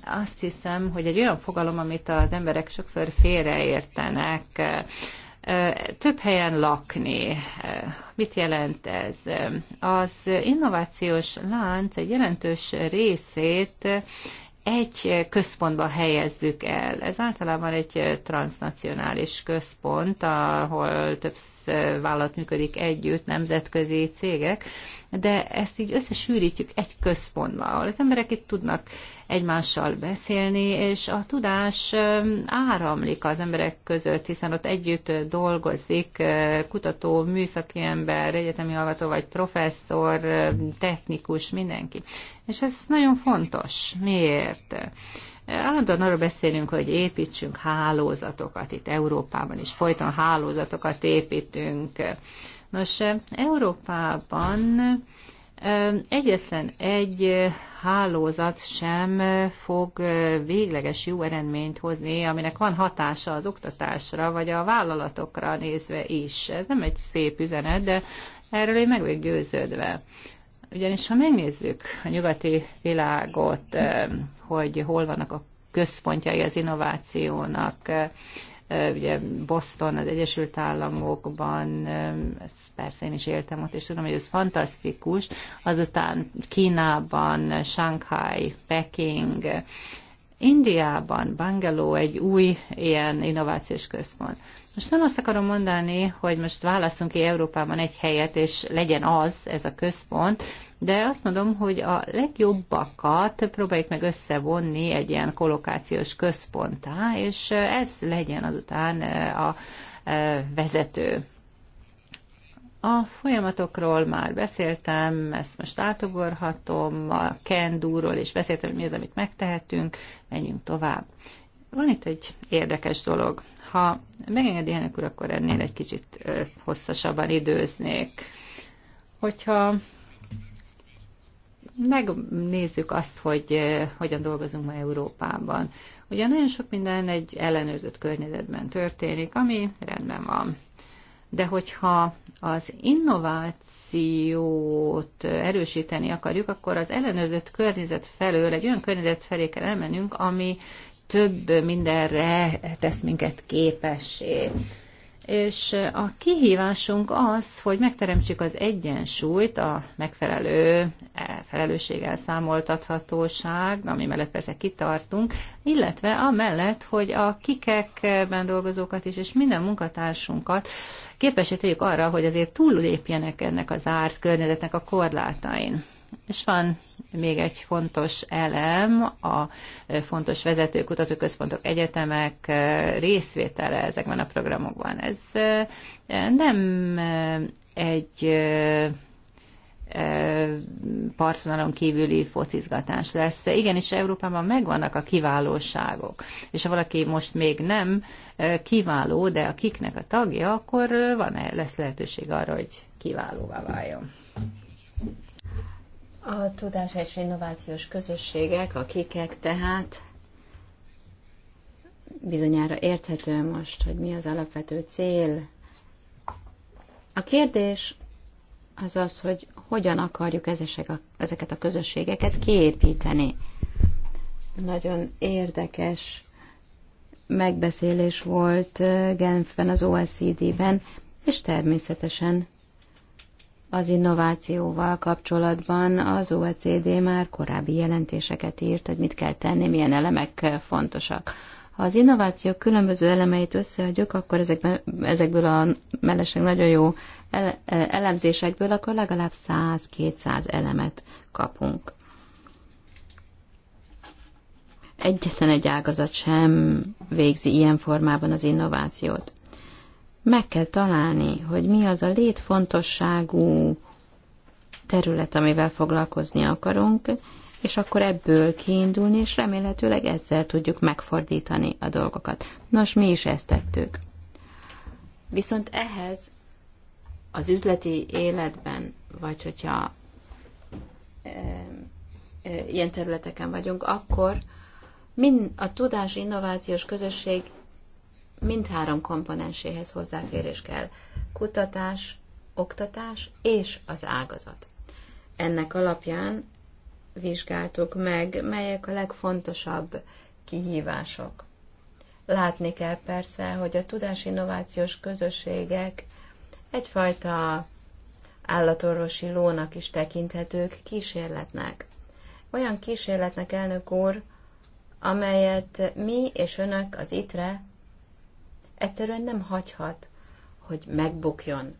azt hiszem, hogy egy olyan fogalom, amit az emberek sokszor félreértenek, több helyen lakni. Mit jelent ez? Az innovációs lánc egy jelentős részét egy központba helyezzük el. Ez általában egy transnacionális központ, ahol több vállalat működik együtt, nemzetközi cégek, de ezt így összesűrítjük egy központba, ahol az emberek itt tudnak egymással beszélni, és a tudás um, áramlik az emberek között, hiszen ott együtt dolgozik uh, kutató, műszaki ember, egyetemi hallgató vagy professzor, uh, technikus, mindenki. És ez nagyon fontos. Miért? Állandóan arról beszélünk, hogy építsünk hálózatokat itt Európában, és folyton hálózatokat építünk. Nos, Európában Egyetlen egy hálózat sem fog végleges jó eredményt hozni, aminek van hatása az oktatásra, vagy a vállalatokra nézve is. Ez nem egy szép üzenet, de erről én meg vagyok győződve. Ugyanis ha megnézzük a nyugati világot, hogy hol vannak a központjai az innovációnak, ugye Boston, az Egyesült Államokban, ezt persze én is éltem ott, és tudom, hogy ez fantasztikus. Azután Kínában, Shanghai, Peking, Indiában, Bangalore egy új ilyen innovációs központ. Most nem azt akarom mondani, hogy most válaszunk ki Európában egy helyet, és legyen az, ez a központ, de azt mondom, hogy a legjobbakat próbáljuk meg összevonni egy ilyen kolokációs központtá, és ez legyen azután e, a e, vezető. A folyamatokról már beszéltem, ezt most átugorhatom, a kendúról is beszéltem, hogy mi az, amit megtehetünk, menjünk tovább. Van itt egy érdekes dolog ha megengedi elnök úr, akkor ennél egy kicsit hosszasabban időznék. Hogyha megnézzük azt, hogy hogyan dolgozunk ma Európában. Ugye nagyon sok minden egy ellenőrzött környezetben történik, ami rendben van. De hogyha az innovációt erősíteni akarjuk, akkor az ellenőrzött környezet felől egy olyan környezet felé kell elmennünk, ami több mindenre tesz minket képessé. És a kihívásunk az, hogy megteremtsük az egyensúlyt, a megfelelő e, felelősséggel számoltathatóság, ami mellett persze kitartunk, illetve amellett, hogy a kikekben dolgozókat is, és minden munkatársunkat képesítjük arra, hogy azért túllépjenek ennek az árt környezetnek a korlátain. És van még egy fontos elem, a fontos vezetők, kutatóközpontok, egyetemek részvétele ezekben a programokban. Ez nem egy partvonalon kívüli focizgatás lesz. Igenis, Európában megvannak a kiválóságok. És ha valaki most még nem kiváló, de a kiknek a tagja, akkor van -e, lesz lehetőség arra, hogy kiválóvá váljon. A tudás és innovációs közösségek, a kikek tehát bizonyára érthető most, hogy mi az alapvető cél. A kérdés az az, hogy hogyan akarjuk ezeket a közösségeket kiépíteni. Nagyon érdekes megbeszélés volt eh, Genfben, az OECD-ben, és természetesen az innovációval kapcsolatban az OECD már korábbi jelentéseket írt, hogy mit kell tenni, milyen elemek fontosak. Ha az innováció különböző elemeit összeadjuk, akkor ezekben, ezekből a mellesleg nagyon jó ele, e, elemzésekből, akkor legalább 100-200 elemet kapunk. Egyetlen egy ágazat sem végzi ilyen formában az innovációt meg kell találni, hogy mi az a létfontosságú terület, amivel foglalkozni akarunk, és akkor ebből kiindulni, és remélhetőleg ezzel tudjuk megfordítani a dolgokat. Nos, mi is ezt tettük. Viszont ehhez az üzleti életben, vagy hogyha e, e, ilyen területeken vagyunk, akkor min a tudás innovációs közösség mindhárom komponenséhez hozzáférés kell. Kutatás, oktatás és az ágazat. Ennek alapján vizsgáltuk meg, melyek a legfontosabb kihívások. Látni kell persze, hogy a tudásinnovációs közösségek egyfajta állatorvosi lónak is tekinthetők kísérletnek. Olyan kísérletnek, elnök úr, amelyet mi és önök az ITRE egyszerűen nem hagyhat, hogy megbukjon.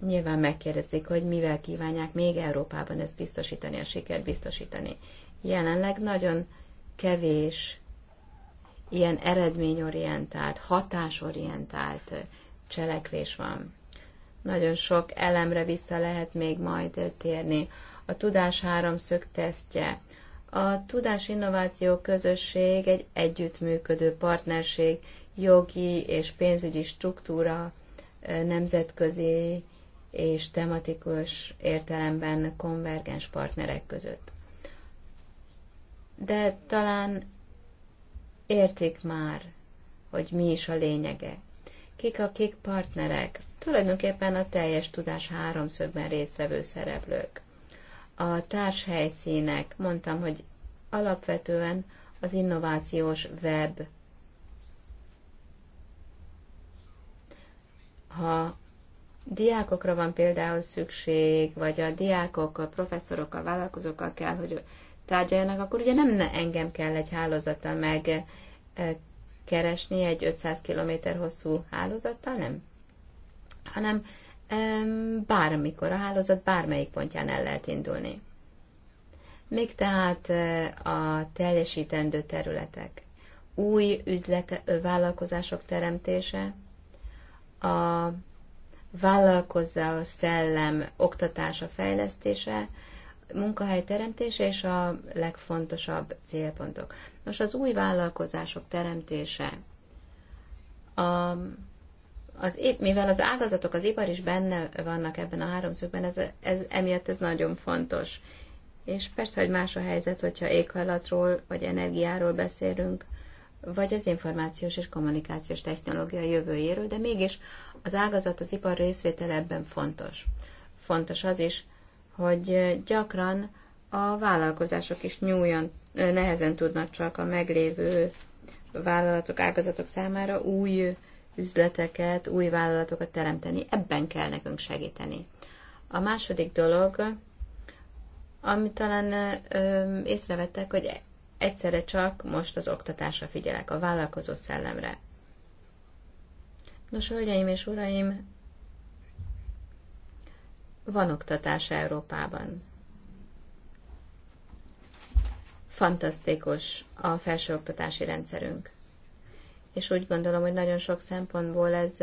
Nyilván megkérdezték, hogy mivel kívánják még Európában ezt biztosítani, a sikert biztosítani. Jelenleg nagyon kevés ilyen eredményorientált, hatásorientált cselekvés van. Nagyon sok elemre vissza lehet még majd térni. A tudás háromszög tesztje, a Tudás Innováció Közösség egy együttműködő partnerség, jogi és pénzügyi struktúra, nemzetközi és tematikus értelemben konvergens partnerek között. De talán értik már, hogy mi is a lényege. Kik a kik partnerek? Tulajdonképpen a teljes tudás háromszögben résztvevő szereplők a társhelyszínek, mondtam, hogy alapvetően az innovációs web. Ha diákokra van például szükség, vagy a diákok, a professzorok, a vállalkozókkal kell, hogy tárgyaljanak, akkor ugye nem engem kell egy hálózattal meg eh, keresni egy 500 km hosszú hálózattal, nem, hanem bármikor a hálózat bármelyik pontján el lehet indulni. Még tehát e, a teljesítendő területek, új üzlete, vállalkozások teremtése, a vállalkozó szellem oktatása, fejlesztése, munkahely teremtése és a legfontosabb célpontok. Most az új vállalkozások teremtése, a az, mivel az ágazatok, az ipar is benne vannak ebben a háromszögben, ez, ez, emiatt ez nagyon fontos. És persze, hogy más a helyzet, hogyha éghajlatról vagy energiáról beszélünk, vagy az információs és kommunikációs technológia jövőjéről, de mégis az ágazat, az ipar részvétel ebben fontos. Fontos az is, hogy gyakran a vállalkozások is nyújjan nehezen tudnak csak a meglévő vállalatok, ágazatok számára új üzleteket, új vállalatokat teremteni. Ebben kell nekünk segíteni. A második dolog, amit talán ö, észrevettek, hogy egyszerre csak most az oktatásra figyelek, a vállalkozó szellemre. Nos, hölgyeim és uraim, van oktatás Európában. Fantasztikus a felsőoktatási rendszerünk és úgy gondolom, hogy nagyon sok szempontból ez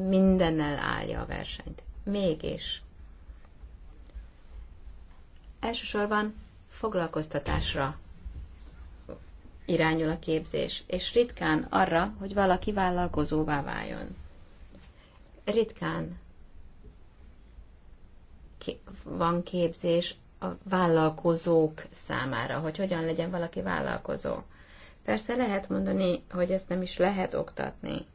mindennel állja a versenyt. Mégis. Elsősorban foglalkoztatásra irányul a képzés, és ritkán arra, hogy valaki vállalkozóvá váljon. Ritkán van képzés a vállalkozók számára, hogy hogyan legyen valaki vállalkozó. Persze lehet mondani, hogy ezt nem is lehet oktatni.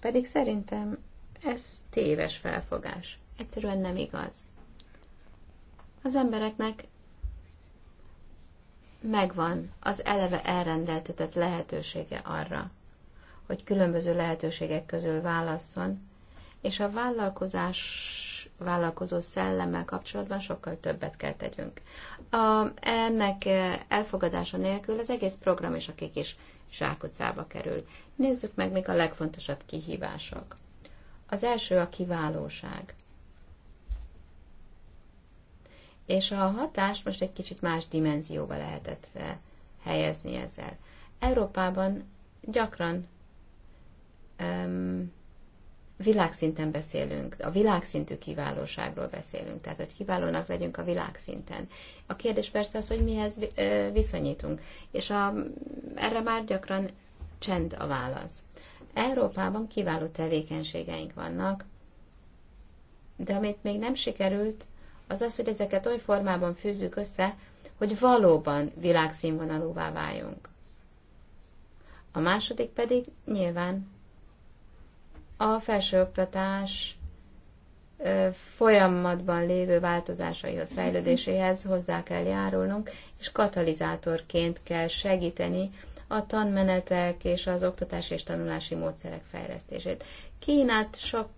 Pedig szerintem ez téves felfogás. Egyszerűen nem igaz. Az embereknek megvan az eleve elrendeltetett lehetősége arra, hogy különböző lehetőségek közül válasszon, és a vállalkozás vállalkozó szellemmel kapcsolatban sokkal többet kell tegyünk. A, ennek eh, elfogadása nélkül az egész program és a kik is zsákutcába kerül. Nézzük meg mik a legfontosabb kihívások. Az első a kiválóság. És a hatást most egy kicsit más dimenzióba lehetett eh, helyezni ezzel. Európában gyakran um, világszinten beszélünk, a világszintű kiválóságról beszélünk, tehát hogy kiválónak legyünk a világszinten. A kérdés persze az, hogy mihez viszonyítunk, és a, erre már gyakran csend a válasz. Európában kiváló tevékenységeink vannak, de amit még nem sikerült, az az, hogy ezeket oly formában fűzzük össze, hogy valóban világszínvonalúvá váljunk. A második pedig nyilván a felsőoktatás folyamatban lévő változásaihoz, fejlődéséhez hozzá kell járulnunk, és katalizátorként kell segíteni a tanmenetek és az oktatási és tanulási módszerek fejlesztését. Kínát sok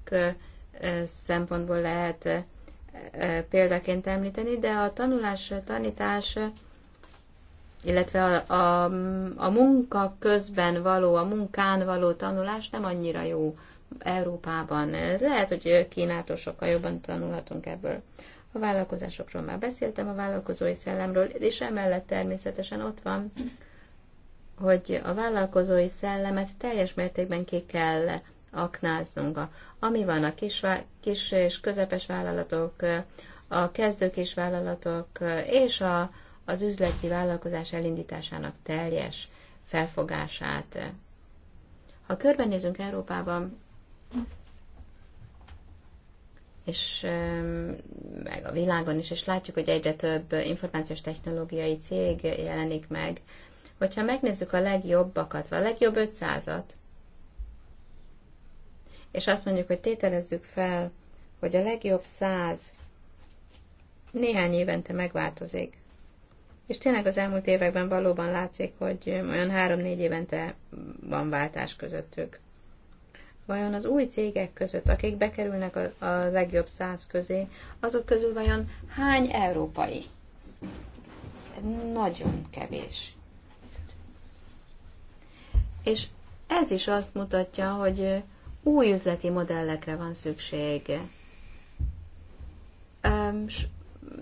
szempontból lehet példaként említeni, de a tanulás, tanítás, illetve a, a, a munka közben való, a munkán való tanulás nem annyira jó Európában. Lehet, hogy Kínától sokkal jobban tanulhatunk ebből. A vállalkozásokról már beszéltem, a vállalkozói szellemről, és emellett természetesen ott van, hogy a vállalkozói szellemet teljes mértékben ki kell aknáznunk. Ami van a kis, kis és közepes vállalatok, a kezdők és vállalatok, és a, az üzleti vállalkozás elindításának teljes felfogását. Ha körbenézünk Európában, és meg a világon is, és látjuk, hogy egyre több információs technológiai cég jelenik meg. Hogyha megnézzük a legjobbakat, a legjobb 500-at, és azt mondjuk, hogy tételezzük fel, hogy a legjobb 100 néhány évente megváltozik. És tényleg az elmúlt években valóban látszik, hogy olyan 3-4 évente van váltás közöttük vajon az új cégek között, akik bekerülnek a, a legjobb száz közé, azok közül vajon hány európai? Nagyon kevés. És ez is azt mutatja, hogy új üzleti modellekre van szükség.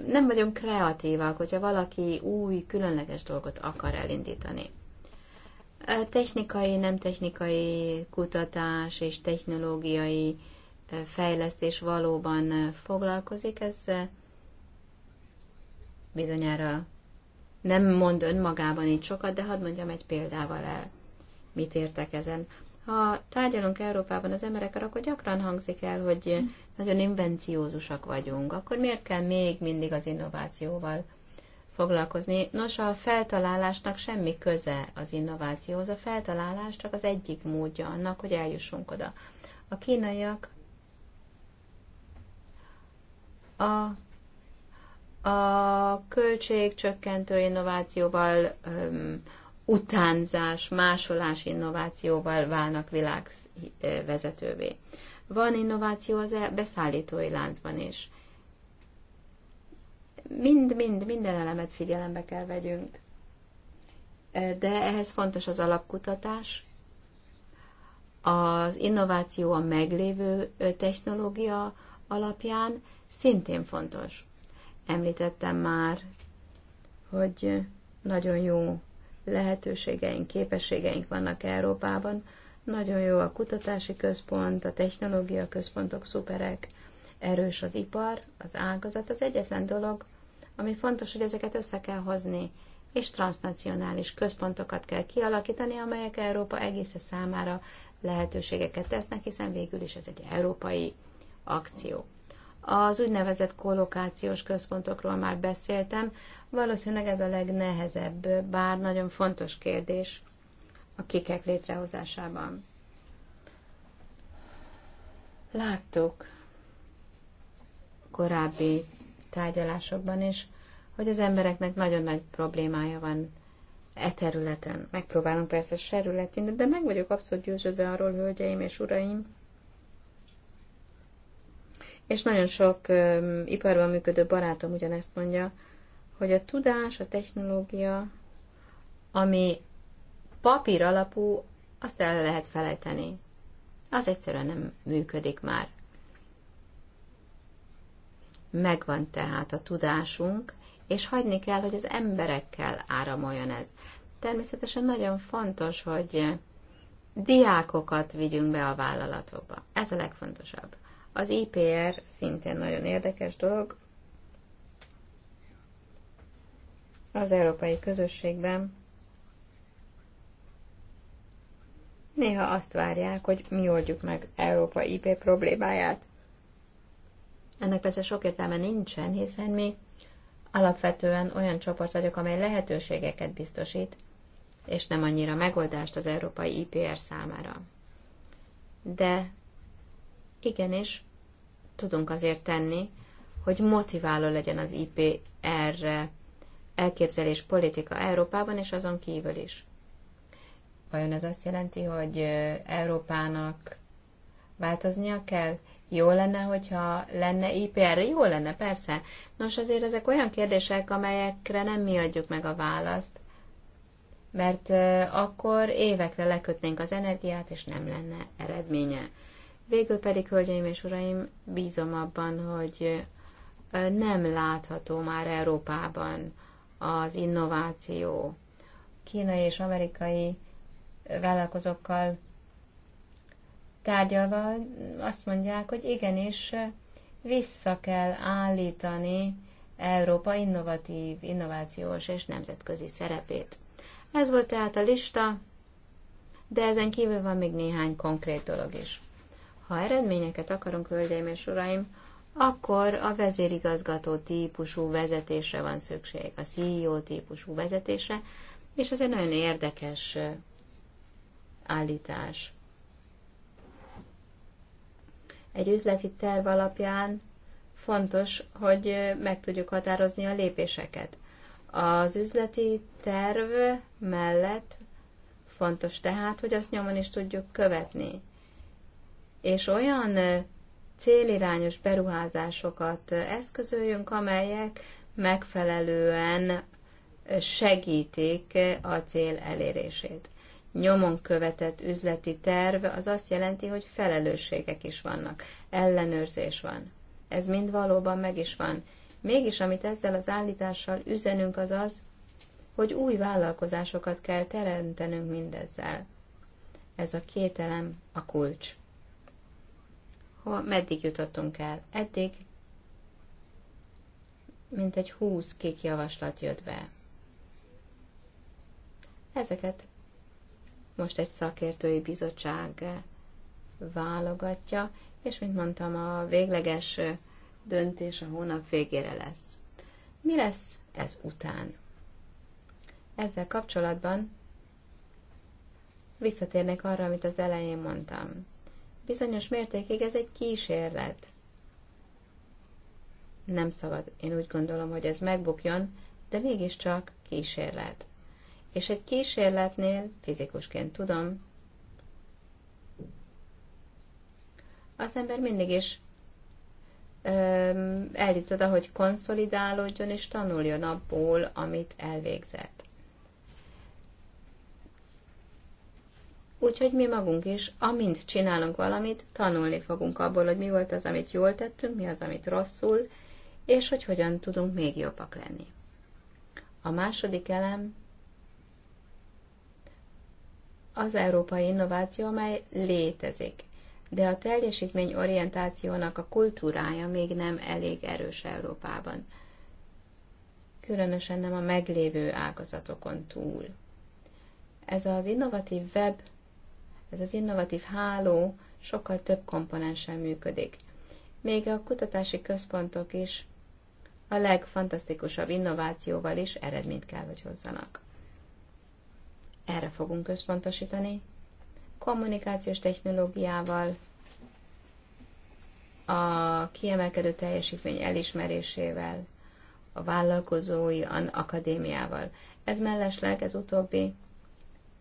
Nem vagyunk kreatívak, hogyha valaki új, különleges dolgot akar elindítani. Technikai, nem technikai kutatás és technológiai fejlesztés valóban foglalkozik, ezzel, bizonyára nem mond önmagában itt sokat, de hadd mondjam egy példával el, mit értek ezen. Ha tárgyalunk Európában az emberekkel, akkor gyakran hangzik el, hogy hm. nagyon invenciózusak vagyunk. Akkor miért kell még mindig az innovációval foglalkozni. Nos, a feltalálásnak semmi köze az innovációhoz. A feltalálás csak az egyik módja annak, hogy eljussunk oda. A kínaiak a, a költségcsökkentő innovációval, öm, utánzás, másolás innovációval válnak világvezetővé. Van innováció az e-, beszállítói láncban is mind-mind, minden elemet figyelembe kell vegyünk. De ehhez fontos az alapkutatás, az innováció a meglévő technológia alapján szintén fontos. Említettem már, hogy nagyon jó lehetőségeink, képességeink vannak Európában, nagyon jó a kutatási központ, a technológia központok szuperek, erős az ipar, az ágazat. Az egyetlen dolog, ami fontos, hogy ezeket össze kell hozni, és transnacionális központokat kell kialakítani, amelyek Európa egésze számára lehetőségeket tesznek, hiszen végül is ez egy európai akció. Az úgynevezett kollokációs központokról már beszéltem, valószínűleg ez a legnehezebb, bár nagyon fontos kérdés a kikek létrehozásában. Láttuk korábbi tárgyalásokban is, hogy az embereknek nagyon nagy problémája van e területen. Megpróbálunk persze serületén, de meg vagyok abszolút győződve arról, hölgyeim és uraim, és nagyon sok ö, iparban működő barátom ugyanezt mondja, hogy a tudás, a technológia, ami papír alapú, azt el lehet felejteni. Az egyszerűen nem működik már. Megvan tehát a tudásunk, és hagyni kell, hogy az emberekkel áramoljon ez. Természetesen nagyon fontos, hogy diákokat vigyünk be a vállalatokba. Ez a legfontosabb. Az IPR szintén nagyon érdekes dolog. Az európai közösségben néha azt várják, hogy mi oldjuk meg Európa IP problémáját. Ennek persze sok értelme nincsen, hiszen mi alapvetően olyan csoport vagyok, amely lehetőségeket biztosít, és nem annyira megoldást az európai IPR számára. De igenis, tudunk azért tenni, hogy motiváló legyen az IPR elképzelés politika Európában és azon kívül is. Vajon ez azt jelenti, hogy Európának változnia kell, jó lenne, hogyha lenne IPR, jó lenne, persze. Nos, azért ezek olyan kérdések, amelyekre nem mi adjuk meg a választ, mert akkor évekre lekötnénk az energiát, és nem lenne eredménye. Végül pedig, hölgyeim és uraim, bízom abban, hogy nem látható már Európában az innováció. Kínai és amerikai vállalkozókkal tárgyalva azt mondják, hogy igenis vissza kell állítani Európa innovatív, innovációs és nemzetközi szerepét. Ez volt tehát a lista, de ezen kívül van még néhány konkrét dolog is. Ha eredményeket akarunk, hölgyeim és uraim, akkor a vezérigazgató típusú vezetésre van szükség, a CEO típusú vezetésre, és ez egy nagyon érdekes állítás egy üzleti terv alapján fontos, hogy meg tudjuk határozni a lépéseket. Az üzleti terv mellett fontos tehát, hogy azt nyomon is tudjuk követni. És olyan célirányos beruházásokat eszközöljünk, amelyek megfelelően segítik a cél elérését nyomon követett üzleti terv az azt jelenti, hogy felelősségek is vannak, ellenőrzés van. Ez mind valóban meg is van. Mégis, amit ezzel az állítással üzenünk, az az, hogy új vállalkozásokat kell teremtenünk mindezzel. Ez a két elem a kulcs. Ha meddig jutottunk el? Eddig egy húsz kék javaslat jött be. Ezeket most egy szakértői bizottság válogatja, és mint mondtam, a végleges döntés a hónap végére lesz. Mi lesz ez után? Ezzel kapcsolatban visszatérnek arra, amit az elején mondtam. Bizonyos mértékig ez egy kísérlet. Nem szabad, én úgy gondolom, hogy ez megbukjon, de mégiscsak kísérlet. És egy kísérletnél, fizikusként tudom, az ember mindig is eljut oda, hogy konszolidálódjon és tanuljon abból, amit elvégzett. Úgyhogy mi magunk is, amint csinálunk valamit, tanulni fogunk abból, hogy mi volt az, amit jól tettünk, mi az, amit rosszul, és hogy hogyan tudunk még jobbak lenni. A második elem az európai innováció, amely létezik. De a teljesítményorientációnak a kultúrája még nem elég erős Európában. Különösen nem a meglévő ágazatokon túl. Ez az innovatív web, ez az innovatív háló sokkal több komponenssel működik. Még a kutatási központok is a legfantasztikusabb innovációval is eredményt kell, hogy hozzanak. Erre fogunk központosítani. Kommunikációs technológiával, a kiemelkedő teljesítmény elismerésével, a vállalkozói an akadémiával. Ez mellesleg, ez utóbbi,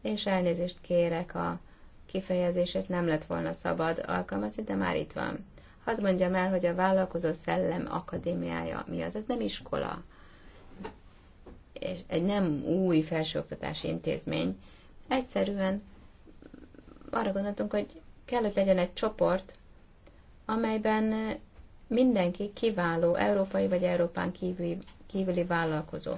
és elnézést kérek, a kifejezését nem lett volna szabad alkalmazni, de már itt van. Hadd mondjam el, hogy a Vállalkozó Szellem Akadémiája mi az? Ez nem iskola és egy nem új felsőoktatási intézmény. Egyszerűen arra gondoltunk, hogy kell, hogy legyen egy csoport, amelyben mindenki kiváló európai vagy Európán kívüli, kívüli vállalkozó.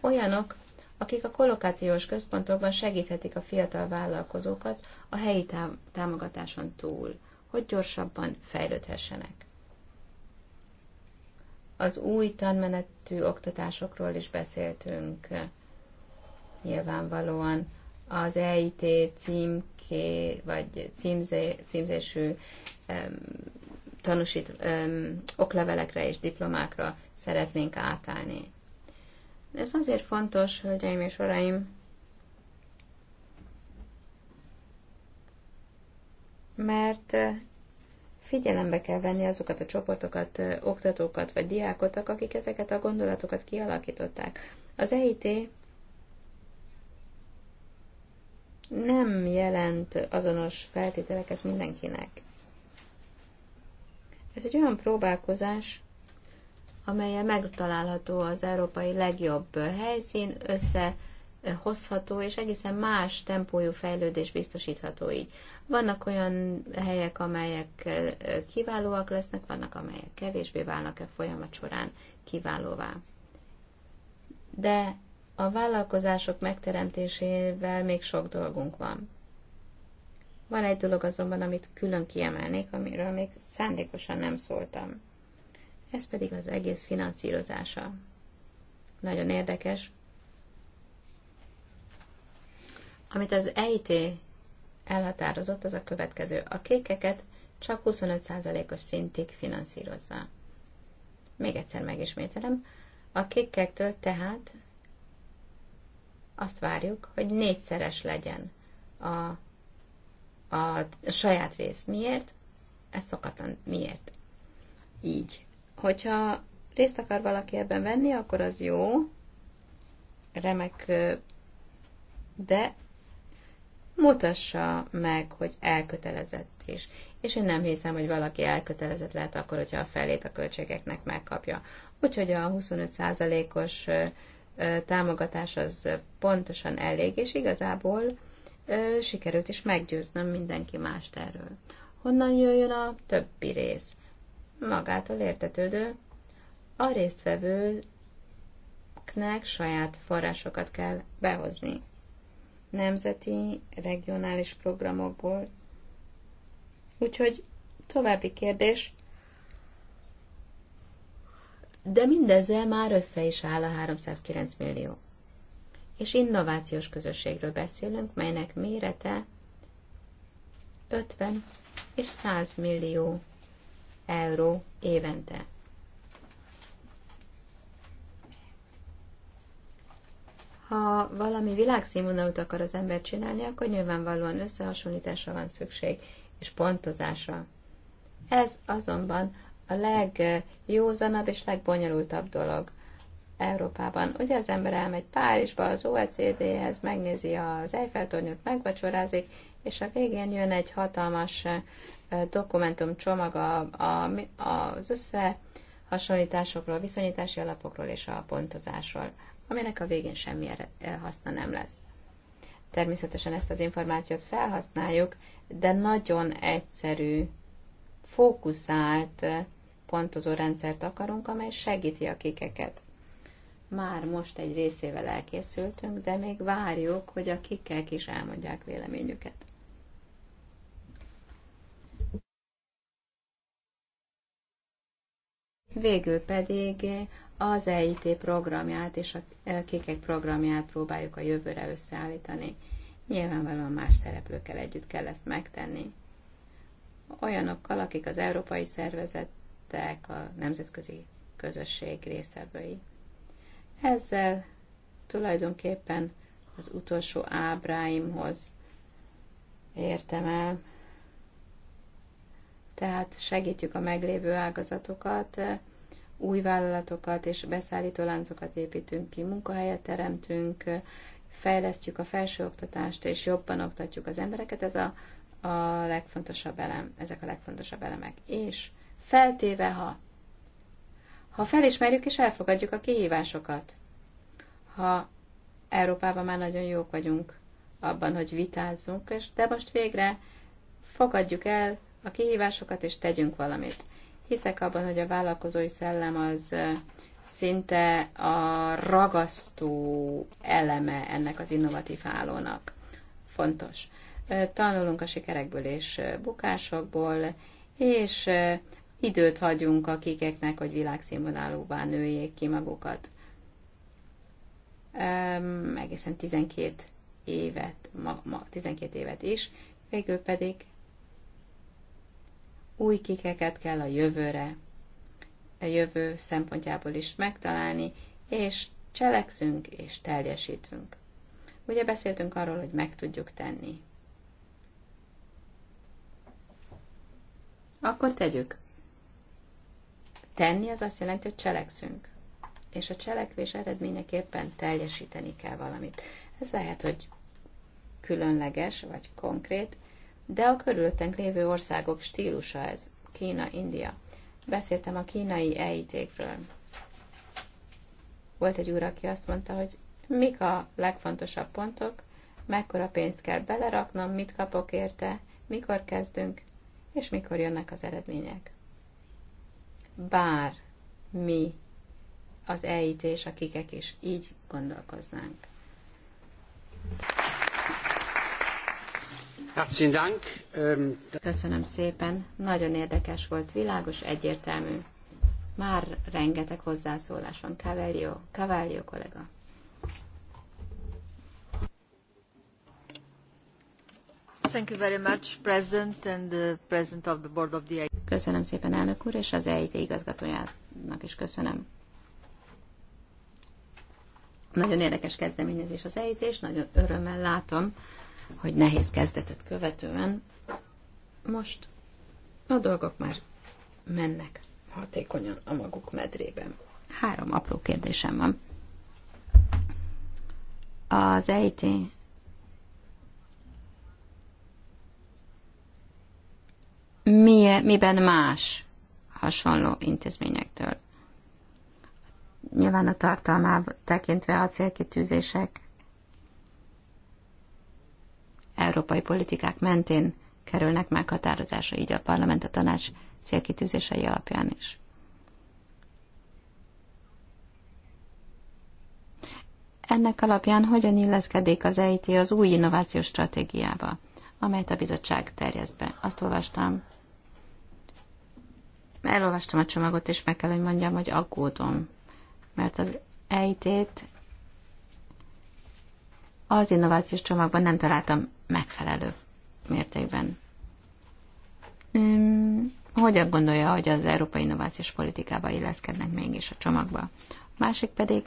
Olyanok, akik a kolokációs központokban segíthetik a fiatal vállalkozókat a helyi támogatáson túl, hogy gyorsabban fejlődhessenek. Az új tanmenetű oktatásokról is beszéltünk eh, nyilvánvalóan. Az EIT címké, vagy címzé, címzésű em, tanúsít oklevelekre és diplomákra szeretnénk átállni. De ez azért fontos, hölgyeim és uraim, mert eh, figyelembe kell venni azokat a csoportokat, oktatókat vagy diákokat, akik ezeket a gondolatokat kialakították. Az EIT nem jelent azonos feltételeket mindenkinek. Ez egy olyan próbálkozás, amelyel megtalálható az európai legjobb helyszín, össze hozható, és egészen más tempójú fejlődés biztosítható így. Vannak olyan helyek, amelyek kiválóak lesznek, vannak, amelyek kevésbé válnak e folyamat során kiválóvá. De a vállalkozások megteremtésével még sok dolgunk van. Van egy dolog azonban, amit külön kiemelnék, amiről még szándékosan nem szóltam. Ez pedig az egész finanszírozása. Nagyon érdekes, Amit az EIT elhatározott, az a következő. A kékeket csak 25%-os szintig finanszírozza. Még egyszer megismételem. A kékektől tehát azt várjuk, hogy négyszeres legyen a, a saját rész. Miért? Ez szokatlan. Miért? Így. Hogyha részt akar valaki ebben venni, akkor az jó, remek, de mutassa meg, hogy elkötelezett is. És én nem hiszem, hogy valaki elkötelezett lehet akkor, hogyha a felét a költségeknek megkapja. Úgyhogy a 25%-os támogatás az pontosan elég, és igazából sikerült is meggyőznöm mindenki mást erről. Honnan jöjjön a többi rész? Magától értetődő. A résztvevőknek saját forrásokat kell behozni nemzeti, regionális programokból. Úgyhogy további kérdés. De mindezzel már össze is áll a 309 millió. És innovációs közösségről beszélünk, melynek mérete 50 és 100 millió euró évente. ha valami világszínvonalat akar az ember csinálni, akkor nyilvánvalóan összehasonlításra van szükség, és pontozásra. Ez azonban a legjózanabb és legbonyolultabb dolog Európában. Ugye az ember elmegy Párizsba, az OECD-hez, megnézi az Eiffel-tornyot, megvacsorázik, és a végén jön egy hatalmas dokumentum csomaga a, az összehasonlításokról, viszonyítási alapokról és a pontozásról aminek a végén semmi haszna nem lesz. Természetesen ezt az információt felhasználjuk, de nagyon egyszerű, fókuszált pontozó rendszert akarunk, amely segíti a kikeket. Már most egy részével elkészültünk, de még várjuk, hogy a kikek is elmondják véleményüket. Végül pedig az EIT programját és a e, kékek programját próbáljuk a jövőre összeállítani. Nyilvánvalóan más szereplőkkel együtt kell ezt megtenni. Olyanokkal, akik az európai szervezetek, a nemzetközi közösség résztvevői. Ezzel tulajdonképpen az utolsó ábráimhoz értem el. Tehát segítjük a meglévő ágazatokat, új vállalatokat és beszállító láncokat építünk ki, munkahelyet teremtünk, fejlesztjük a felsőoktatást, és jobban oktatjuk az embereket, ez a, a legfontosabb elem, ezek a legfontosabb elemek. És feltéve, ha ha felismerjük és elfogadjuk a kihívásokat, ha Európában már nagyon jók vagyunk abban, hogy vitázzunk, és de most végre fogadjuk el a kihívásokat, és tegyünk valamit. Hiszek abban, hogy a vállalkozói szellem az szinte a ragasztó eleme ennek az innovatív állónak. Fontos. Tanulunk a sikerekből és bukásokból, és időt hagyunk a kikeknek, hogy világszínvonalúvá nőjék ki magukat. Egészen 12 évet, ma, ma 12 évet is, végül pedig új kikeket kell a jövőre, a jövő szempontjából is megtalálni, és cselekszünk és teljesítünk. Ugye beszéltünk arról, hogy meg tudjuk tenni. Akkor tegyük. Tenni az azt jelenti, hogy cselekszünk. És a cselekvés eredményeképpen teljesíteni kell valamit. Ez lehet, hogy különleges vagy konkrét, de a körülöttünk lévő országok stílusa ez. Kína, India. Beszéltem a kínai EIT-kről. Volt egy úr, aki azt mondta, hogy mik a legfontosabb pontok, mekkora pénzt kell beleraknom, mit kapok érte, mikor kezdünk, és mikor jönnek az eredmények. Bár mi, az EIT és a kikek is így gondolkoznánk. Ähm, köszönöm szépen. Nagyon érdekes volt, világos, egyértelmű. Már rengeteg hozzászólás van. Cavallio, Cavallio kollega. Thank you very much, President and the President of the Board of the Köszönöm szépen, elnök úr, és az EIT igazgatójának is köszönöm. Nagyon érdekes kezdeményezés az EIT, és nagyon örömmel látom, hogy nehéz kezdetet követően most a dolgok már mennek hatékonyan a maguk medrében. Három apró kérdésem van. Az EIT mi, miben más hasonló intézményektől? Nyilván a tartalmát tekintve a célkitűzések európai politikák mentén kerülnek meghatározásra, így a parlament a tanács célkitűzései alapján is. Ennek alapján hogyan illeszkedik az EIT az új innovációs stratégiába, amelyet a bizottság terjeszt be? Azt olvastam, elolvastam a csomagot, és meg kell, hogy mondjam, hogy aggódom, mert az EIT-t az innovációs csomagban nem találtam megfelelő mértékben. Hogyan gondolja, hogy az európai innovációs politikába illeszkednek mégis a csomagba? A másik pedig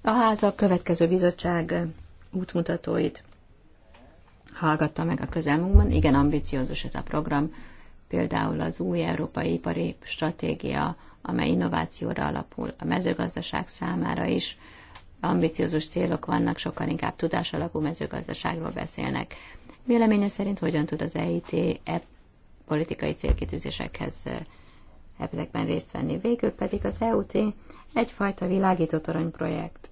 a háza következő bizottság útmutatóit hallgatta meg a közelmunkban. Igen, ambiciózus ez a program, például az új európai ipari stratégia, amely innovációra alapul a mezőgazdaság számára is, ambiciózus célok vannak, sokkal inkább tudásalapú mezőgazdaságról beszélnek. Véleménye szerint hogyan tud az EIT e politikai célkitűzésekhez e, ezekben részt venni. Végül pedig az EUT egyfajta világítótorony projekt.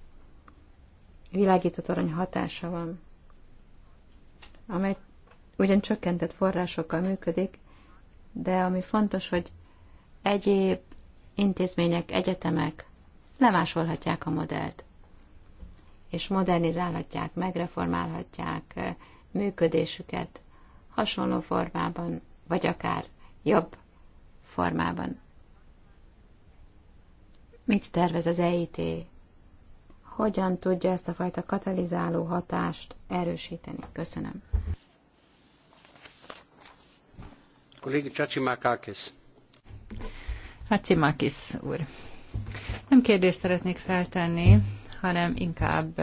világítótorony hatása van, amely ugyan csökkentett forrásokkal működik, de ami fontos, hogy egyéb intézmények, egyetemek lemásolhatják a modellt és modernizálhatják, megreformálhatják működésüket hasonló formában, vagy akár jobb formában. Mit tervez az EIT? Hogyan tudja ezt a fajta katalizáló hatást erősíteni? Köszönöm. Kollégi Hát Csimákész úr. Nem kérdést szeretnék feltenni, hanem inkább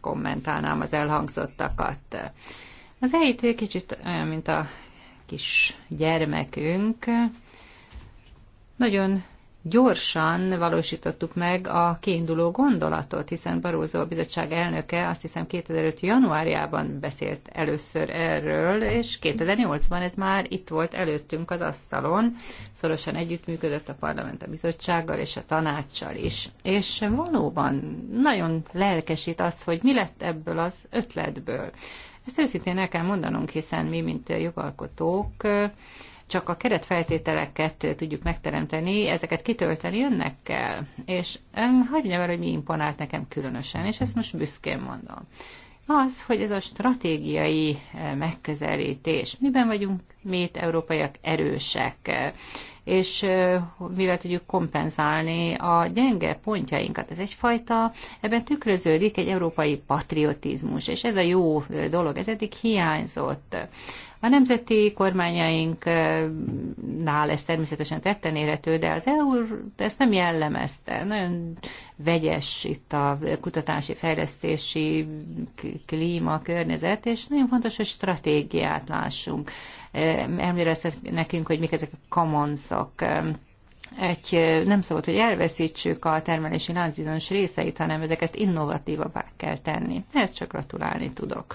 kommentálnám az elhangzottakat. Az EIT kicsit olyan, mint a kis gyermekünk. Nagyon gyorsan valósítottuk meg a kiinduló gondolatot, hiszen Barózó bizottság elnöke azt hiszem 2005. januárjában beszélt először erről, és 2008-ban ez már itt volt előttünk az asztalon, szorosan együttműködött a parlament a bizottsággal és a tanácssal is. És valóban nagyon lelkesít az, hogy mi lett ebből az ötletből. Ezt őszintén el kell mondanunk, hiszen mi, mint jogalkotók, csak a keretfeltételeket tudjuk megteremteni, ezeket kitölteni önnek kell. És hagyd el, hogy mi imponált nekem különösen, és ezt most büszkén mondom. Az, hogy ez a stratégiai megközelítés, miben vagyunk mi itt európaiak erősek, és mivel tudjuk kompenzálni a gyenge pontjainkat. Ez egyfajta, ebben tükröződik egy európai patriotizmus, és ez a jó dolog, ez eddig hiányzott. A nemzeti kormányainknál ez természetesen tetten érhető, de az EU ezt nem jellemezte. Nagyon vegyes itt a kutatási, fejlesztési klíma, környezet, és nagyon fontos, hogy stratégiát lássunk. Emlélezhet nekünk, hogy mik ezek a commonsok, egy, nem szabad, hogy elveszítsük a termelési lánc bizonyos részeit, hanem ezeket innovatívabbá kell tenni. Ezt csak gratulálni tudok.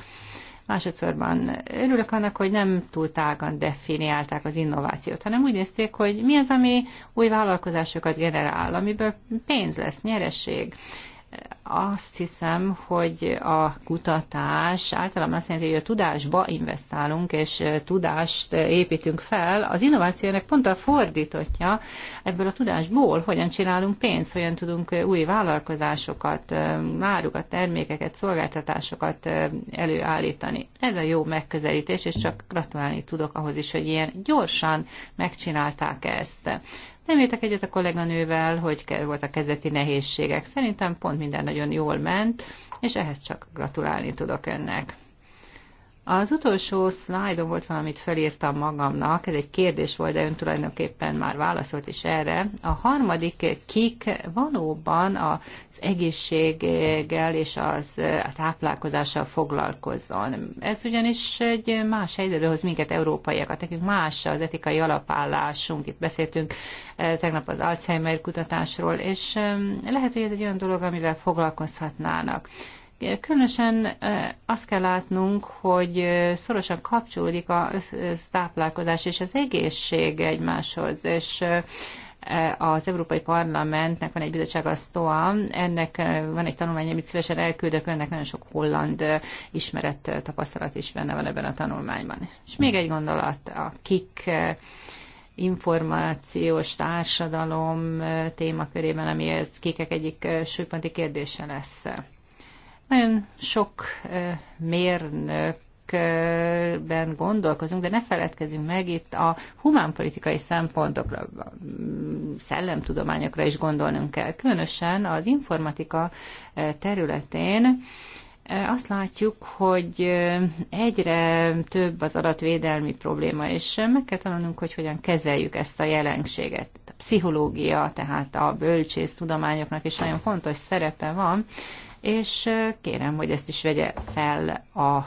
Másodszorban örülök annak, hogy nem túl tágan definiálták az innovációt, hanem úgy nézték, hogy mi az, ami új vállalkozásokat generál, amiből pénz lesz, nyereség azt hiszem, hogy a kutatás általában azt jelenti, hogy a tudásba investálunk, és tudást építünk fel. Az innovációnak pont a fordítotja ebből a tudásból, hogyan csinálunk pénzt, hogyan tudunk új vállalkozásokat, márukat, termékeket, szolgáltatásokat előállítani. Ez a jó megközelítés, és csak gratulálni tudok ahhoz is, hogy ilyen gyorsan megcsinálták ezt. Nem értek egyet a kolléganővel, hogy voltak kezdeti nehézségek. Szerintem pont minden nagyon jól ment, és ehhez csak gratulálni tudok önnek. Az utolsó szlájdon volt valamit felírtam magamnak, ez egy kérdés volt, de ön tulajdonképpen már válaszolt is erre. A harmadik kik valóban az egészséggel és az, a táplálkozással foglalkozzon. Ez ugyanis egy más helyzetbe hoz minket, európaiakat. Nekünk más az etikai alapállásunk. Itt beszéltünk eh, tegnap az Alzheimer kutatásról, és eh, lehet, hogy ez egy olyan dolog, amivel foglalkozhatnának. Különösen azt kell látnunk, hogy szorosan kapcsolódik a táplálkozás és az egészség egymáshoz, és e, az Európai Parlamentnek van egy bizottság, a STOA, ennek van egy tanulmány, amit szívesen elküldök, önnek nagyon sok holland ismeret, tapasztalat is benne van ebben a tanulmányban. És még egy gondolat, a KIK információs társadalom témakörében, ami ez kikek egyik súlyponti kérdése lesz. Nagyon sok mérnök ben gondolkozunk, de ne feledkezzünk meg itt a humánpolitikai szempontokra, a szellemtudományokra is gondolnunk kell. Különösen az informatika területén azt látjuk, hogy egyre több az adatvédelmi probléma, és meg kell tanulnunk, hogy hogyan kezeljük ezt a jelenséget. A pszichológia, tehát a bölcsész tudományoknak is nagyon fontos szerepe van, és kérem, hogy ezt is vegye fel a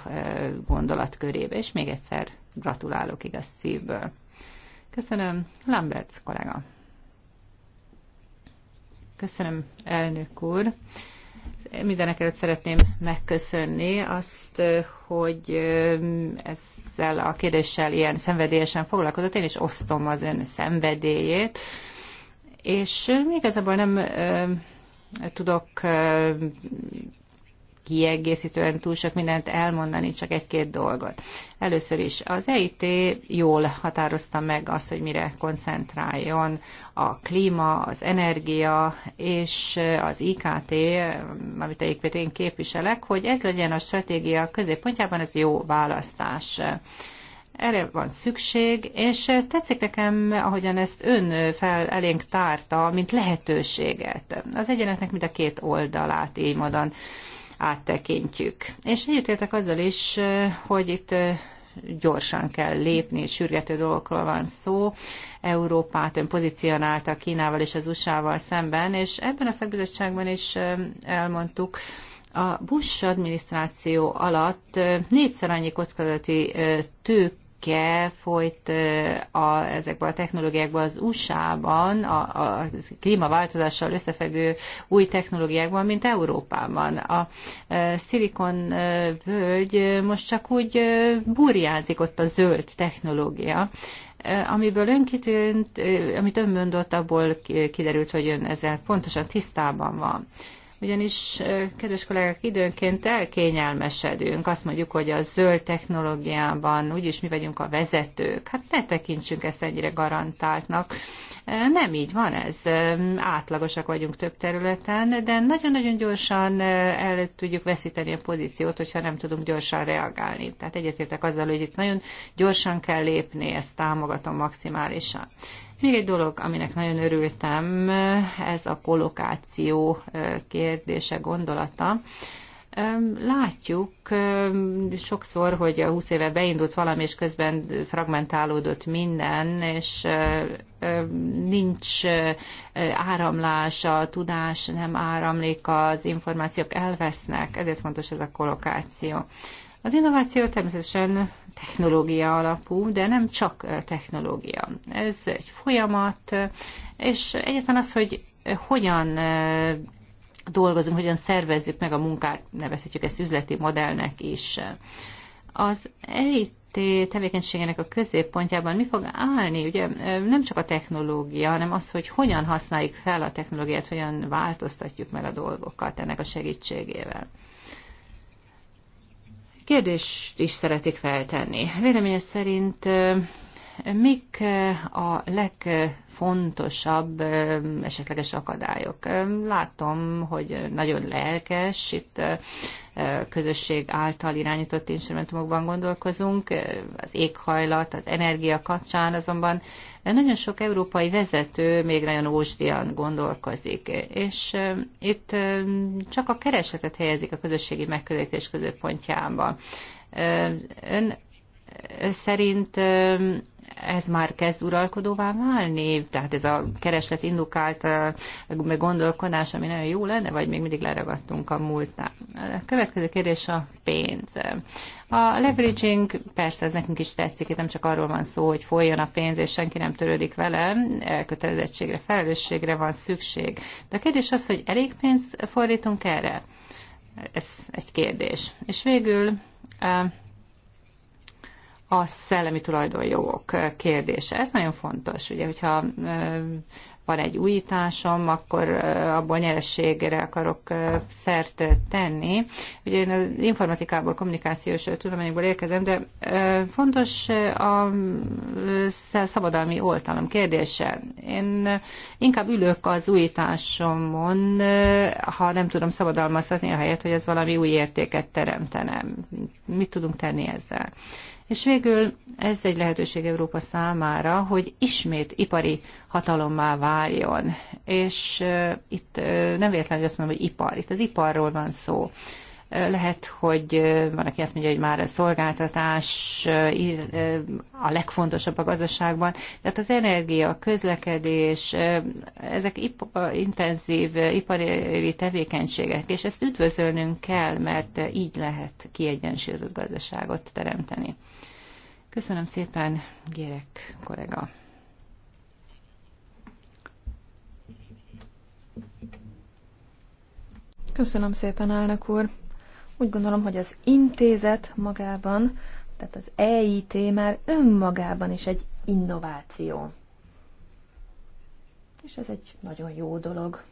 gondolat körébe, és még egyszer gratulálok igaz szívből. Köszönöm, Lamberts kollega. Köszönöm, elnök úr. Mindenek előtt szeretném megköszönni azt, hogy ezzel a kérdéssel ilyen szenvedélyesen foglalkozott. Én is osztom az ön szenvedélyét, és igazából nem tudok kiegészítően túl sok mindent elmondani, csak egy-két dolgot. Először is az EIT jól határozta meg azt, hogy mire koncentráljon a klíma, az energia és az IKT, amit egyébként én képviselek, hogy ez legyen a stratégia középpontjában, ez jó választás. Erre van szükség, és tetszik nekem, ahogyan ezt ön fel elénk tárta, mint lehetőséget. Az egyenletnek mind a két oldalát így módon áttekintjük. És egyetértek azzal is, hogy itt gyorsan kell lépni, sürgető dolgokról van szó. Európát ön pozícionálta Kínával és az USA-val szemben, és ebben a szakbizottságban is elmondtuk, a Bush adminisztráció alatt négyszer annyi kockázati tők cikke folyt a, ezekből a technológiákban az USA-ban, a, a klímaváltozással összefegő új technológiákban, mint Európában. A, a szilikon völgy most csak úgy burjánzik ott a zöld technológia, amiből ön kitűnt, amit ön mondott, abból kiderült, hogy ön ezzel pontosan tisztában van ugyanis, kedves kollégák, időnként elkényelmesedünk, azt mondjuk, hogy a zöld technológiában úgyis mi vagyunk a vezetők. Hát ne tekintsünk ezt ennyire garantáltnak. Nem így van ez. Átlagosak vagyunk több területen, de nagyon-nagyon gyorsan el tudjuk veszíteni a pozíciót, hogyha nem tudunk gyorsan reagálni. Tehát egyetértek azzal, hogy itt nagyon gyorsan kell lépni, ezt támogatom maximálisan. Még egy dolog, aminek nagyon örültem, ez a kolokáció kérdése, gondolata. Látjuk sokszor, hogy a 20 éve beindult valami, és közben fragmentálódott minden, és nincs áramlás, a tudás nem áramlik, az információk elvesznek, ezért fontos ez a kolokáció. Az innováció természetesen technológia alapú, de nem csak eh, technológia. Ez egy folyamat, eh, és egyetlen az, hogy eh, hogyan dolgozunk, hogyan szervezzük meg a munkát, nevezhetjük ezt üzleti modellnek is. Az EIT tevékenységének a középpontjában mi fog állni? Ugye nem csak a technológia, hanem az, hogy hogyan használjuk fel a technológiát, hogyan változtatjuk meg a dolgokat ennek a segítségével kérdést is szeretik feltenni. Véleménye szerint Mik eh, a legfontosabb eh, esetleges akadályok? Eh, látom, hogy nagyon lelkes, itt közösség által irányított instrumentumokban gondolkozunk, az éghajlat, az energia kapcsán azonban nagyon sok európai vezető még nagyon ósdian gondolkozik, és itt csak a keresetet helyezik a közösségi megközelítés középpontjába. Ön szerint ez már kezd uralkodóvá válni? Tehát ez a kereslet indukált gondolkodás, ami nagyon jó lenne, vagy még mindig leragadtunk a múltnál? A következő kérdés a pénz. A leveraging, persze ez nekünk is tetszik, itt nem csak arról van szó, hogy folyjon a pénz, és senki nem törődik vele, elkötelezettségre, felelősségre van szükség. De a kérdés az, hogy elég pénzt fordítunk erre? Ez egy kérdés. És végül a szellemi tulajdonjogok kérdése. Ez nagyon fontos, ugye, hogyha van egy újításom, akkor abból nyerességre akarok szert tenni. Ugye én az informatikából, kommunikációs tudományokból érkezem, de fontos a szabadalmi oltalom kérdése. Én inkább ülök az újításomon, ha nem tudom szabadalmaztatni a helyet, hogy ez valami új értéket teremtene. Mit tudunk tenni ezzel? És végül ez egy lehetőség Európa számára, hogy ismét ipari hatalommá váljon. És uh, itt uh, nem véletlenül azt mondom, hogy ipar. Itt az iparról van szó lehet, hogy van, aki azt mondja, hogy már a szolgáltatás a legfontosabb a gazdaságban, tehát az energia, a közlekedés, ezek ipa, intenzív ipari tevékenységek, és ezt üdvözölnünk kell, mert így lehet kiegyensúlyozott gazdaságot teremteni. Köszönöm szépen, Gyerek kollega. Köszönöm szépen, elnök úr. Úgy gondolom, hogy az intézet magában, tehát az EIT már önmagában is egy innováció. És ez egy nagyon jó dolog.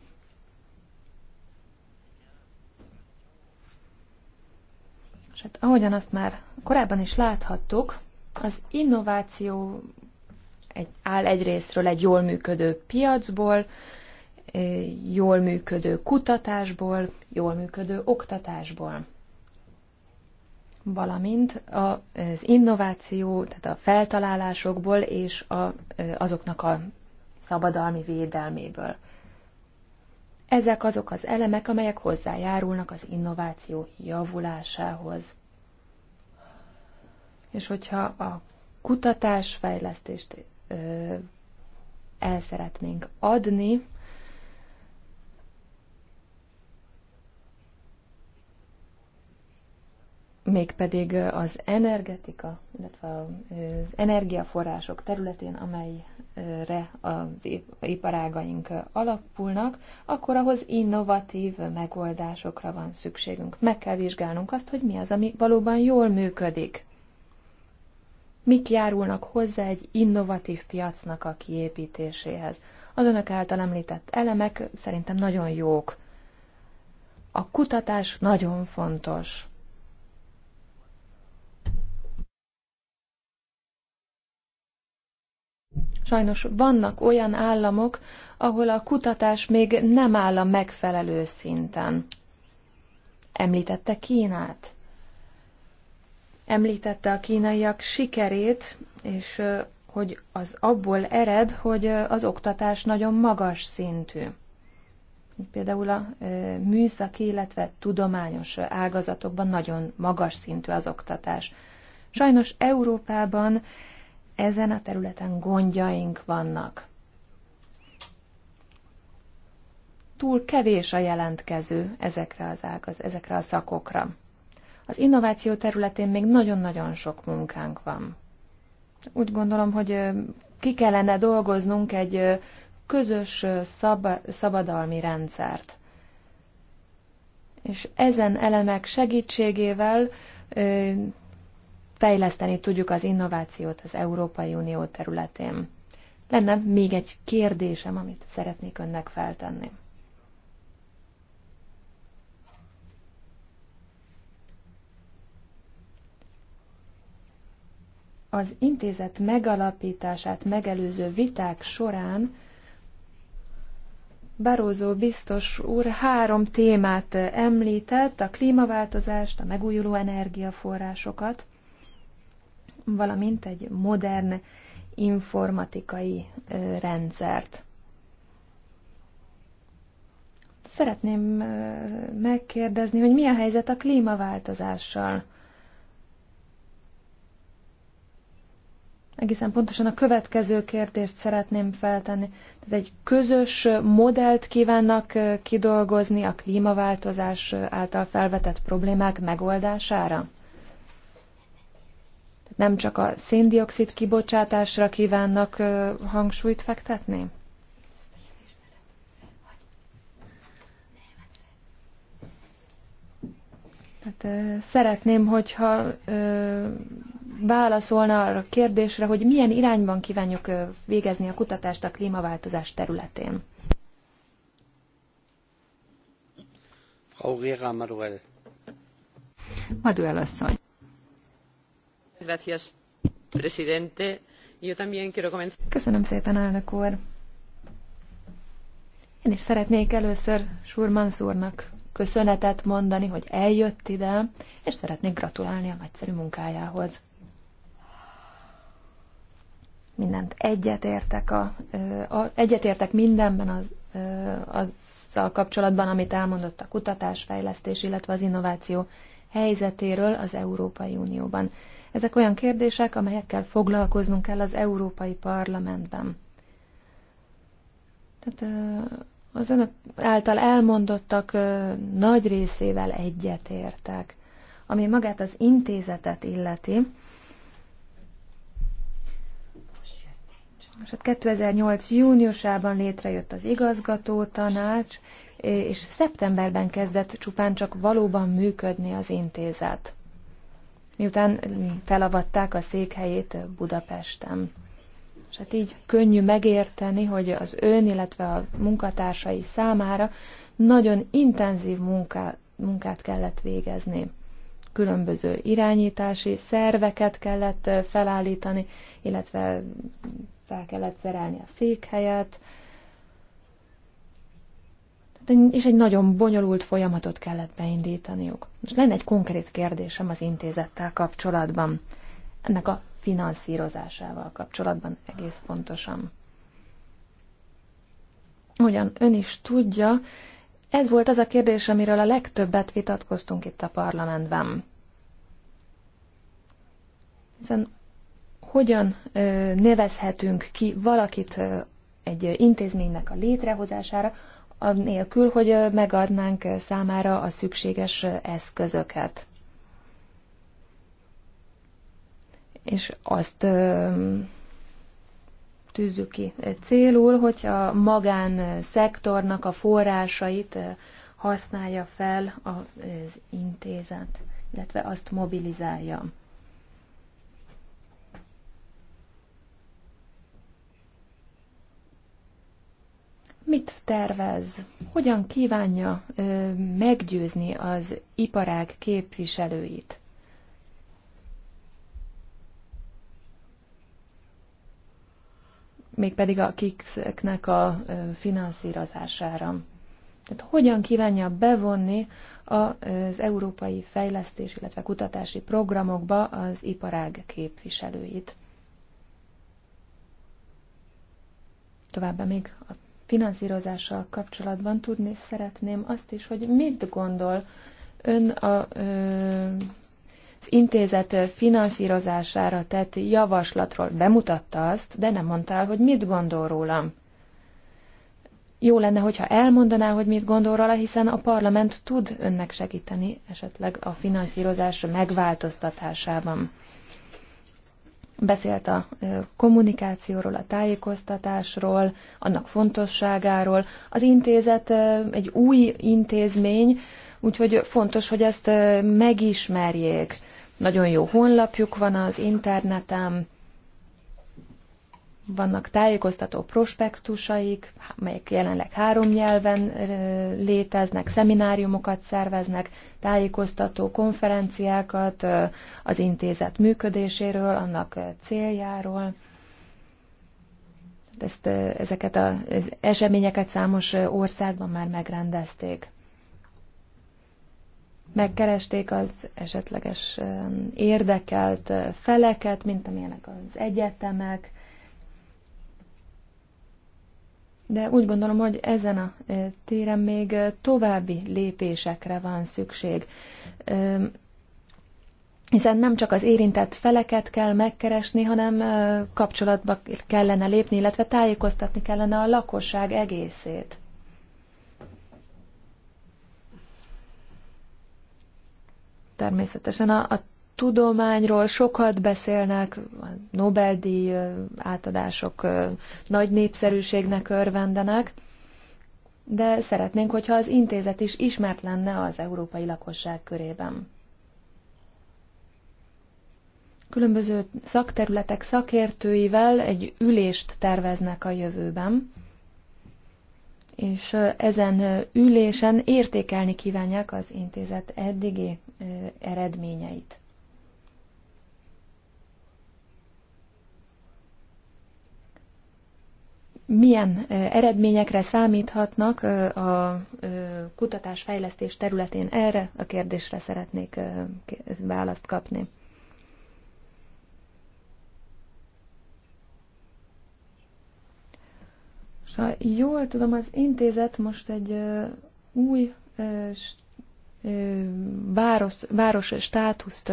És hát ahogyan azt már korábban is láthattuk, az innováció egy, áll egyrésztről egy jól működő piacból, eh, jól működő kutatásból, jól működő oktatásból. Valamint az innováció, tehát a feltalálásokból és a, eh, azoknak a szabadalmi védelméből. Ezek azok az elemek, amelyek hozzájárulnak az innováció javulásához. És hogyha a kutatásfejlesztést el szeretnénk adni, mégpedig az energetika, illetve az energiaforrások területén, amelyre az iparágaink alapulnak, akkor ahhoz innovatív megoldásokra van szükségünk. Meg kell vizsgálnunk azt, hogy mi az, ami valóban jól működik mik járulnak hozzá egy innovatív piacnak a kiépítéséhez. Az önök által említett elemek szerintem nagyon jók. A kutatás nagyon fontos. Sajnos vannak olyan államok, ahol a kutatás még nem áll a megfelelő szinten. Említette Kínát? említette a kínaiak sikerét, és hogy az abból ered, hogy az oktatás nagyon magas szintű. Például a műszaki, illetve tudományos ágazatokban nagyon magas szintű az oktatás. Sajnos Európában ezen a területen gondjaink vannak. Túl kevés a jelentkező ezekre, az ágaz, ezekre a szakokra. Az innováció területén még nagyon-nagyon sok munkánk van. Úgy gondolom, hogy ki kellene dolgoznunk egy közös szab- szabadalmi rendszert. És ezen elemek segítségével fejleszteni tudjuk az innovációt az Európai Unió területén. Lenne még egy kérdésem, amit szeretnék önnek feltenni. Az intézet megalapítását megelőző viták során Barózó biztos úr három témát említett, a klímaváltozást, a megújuló energiaforrásokat, valamint egy modern informatikai rendszert. Szeretném megkérdezni, hogy mi a helyzet a klímaváltozással. Egészen pontosan a következő kérdést szeretném feltenni. Tehát egy közös modellt kívánnak kidolgozni a klímaváltozás által felvetett problémák megoldására? nem csak a széndiokszid kibocsátásra kívánnak hangsúlyt fektetni? Hát, szeretném, hogyha válaszolna arra a kérdésre, hogy milyen irányban kívánjuk végezni a kutatást a klímaváltozás területén. Frau Maduel. Maduel asszony. Gracias, presidente. Yo también quiero comenzar. Köszönöm szépen, elnök úr. Én is szeretnék először Surmans úrnak köszönetet mondani, hogy eljött ide, és szeretnék gratulálni a nagyszerű munkájához mindent egyetértek, a, a, egyetértek mindenben az, azzal kapcsolatban, amit elmondott a kutatásfejlesztés, illetve az innováció helyzetéről az Európai Unióban. Ezek olyan kérdések, amelyekkel foglalkoznunk kell az Európai Parlamentben. Tehát az önök által elmondottak nagy részével egyetértek. Ami magát az intézetet illeti, Most hát 2008. júniusában létrejött az igazgató tanács, és szeptemberben kezdett csupán csak valóban működni az intézet. Miután felavatták a székhelyét Budapesten. És hát így könnyű megérteni, hogy az ön, illetve a munkatársai számára nagyon intenzív munká, munkát kellett végezni különböző irányítási szerveket kellett eh, felállítani, illetve fel kellett szerelni a székhelyet, és egy nagyon bonyolult folyamatot kellett beindítaniuk. Most lenne egy konkrét kérdésem az intézettel kapcsolatban, ennek a finanszírozásával kapcsolatban egész pontosan. Ugyan ön is tudja, ez volt az a kérdés, amiről a legtöbbet vitatkoztunk itt a parlamentben. Hiszen hogyan nevezhetünk ki valakit egy intézménynek a létrehozására, nélkül, hogy megadnánk számára a szükséges eszközöket. És azt tűzzük ki célul, hogy a szektornak a forrásait eh, használja fel az intézet, illetve azt mobilizálja. Mit tervez? Hogyan kívánja eh, meggyőzni az iparág képviselőit? mégpedig a kiknek a finanszírozására. Tehát hogyan kívánja bevonni az európai fejlesztés, illetve kutatási programokba az iparág képviselőit. Továbbá még a finanszírozással kapcsolatban tudni szeretném azt is, hogy mit gondol ön a ö, intézet finanszírozására tett javaslatról bemutatta azt, de nem mondta el, hogy mit gondol rólam. Jó lenne, hogyha elmondaná, hogy mit gondol róla, hiszen a parlament tud önnek segíteni esetleg a finanszírozás megváltoztatásában. Beszélt a kommunikációról, a tájékoztatásról, annak fontosságáról. Az intézet egy új intézmény, úgyhogy fontos, hogy ezt megismerjék. Nagyon jó honlapjuk van az interneten, vannak tájékoztató prospektusaik, melyek jelenleg három nyelven léteznek, szemináriumokat szerveznek, tájékoztató konferenciákat az intézet működéséről, annak céljáról. Ezt, ezeket az eseményeket számos országban már megrendezték megkeresték az esetleges um, érdekelt uh, feleket, mint amilyenek az egyetemek. De úgy gondolom, hogy ezen a uh, téren még uh, további lépésekre van szükség. Um, hiszen nem csak az érintett feleket kell megkeresni, hanem kapcsolatba kellene lépni, illetve tájékoztatni kellene a lakosság egészét természetesen a, a tudományról sokat beszélnek, a Nobel-díj átadások nagy népszerűségnek örvendenek, de szeretnénk, hogyha az intézet is ismert lenne az európai lakosság körében. Különböző szakterületek szakértőivel egy ülést terveznek a jövőben, és ezen ülésen értékelni kívánják az intézet eddigi eredményeit. Milyen eredményekre számíthatnak a kutatás fejlesztés területén erre a kérdésre szeretnék választ kapni. És ha jól tudom, az intézet most egy új város, város státuszt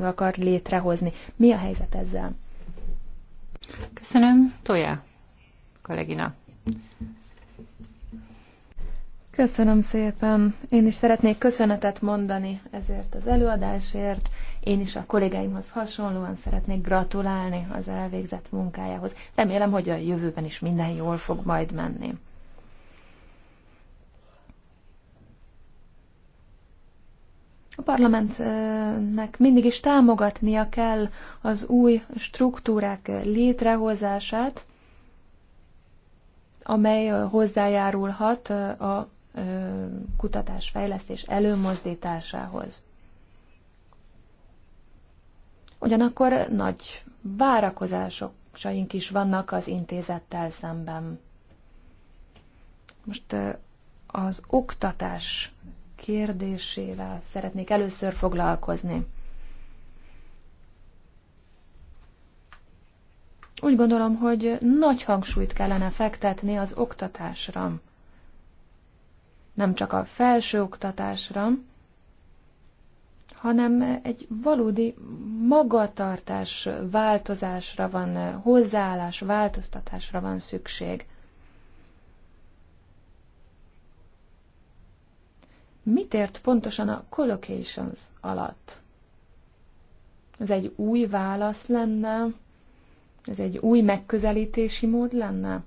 akar létrehozni. Mi a helyzet ezzel? Köszönöm. Tojá, kollégina. Köszönöm szépen. Én is szeretnék köszönetet mondani ezért az előadásért, én is a kollégáimhoz hasonlóan szeretnék gratulálni az elvégzett munkájához. Remélem, hogy a jövőben is minden jól fog majd menni. A parlamentnek mindig is támogatnia kell az új struktúrák létrehozását, amely hozzájárulhat a kutatás fejlesztés előmozdításához. Ugyanakkor nagy várakozásaink is vannak az intézettel szemben. Most az oktatás kérdésével szeretnék először foglalkozni. Úgy gondolom, hogy nagy hangsúlyt kellene fektetni az oktatásra. Nem csak a felső oktatásra, hanem egy valódi magatartás változásra van, hozzáállás változtatásra van szükség. Mit ért pontosan a collocations alatt? Ez egy új válasz lenne? Ez egy új megközelítési mód lenne?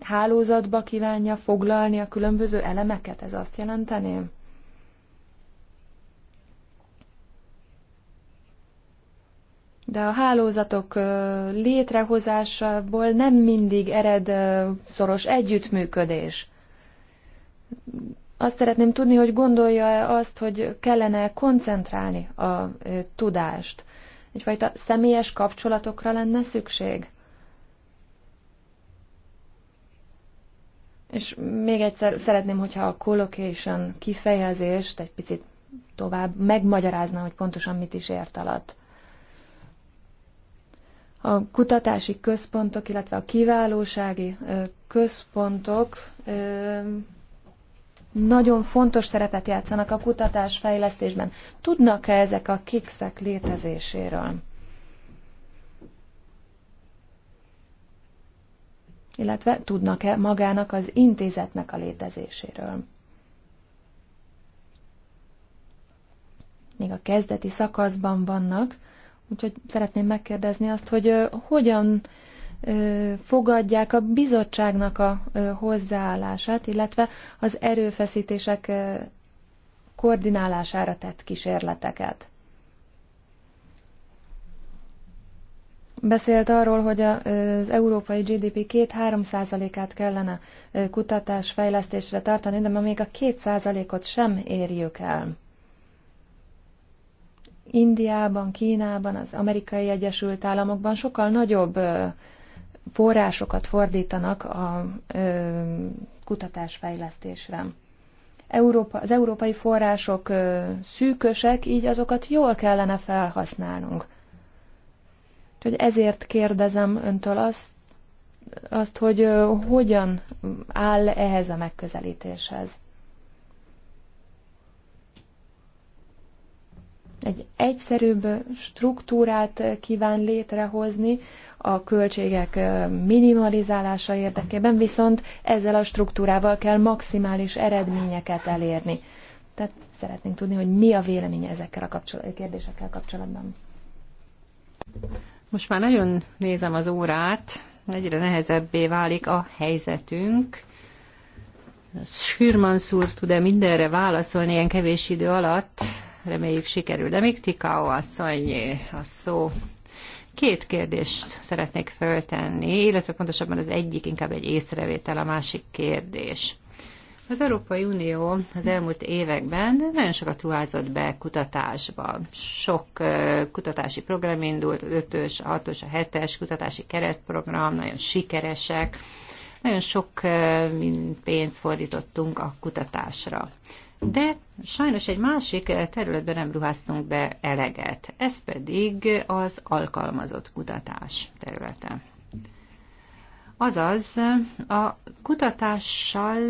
Hálózatba kívánja foglalni a különböző elemeket? Ez azt jelenteném? de a hálózatok létrehozásából nem mindig ered szoros együttműködés. Azt szeretném tudni, hogy gondolja-e azt, hogy kellene koncentrálni a tudást. Egyfajta személyes kapcsolatokra lenne szükség. És még egyszer szeretném, hogyha a collocation kifejezést egy picit tovább megmagyarázna, hogy pontosan mit is ért alatt a kutatási központok, illetve a kiválósági központok nagyon fontos szerepet játszanak a kutatás fejlesztésben. Tudnak-e ezek a kikszek létezéséről? Illetve tudnak-e magának az intézetnek a létezéséről? Még a kezdeti szakaszban vannak, Úgyhogy szeretném megkérdezni azt, hogy hogyan fogadják a bizottságnak a hozzáállását, illetve az erőfeszítések koordinálására tett kísérleteket. Beszélt arról, hogy az európai GDP 2-3 százalékát kellene kutatás fejlesztésre tartani, de ma még a 2 százalékot sem érjük el. Indiában, Kínában, az Amerikai Egyesült Államokban sokkal nagyobb forrásokat fordítanak a kutatásfejlesztésre. Európa, az európai források ö, szűkösek, így azokat jól kellene felhasználnunk. Úgyhogy ezért kérdezem öntől azt, azt hogy ö, hogyan áll ehhez a megközelítéshez. egy egyszerűbb struktúrát kíván létrehozni a költségek minimalizálása érdekében, viszont ezzel a struktúrával kell maximális eredményeket elérni. Tehát szeretnénk tudni, hogy mi a véleménye ezekkel a kérdésekkel kapcsolatban. Most már nagyon nézem az órát, egyre nehezebbé válik a helyzetünk. Schürmann úr tud-e mindenre válaszolni ilyen kevés idő alatt? reméljük sikerül. De még Tikao asszony a szó. Két kérdést szeretnék föltenni, illetve pontosabban az egyik inkább egy észrevétel, a másik kérdés. Az Európai Unió az elmúlt években nagyon sokat ruházott be kutatásba. Sok kutatási program indult, az 5-ös, a 6-os, a 7-es kutatási keretprogram, nagyon sikeresek. Nagyon sok pénzt fordítottunk a kutatásra. De sajnos egy másik területben nem ruháztunk be eleget, ez pedig az alkalmazott kutatás területe. Azaz a kutatással,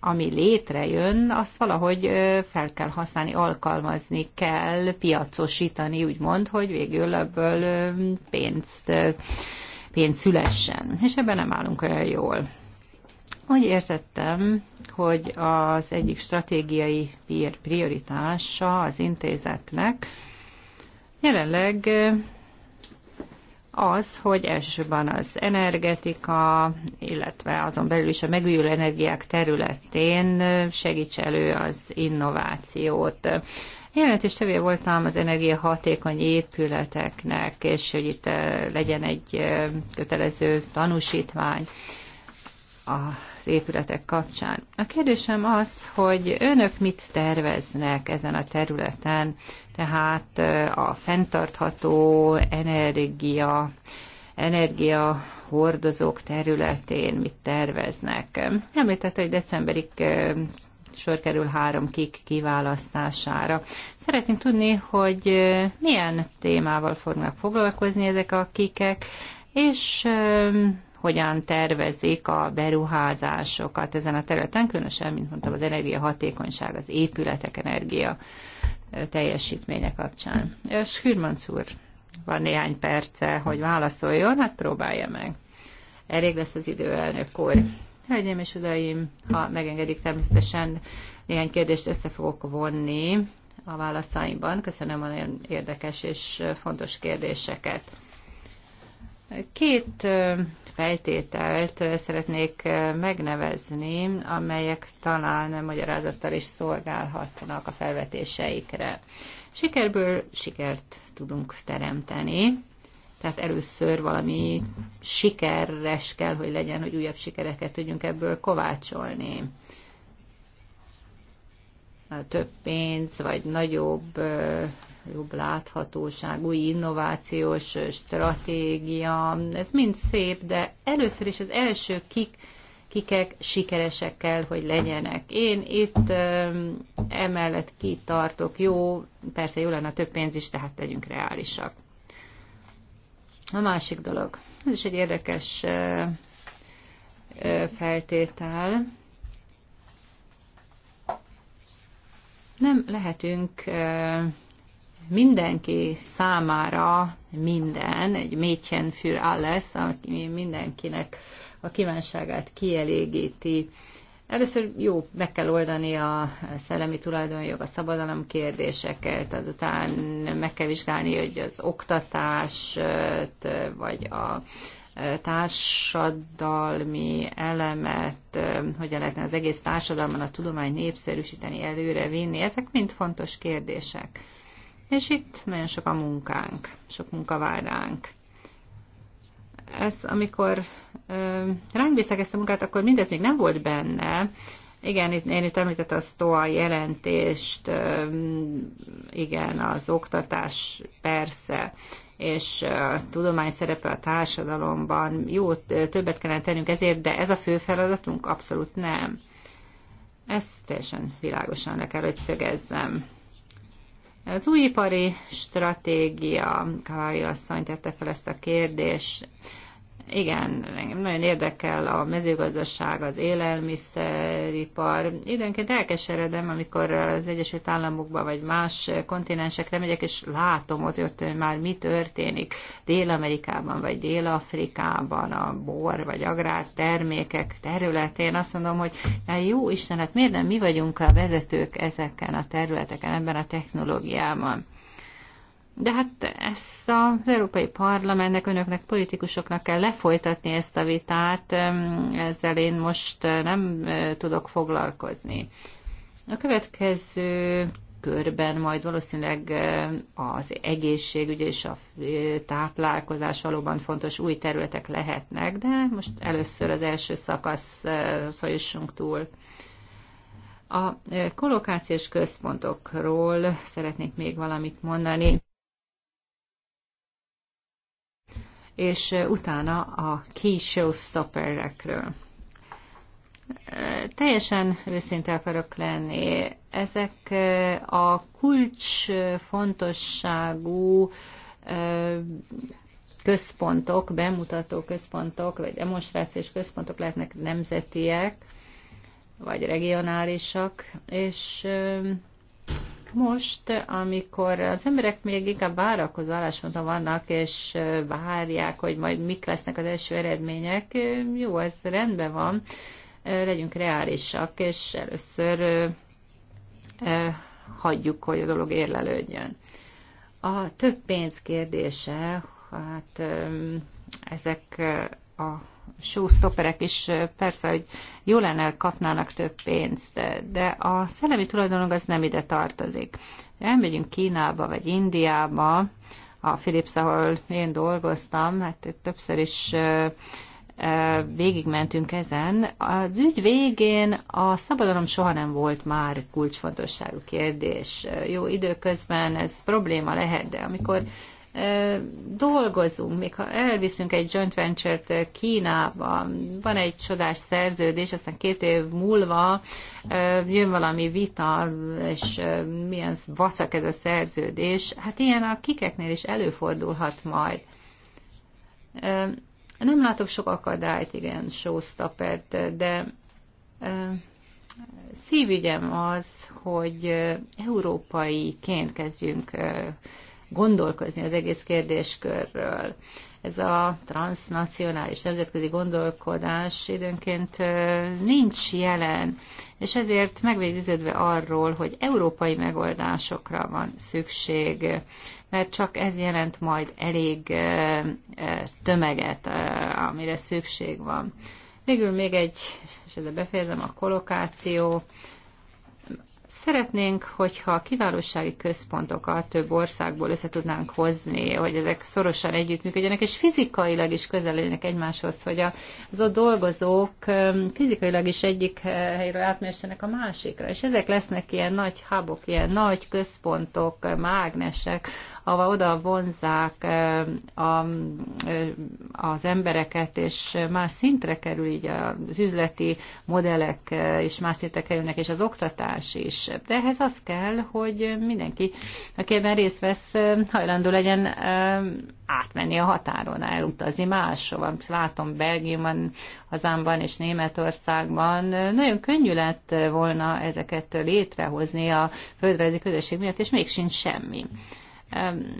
ami létrejön, azt valahogy fel kell használni, alkalmazni kell, piacosítani, úgymond, hogy végül ebből pénzt, pénzt szülessen. És ebben nem állunk olyan jól. Úgy értettem, hogy az egyik stratégiai prioritása az intézetnek jelenleg eh, az, hogy elsősorban az energetika, illetve azon belül is a megújuló energiák területén eh, segíts elő az innovációt. Jelentéstevő voltam az energiahatékony épületeknek, és hogy itt eh, legyen egy kötelező tanúsítvány a épületek kapcsán. A kérdésem az, hogy önök mit terveznek ezen a területen, tehát a fenntartható energia, energia hordozók területén mit terveznek. Említette, hogy decemberig sor kerül három kik kiválasztására. Szeretném tudni, hogy milyen témával fognak foglalkozni ezek a kikek, és hogyan tervezik a beruházásokat ezen a területen, különösen, mint mondtam, az energiahatékonyság, az épületek energia teljesítménye kapcsán. És Hürmanc úr, van néhány perce, hogy válaszoljon, hát próbálja meg. Elég lesz az idő, elnök úr. Hölgyeim és uraim, ha megengedik, természetesen néhány kérdést össze fogok vonni a válaszaimban. Köszönöm a nagyon érdekes és fontos kérdéseket. Két feltételt szeretnék megnevezni, amelyek talán magyarázattal is szolgálhatnak a felvetéseikre. Sikerből sikert tudunk teremteni, tehát először valami sikeres kell, hogy legyen, hogy újabb sikereket tudjunk ebből kovácsolni több pénz, vagy nagyobb jobb láthatóság, új innovációs stratégia, ez mind szép, de először is az első kik, kikek sikeresek kell, hogy legyenek. Én itt emellett kitartok, jó, persze jó lenne több pénz is, tehát legyünk reálisak. A másik dolog, ez is egy érdekes feltétel. Nem lehetünk mindenki számára minden, egy Mädchen für alles, ami mindenkinek a kívánságát kielégíti. Először jó, meg kell oldani a szellemi tulajdonjog, a szabadalom kérdéseket, azután meg kell vizsgálni, hogy az oktatást, vagy a társadalmi elemet, hogyan lehetne az egész társadalman a tudomány népszerűsíteni, előre vinni. Ezek mind fontos kérdések és itt nagyon sok a munkánk, sok munka vár ránk. Ez, amikor ránk bízták ezt a munkát, akkor mindez még nem volt benne, igen, itt, én itt említettem a STOA jelentést, igen, az oktatás persze, és a tudomány szerepe a társadalomban. Jó, többet kellene tennünk ezért, de ez a fő feladatunk? Abszolút nem. Ezt teljesen világosan le kell, hogy szögezzem. Az újipari stratégia, Kari asszony tette fel ezt a kérdést, igen, nagyon érdekel a mezőgazdaság, az élelmiszeripar. Időnként elkeseredem, amikor az Egyesült Államokba vagy más kontinensekre megyek, és látom ott, ott már mi történik Dél-Amerikában vagy Dél-Afrikában, a bor vagy agrártermékek területén. Azt mondom, hogy na jó Istenet, hát miért nem mi vagyunk a vezetők ezeken a területeken, ebben a technológiában? De hát ezt az Európai Parlamentnek, önöknek, politikusoknak kell lefolytatni ezt a vitát, ezzel én most nem tudok foglalkozni. A következő körben majd valószínűleg az egészségügy és a táplálkozás valóban fontos új területek lehetnek, de most először az első szakasz, jussunk túl. A kolokációs központokról szeretnék még valamit mondani. és utána a key showstopperekről. Teljesen őszinte akarok lenni. Ezek a kulcs fontosságú központok, bemutató központok, vagy demonstrációs központok lehetnek nemzetiek, vagy regionálisak, és most, amikor az emberek még inkább várakozó állásponton vannak, és várják, hogy majd mik lesznek az első eredmények, jó, ez rendben van, legyünk reálisak, és először hagyjuk, hogy a dolog érlelődjön. A több pénz kérdése, hát ezek a showstopperek is persze, hogy jó lenne, kapnának több pénzt, de a szellemi tulajdonok az nem ide tartozik. Elmegyünk Kínába vagy Indiába, a Philips, ahol én dolgoztam, hát többször is végigmentünk ezen. Az ügy végén a szabadalom soha nem volt már kulcsfontosságú kérdés. Jó, időközben ez probléma lehet, de amikor dolgozunk, még ha elviszünk egy joint venture-t Kínába, van egy csodás szerződés, aztán két év múlva jön valami vita, és milyen vacak ez a szerződés. Hát ilyen a kikeknél is előfordulhat majd. Nem látok sok akadályt, igen, showstoppert, de szívügyem az, hogy európaiként kezdjünk gondolkozni az egész kérdéskörről. Ez a transnacionális nemzetközi gondolkodás időnként nincs jelen, és ezért megvédőződve arról, hogy európai megoldásokra van szükség, mert csak ez jelent majd elég tömeget, amire szükség van. Végül még egy, és ezzel befejezem, a kolokáció. Szeretnénk, hogyha a kiválósági központokat több országból össze tudnánk hozni, hogy ezek szorosan együttműködjenek, és fizikailag is közel legyenek egymáshoz, hogy az ott dolgozók fizikailag is egyik eh, helyről átmérsenek a másikra. És ezek lesznek ilyen nagy hubok, ilyen nagy központok, mágnesek, ahova oda vonzák a, az embereket, és más szintre kerül így az üzleti modellek, és más szintre kerülnek, és az oktatás is. De ehhez az kell, hogy mindenki, aki ebben részt vesz, hajlandó legyen átmenni a határon, elutazni máshova. Látom Belgiumban, hazámban és Németországban nagyon könnyű lett volna ezeket létrehozni a földrajzi közösség miatt, és még sincs semmi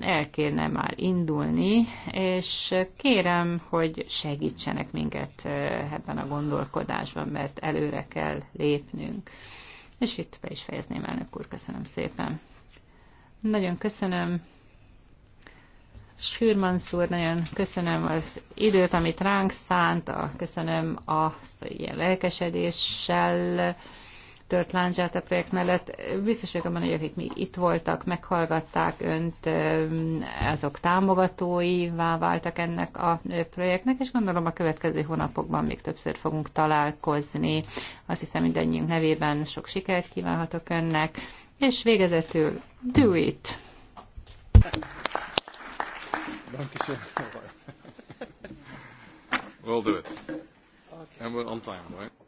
el kéne már indulni, és kérem, hogy segítsenek minket eh, ebben a gondolkodásban, mert előre kell lépnünk. És itt be is fejezném, elnök úr, köszönöm szépen. Nagyon köszönöm. Sürmans úr, nagyon köszönöm az időt, amit ránk szánt, a, köszönöm azt, ilyen lelkesedéssel, tört láncsát a projekt mellett. Biztos vagyok abban, hogy akik mi itt voltak, meghallgatták önt, azok támogatóivá váltak ennek a projektnek, és gondolom a következő hónapokban még többször fogunk találkozni. Azt hiszem mindannyiunk nevében sok sikert kívánhatok önnek, és végezetül do it! We'll do it. And we're on time, right?